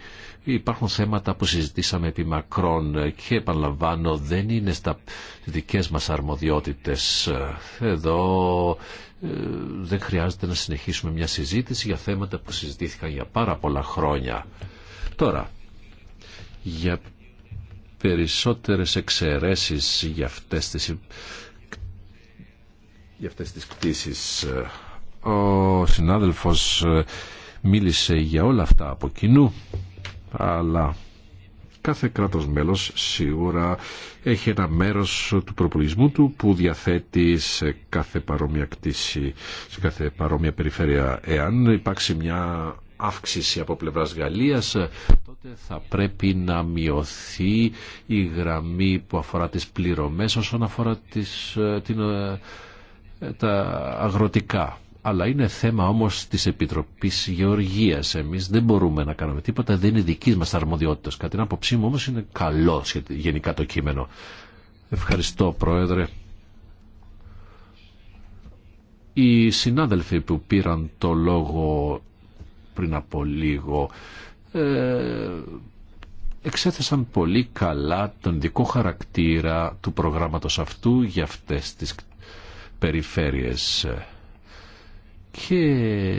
Υπάρχουν θέματα που συζητήσαμε επί μακρόν και επαναλαμβάνω δεν είναι στα δικές μας αρμοδιότητες. Εδώ ε, δεν χρειάζεται να συνεχίσουμε μια συζήτηση για θέματα που συζητήθηκαν για πάρα πολλά χρόνια. Τώρα, για περισσότερες εξαιρέσεις για αυτές τις, για αυτές τις κτήσεις. Ο συνάδελφος ε, μίλησε για όλα αυτά από κοινού αλλά κάθε κράτος μέλος σίγουρα έχει ένα μέρος του προπολισμού του που διαθέτει σε κάθε παρόμοια κτήση, σε κάθε παρόμοια περιφέρεια. Εάν υπάρξει μια αύξηση από πλευράς Γαλλίας, τότε θα πρέπει να μειωθεί η γραμμή που αφορά τις πληρωμές όσον αφορά τις, ε, ε, τα αγροτικά αλλά είναι θέμα όμως της Επιτροπής Γεωργίας. Εμείς δεν μπορούμε να κάνουμε τίποτα, δεν είναι δική μας αρμοδιότητας. Κατά την άποψή μου όμως είναι καλό γενικά το κείμενο. Ευχαριστώ Πρόεδρε. Οι συνάδελφοι που πήραν το λόγο πριν από λίγο ε, εξέθεσαν πολύ καλά τον δικό χαρακτήρα του προγράμματος αυτού για αυτές τις περιφέρειες και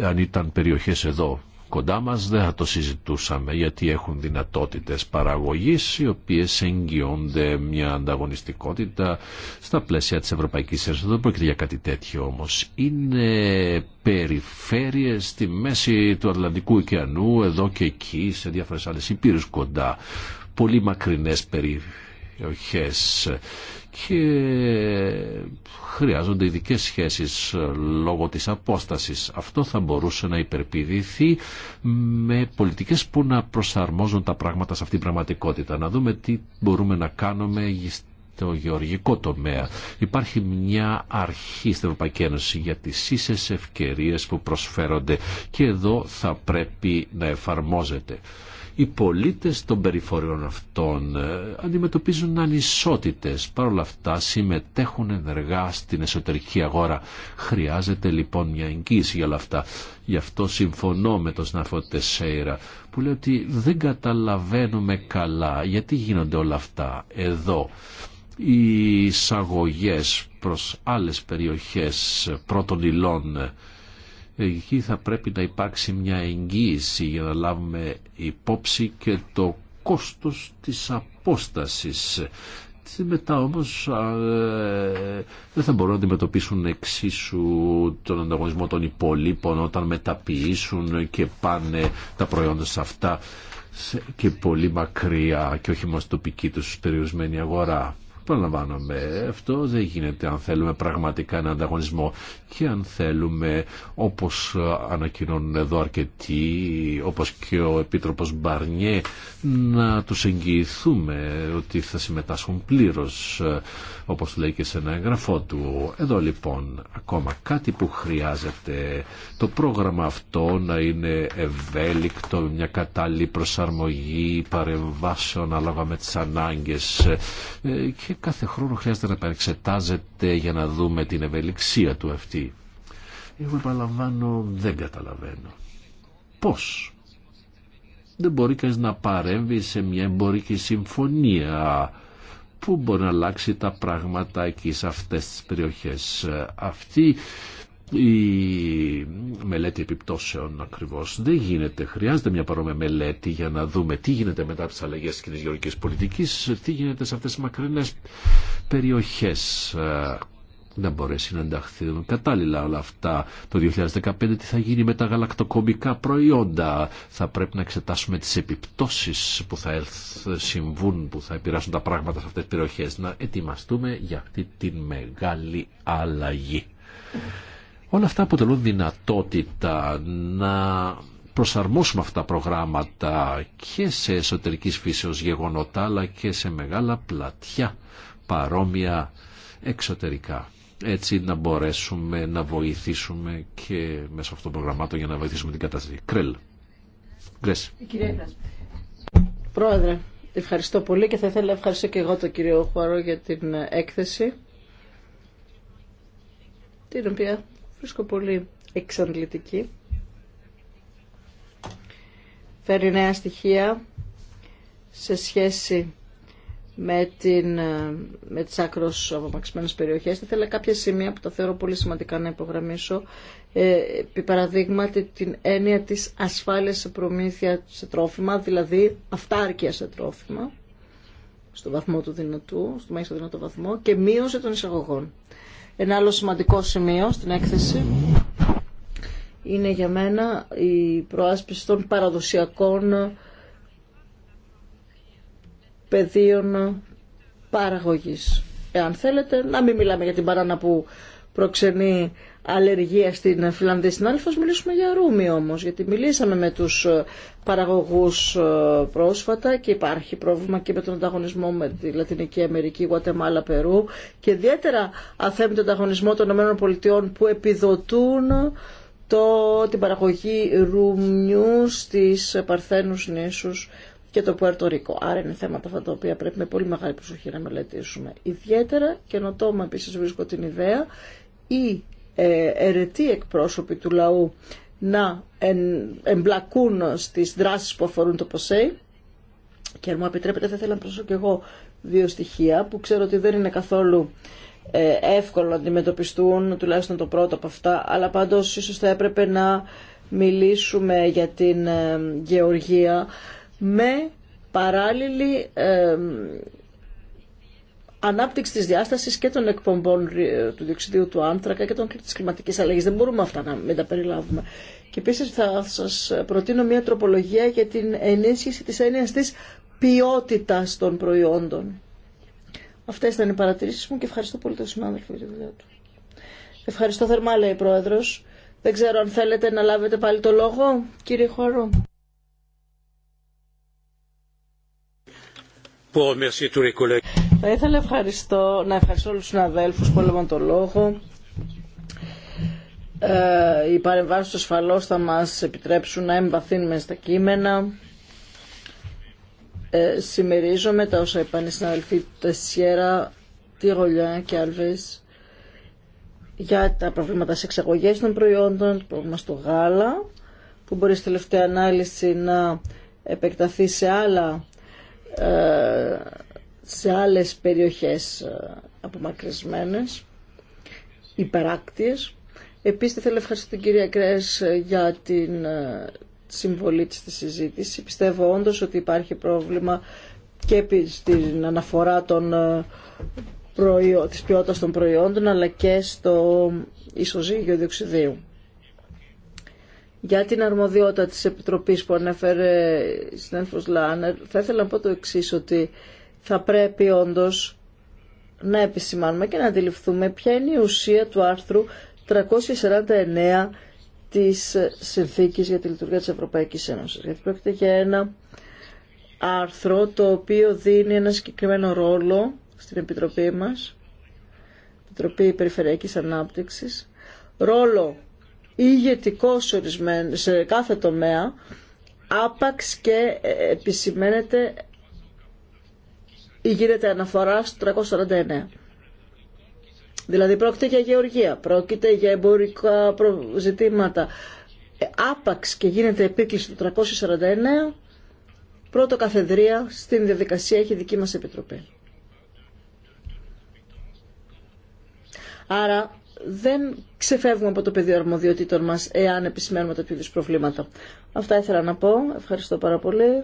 αν ήταν περιοχές εδώ κοντά μας δεν θα το συζητούσαμε γιατί έχουν δυνατότητες παραγωγής οι οποίες εγγυώνται μια ανταγωνιστικότητα στα πλαίσια της Ευρωπαϊκής Ένωσης. Δεν πρόκειται για κάτι τέτοιο όμως. Είναι περιφέρειες στη μέση του Ατλαντικού ωκεανού εδώ και εκεί σε διάφορες άλλες υπήρους κοντά. Πολύ μακρινές περιοχές και χρειάζονται ειδικέ σχέσεις λόγω της απόστασης. Αυτό θα μπορούσε να υπερπηδηθεί με πολιτικές που να προσαρμόζουν τα πράγματα σε αυτήν την πραγματικότητα. Να δούμε τι μπορούμε να κάνουμε το γεωργικό τομέα. Υπάρχει μια αρχή στην Ευρωπαϊκή Ένωση για τις ίσες ευκαιρίες που προσφέρονται και εδώ θα πρέπει να εφαρμόζεται. Οι πολίτες των περιφοριών αυτών ε, αντιμετωπίζουν ανισότητες. Παρ' όλα αυτά συμμετέχουν ενεργά στην εσωτερική αγορά. Χρειάζεται λοιπόν μια εγγύηση για όλα αυτά. Γι' αυτό συμφωνώ με τον Σνάφο Τεσέιρα που λέει ότι δεν καταλαβαίνουμε καλά γιατί γίνονται όλα αυτά εδώ οι εισαγωγέ προς άλλες περιοχές πρώτων υλών ε, Εκεί θα πρέπει να υπάρξει μια εγγύηση για να λάβουμε υπόψη και το κόστος της απόστασης. Μετά όμως ε, δεν θα μπορούν να αντιμετωπίσουν εξίσου τον ανταγωνισμό των υπολείπων όταν μεταποιήσουν και πάνε τα προϊόντα σε αυτά και πολύ μακριά και όχι μόνο τοπική τους περιορισμένη αγορά. Παραλαμβάνομαι, αυτό δεν γίνεται αν θέλουμε πραγματικά έναν ανταγωνισμό και αν θέλουμε, όπως ανακοινώνουν εδώ αρκετοί, όπως και ο Επίτροπος Μπαρνιέ, να τους εγγυηθούμε ότι θα συμμετάσχουν πλήρως, όπως λέει και σε ένα εγγραφό του. Εδώ λοιπόν ακόμα κάτι που χρειάζεται το πρόγραμμα αυτό να είναι ευέλικτο, μια κατάλληλη προσαρμογή παρεμβάσεων ανάλογα με τις ανάγκες ε, και κάθε χρόνο χρειάζεται να επεξετάζεται για να δούμε την ευελιξία του αυτή. Εγώ επαναλαμβάνω, δεν καταλαβαίνω. Πώς δεν μπορεί κανείς να παρέμβει σε μια εμπορική συμφωνία που μπορεί να αλλάξει τα πράγματα εκεί σε αυτές τις περιοχές. Αυτή η μελέτη επιπτώσεων ακριβώς δεν γίνεται. Χρειάζεται μια παρόμοια μελέτη για να δούμε τι γίνεται μετά από τις αλλαγές της γεωργικής πολιτικής, τι γίνεται σε αυτές τις μακρινές περιοχές να μπορέσει να ενταχθούν κατάλληλα όλα αυτά. Το 2015 τι θα γίνει με τα γαλακτοκομικά προϊόντα. Θα πρέπει να εξετάσουμε τις επιπτώσεις που θα συμβούν, που θα επηρεάσουν τα πράγματα σε αυτές τις περιοχές. Να ετοιμαστούμε για αυτή τη μεγάλη αλλαγή. Όλα αυτά αποτελούν δυνατότητα να προσαρμόσουμε αυτά τα προγράμματα και σε εσωτερικής φύσεως γεγονότα αλλά και σε μεγάλα πλατιά παρόμοια εξωτερικά. Έτσι να μπορέσουμε να βοηθήσουμε και μέσω αυτό το προγραμμάτων για να βοηθήσουμε την κατάσταση. Κρέλ. Γκρέσ. Πρόεδρε, ευχαριστώ πολύ και θα ήθελα να ευχαριστώ και εγώ τον κύριο Χουαρό για την έκθεση την οποία βρίσκω πολύ εξαντλητική. Φέρει νέα στοιχεία σε σχέση με, την, ε, με τις άκρως περιοχές. Θα ήθελα κάποια σημεία που τα θεωρώ πολύ σημαντικά να υπογραμμίσω. Ε, επί παραδείγματι την έννοια της ασφάλειας σε προμήθεια σε τρόφιμα, δηλαδή αυτάρκεια σε τρόφιμα, στο βαθμό του δυνατού, στο μέγιστο δυνατό βαθμό, και μείωση των εισαγωγών. Ένα άλλο σημαντικό σημείο στην έκθεση είναι για μένα η προάσπιση των παραδοσιακών πεδίων παραγωγής. Εάν θέλετε, να μην μιλάμε για την παραναπού. που προξενεί αλλεργία στην Φιλανδία. Στην άλλη μιλήσουμε για ρούμι όμως, γιατί μιλήσαμε με τους ε, παραγωγούς ε, πρόσφατα και υπάρχει πρόβλημα και με τον ανταγωνισμό με τη Λατινική Αμερική, Γουατεμάλα, Περού και ιδιαίτερα αθέμει τον ανταγωνισμό των ΗΠΑ που επιδοτούν το, την παραγωγή ρουμιού στις Παρθένους νήσους και το Πουερτορικό. Άρα είναι θέματα αυτά τα οποία πρέπει με πολύ μεγάλη προσοχή να μελετήσουμε. Ιδιαίτερα καινοτόμα επίσης βρίσκω την ιδέα οι ε, αιρετοί εκπρόσωποι του λαού να εμπλακούν στις δράσεις που αφορούν το ΠΟΣΕΙ και αν μου επιτρέπετε θα ήθελα να προσθέσω και εγώ δύο στοιχεία που ξέρω ότι δεν είναι καθόλου ε, εύκολο να αντιμετωπιστούν τουλάχιστον το πρώτο από αυτά αλλά πάντως ίσως θα έπρεπε να μιλήσουμε για την ε, γεωργία με παράλληλη ανάπτυξη της διάστασης και των εκπομπών ε, του διοξιδίου του άνθρακα και των κλιματική κλιματικής αλλαγής. Δεν μπορούμε αυτά να μην τα περιλάβουμε. Και επίσης θα σας προτείνω μια τροπολογία για την ενίσχυση της έννοιας της ποιότητας των προϊόντων. Αυτές ήταν οι παρατηρήσεις μου και ευχαριστώ πολύ τον συνάδελφο για τη δουλειά του. Ευχαριστώ θερμά, λέει η Πρόεδρος. Δεν ξέρω αν θέλετε να λάβετε πάλι το λόγο, κύριε Χώρο. Θα ήθελα ευχαριστώ, να ευχαριστώ όλους τους συναδέλφους που έλαβαν το λόγο. Ε, οι παρεμβάσεις του ασφαλώς θα μας επιτρέψουν να εμβαθύνουμε στα κείμενα. Ε, συμμερίζομαι τα όσα είπαν οι συναδελφοί τη Τιρολιά και Άλβες για τα προβλήματα σε εξαγωγές των προϊόντων, το πρόβλημα στο γάλα, που μπορεί στη τελευταία ανάλυση να επεκταθεί σε άλλα ε, σε άλλες περιοχές ε, απομακρυσμένες, υπεράκτιες. Επίσης θέλω να την κυρία Κρέας ε, για την ε, συμβολή της στη συζήτηση. Πιστεύω όντως ότι υπάρχει πρόβλημα και στην αναφορά των προϊό, της ποιότητας των προϊόντων αλλά και στο ισοζύγιο διοξιδίου. Για την αρμοδιότητα της Επιτροπής που ανέφερε η συνέλφος Λάνερ, θα ήθελα να πω το εξής, ότι θα πρέπει όντως να επισημάνουμε και να αντιληφθούμε ποια είναι η ουσία του άρθρου 349 της Συνθήκης για τη Λειτουργία της Ευρωπαϊκής Ένωσης. Γιατί πρόκειται για ένα άρθρο το οποίο δίνει ένα συγκεκριμένο ρόλο στην Επιτροπή μας, Επιτροπή Περιφερειακής Ανάπτυξης, ρόλο ηγετικό σε κάθε τομέα, άπαξ και επισημαίνεται ή γίνεται αναφορά στο 349. Δηλαδή πρόκειται για γεωργία, πρόκειται για εμπορικά ζητήματα. Ε, άπαξ και γίνεται επίκληση του 349, πρώτο καθεδρία στην διαδικασία έχει δική μας επιτροπή. Άρα δεν ξεφεύγουμε από το πεδίο αρμοδιοτήτων μας εάν επισημαίνουμε τέτοιου προβλήματα. Αυτά ήθελα να πω. Ευχαριστώ πάρα πολύ.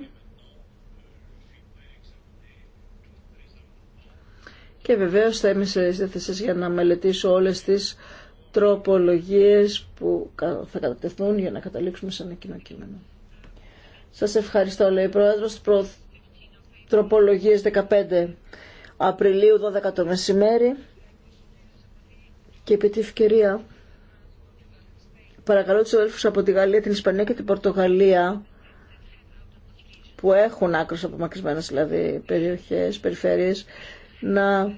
και βεβαίως θα είμαι σε σύνθεση για να μελετήσω όλες τις τροπολογίες που θα κατατεθούν για να καταλήξουμε σε ένα κοινό κείμενο. Σας ευχαριστώ, λέει η Πρόεδρος. Προ... Τροπολογίες 15 Απριλίου, 12 το μεσημέρι. Και επί τη ευκαιρία, παρακαλώ τους αδέλφους από τη Γαλλία, την Ισπανία και την Πορτογαλία, που έχουν άκρως απομακρυσμένες δηλαδή περιοχές, περιφέρειες, να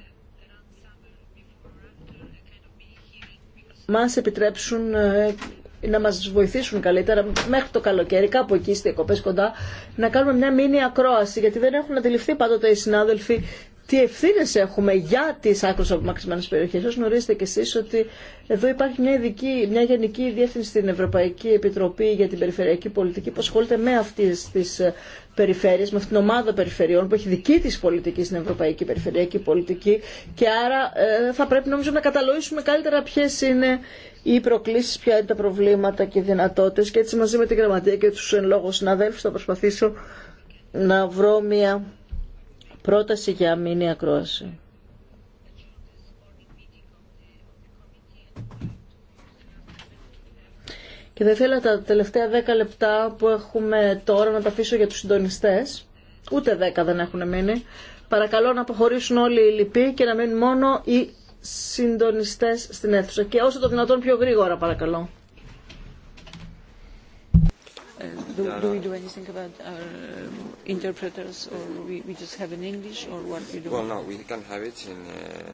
μας επιτρέψουν ε, να μας βοηθήσουν καλύτερα μέχρι το καλοκαίρι, κάπου εκεί στις διακοπές κοντά, να κάνουμε μια μήνυα ακρόαση, γιατί δεν έχουν αντιληφθεί πάντοτε οι συνάδελφοι τι ευθύνε έχουμε για τι άκρω απομακρυσμένε περιοχέ. Όσο γνωρίζετε κι εσεί ότι εδώ υπάρχει μια, ειδική, μια γενική διεύθυνση στην Ευρωπαϊκή Επιτροπή για την Περιφερειακή Πολιτική που ασχολείται με αυτέ τι ε, περιφέρειε, με αυτήν την ομάδα περιφερειών που έχει δική τη πολιτική στην Ευρωπαϊκή Περιφερειακή Πολιτική και άρα ε, θα πρέπει νομίζω να κατανοήσουμε καλύτερα ποιε είναι οι προκλήσει, ποια είναι τα προβλήματα και οι δυνατότητε και έτσι μαζί με την Γραμματεία και του εν λόγω συναδέλφου θα προσπαθήσω να βρω μια πρόταση για αμήνη ακρόαση. Και δεν θέλω τα τελευταία δέκα λεπτά που έχουμε τώρα να τα αφήσω για τους συντονιστές. Ούτε δέκα δεν έχουν μείνει. Παρακαλώ να αποχωρήσουν όλοι οι λοιποί και να μείνουν μόνο οι συντονιστές στην αίθουσα. Και όσο το δυνατόν πιο γρήγορα παρακαλώ. Do we do anything about our interpreters, or we just have in English, or what we do? Well, no, we can have it in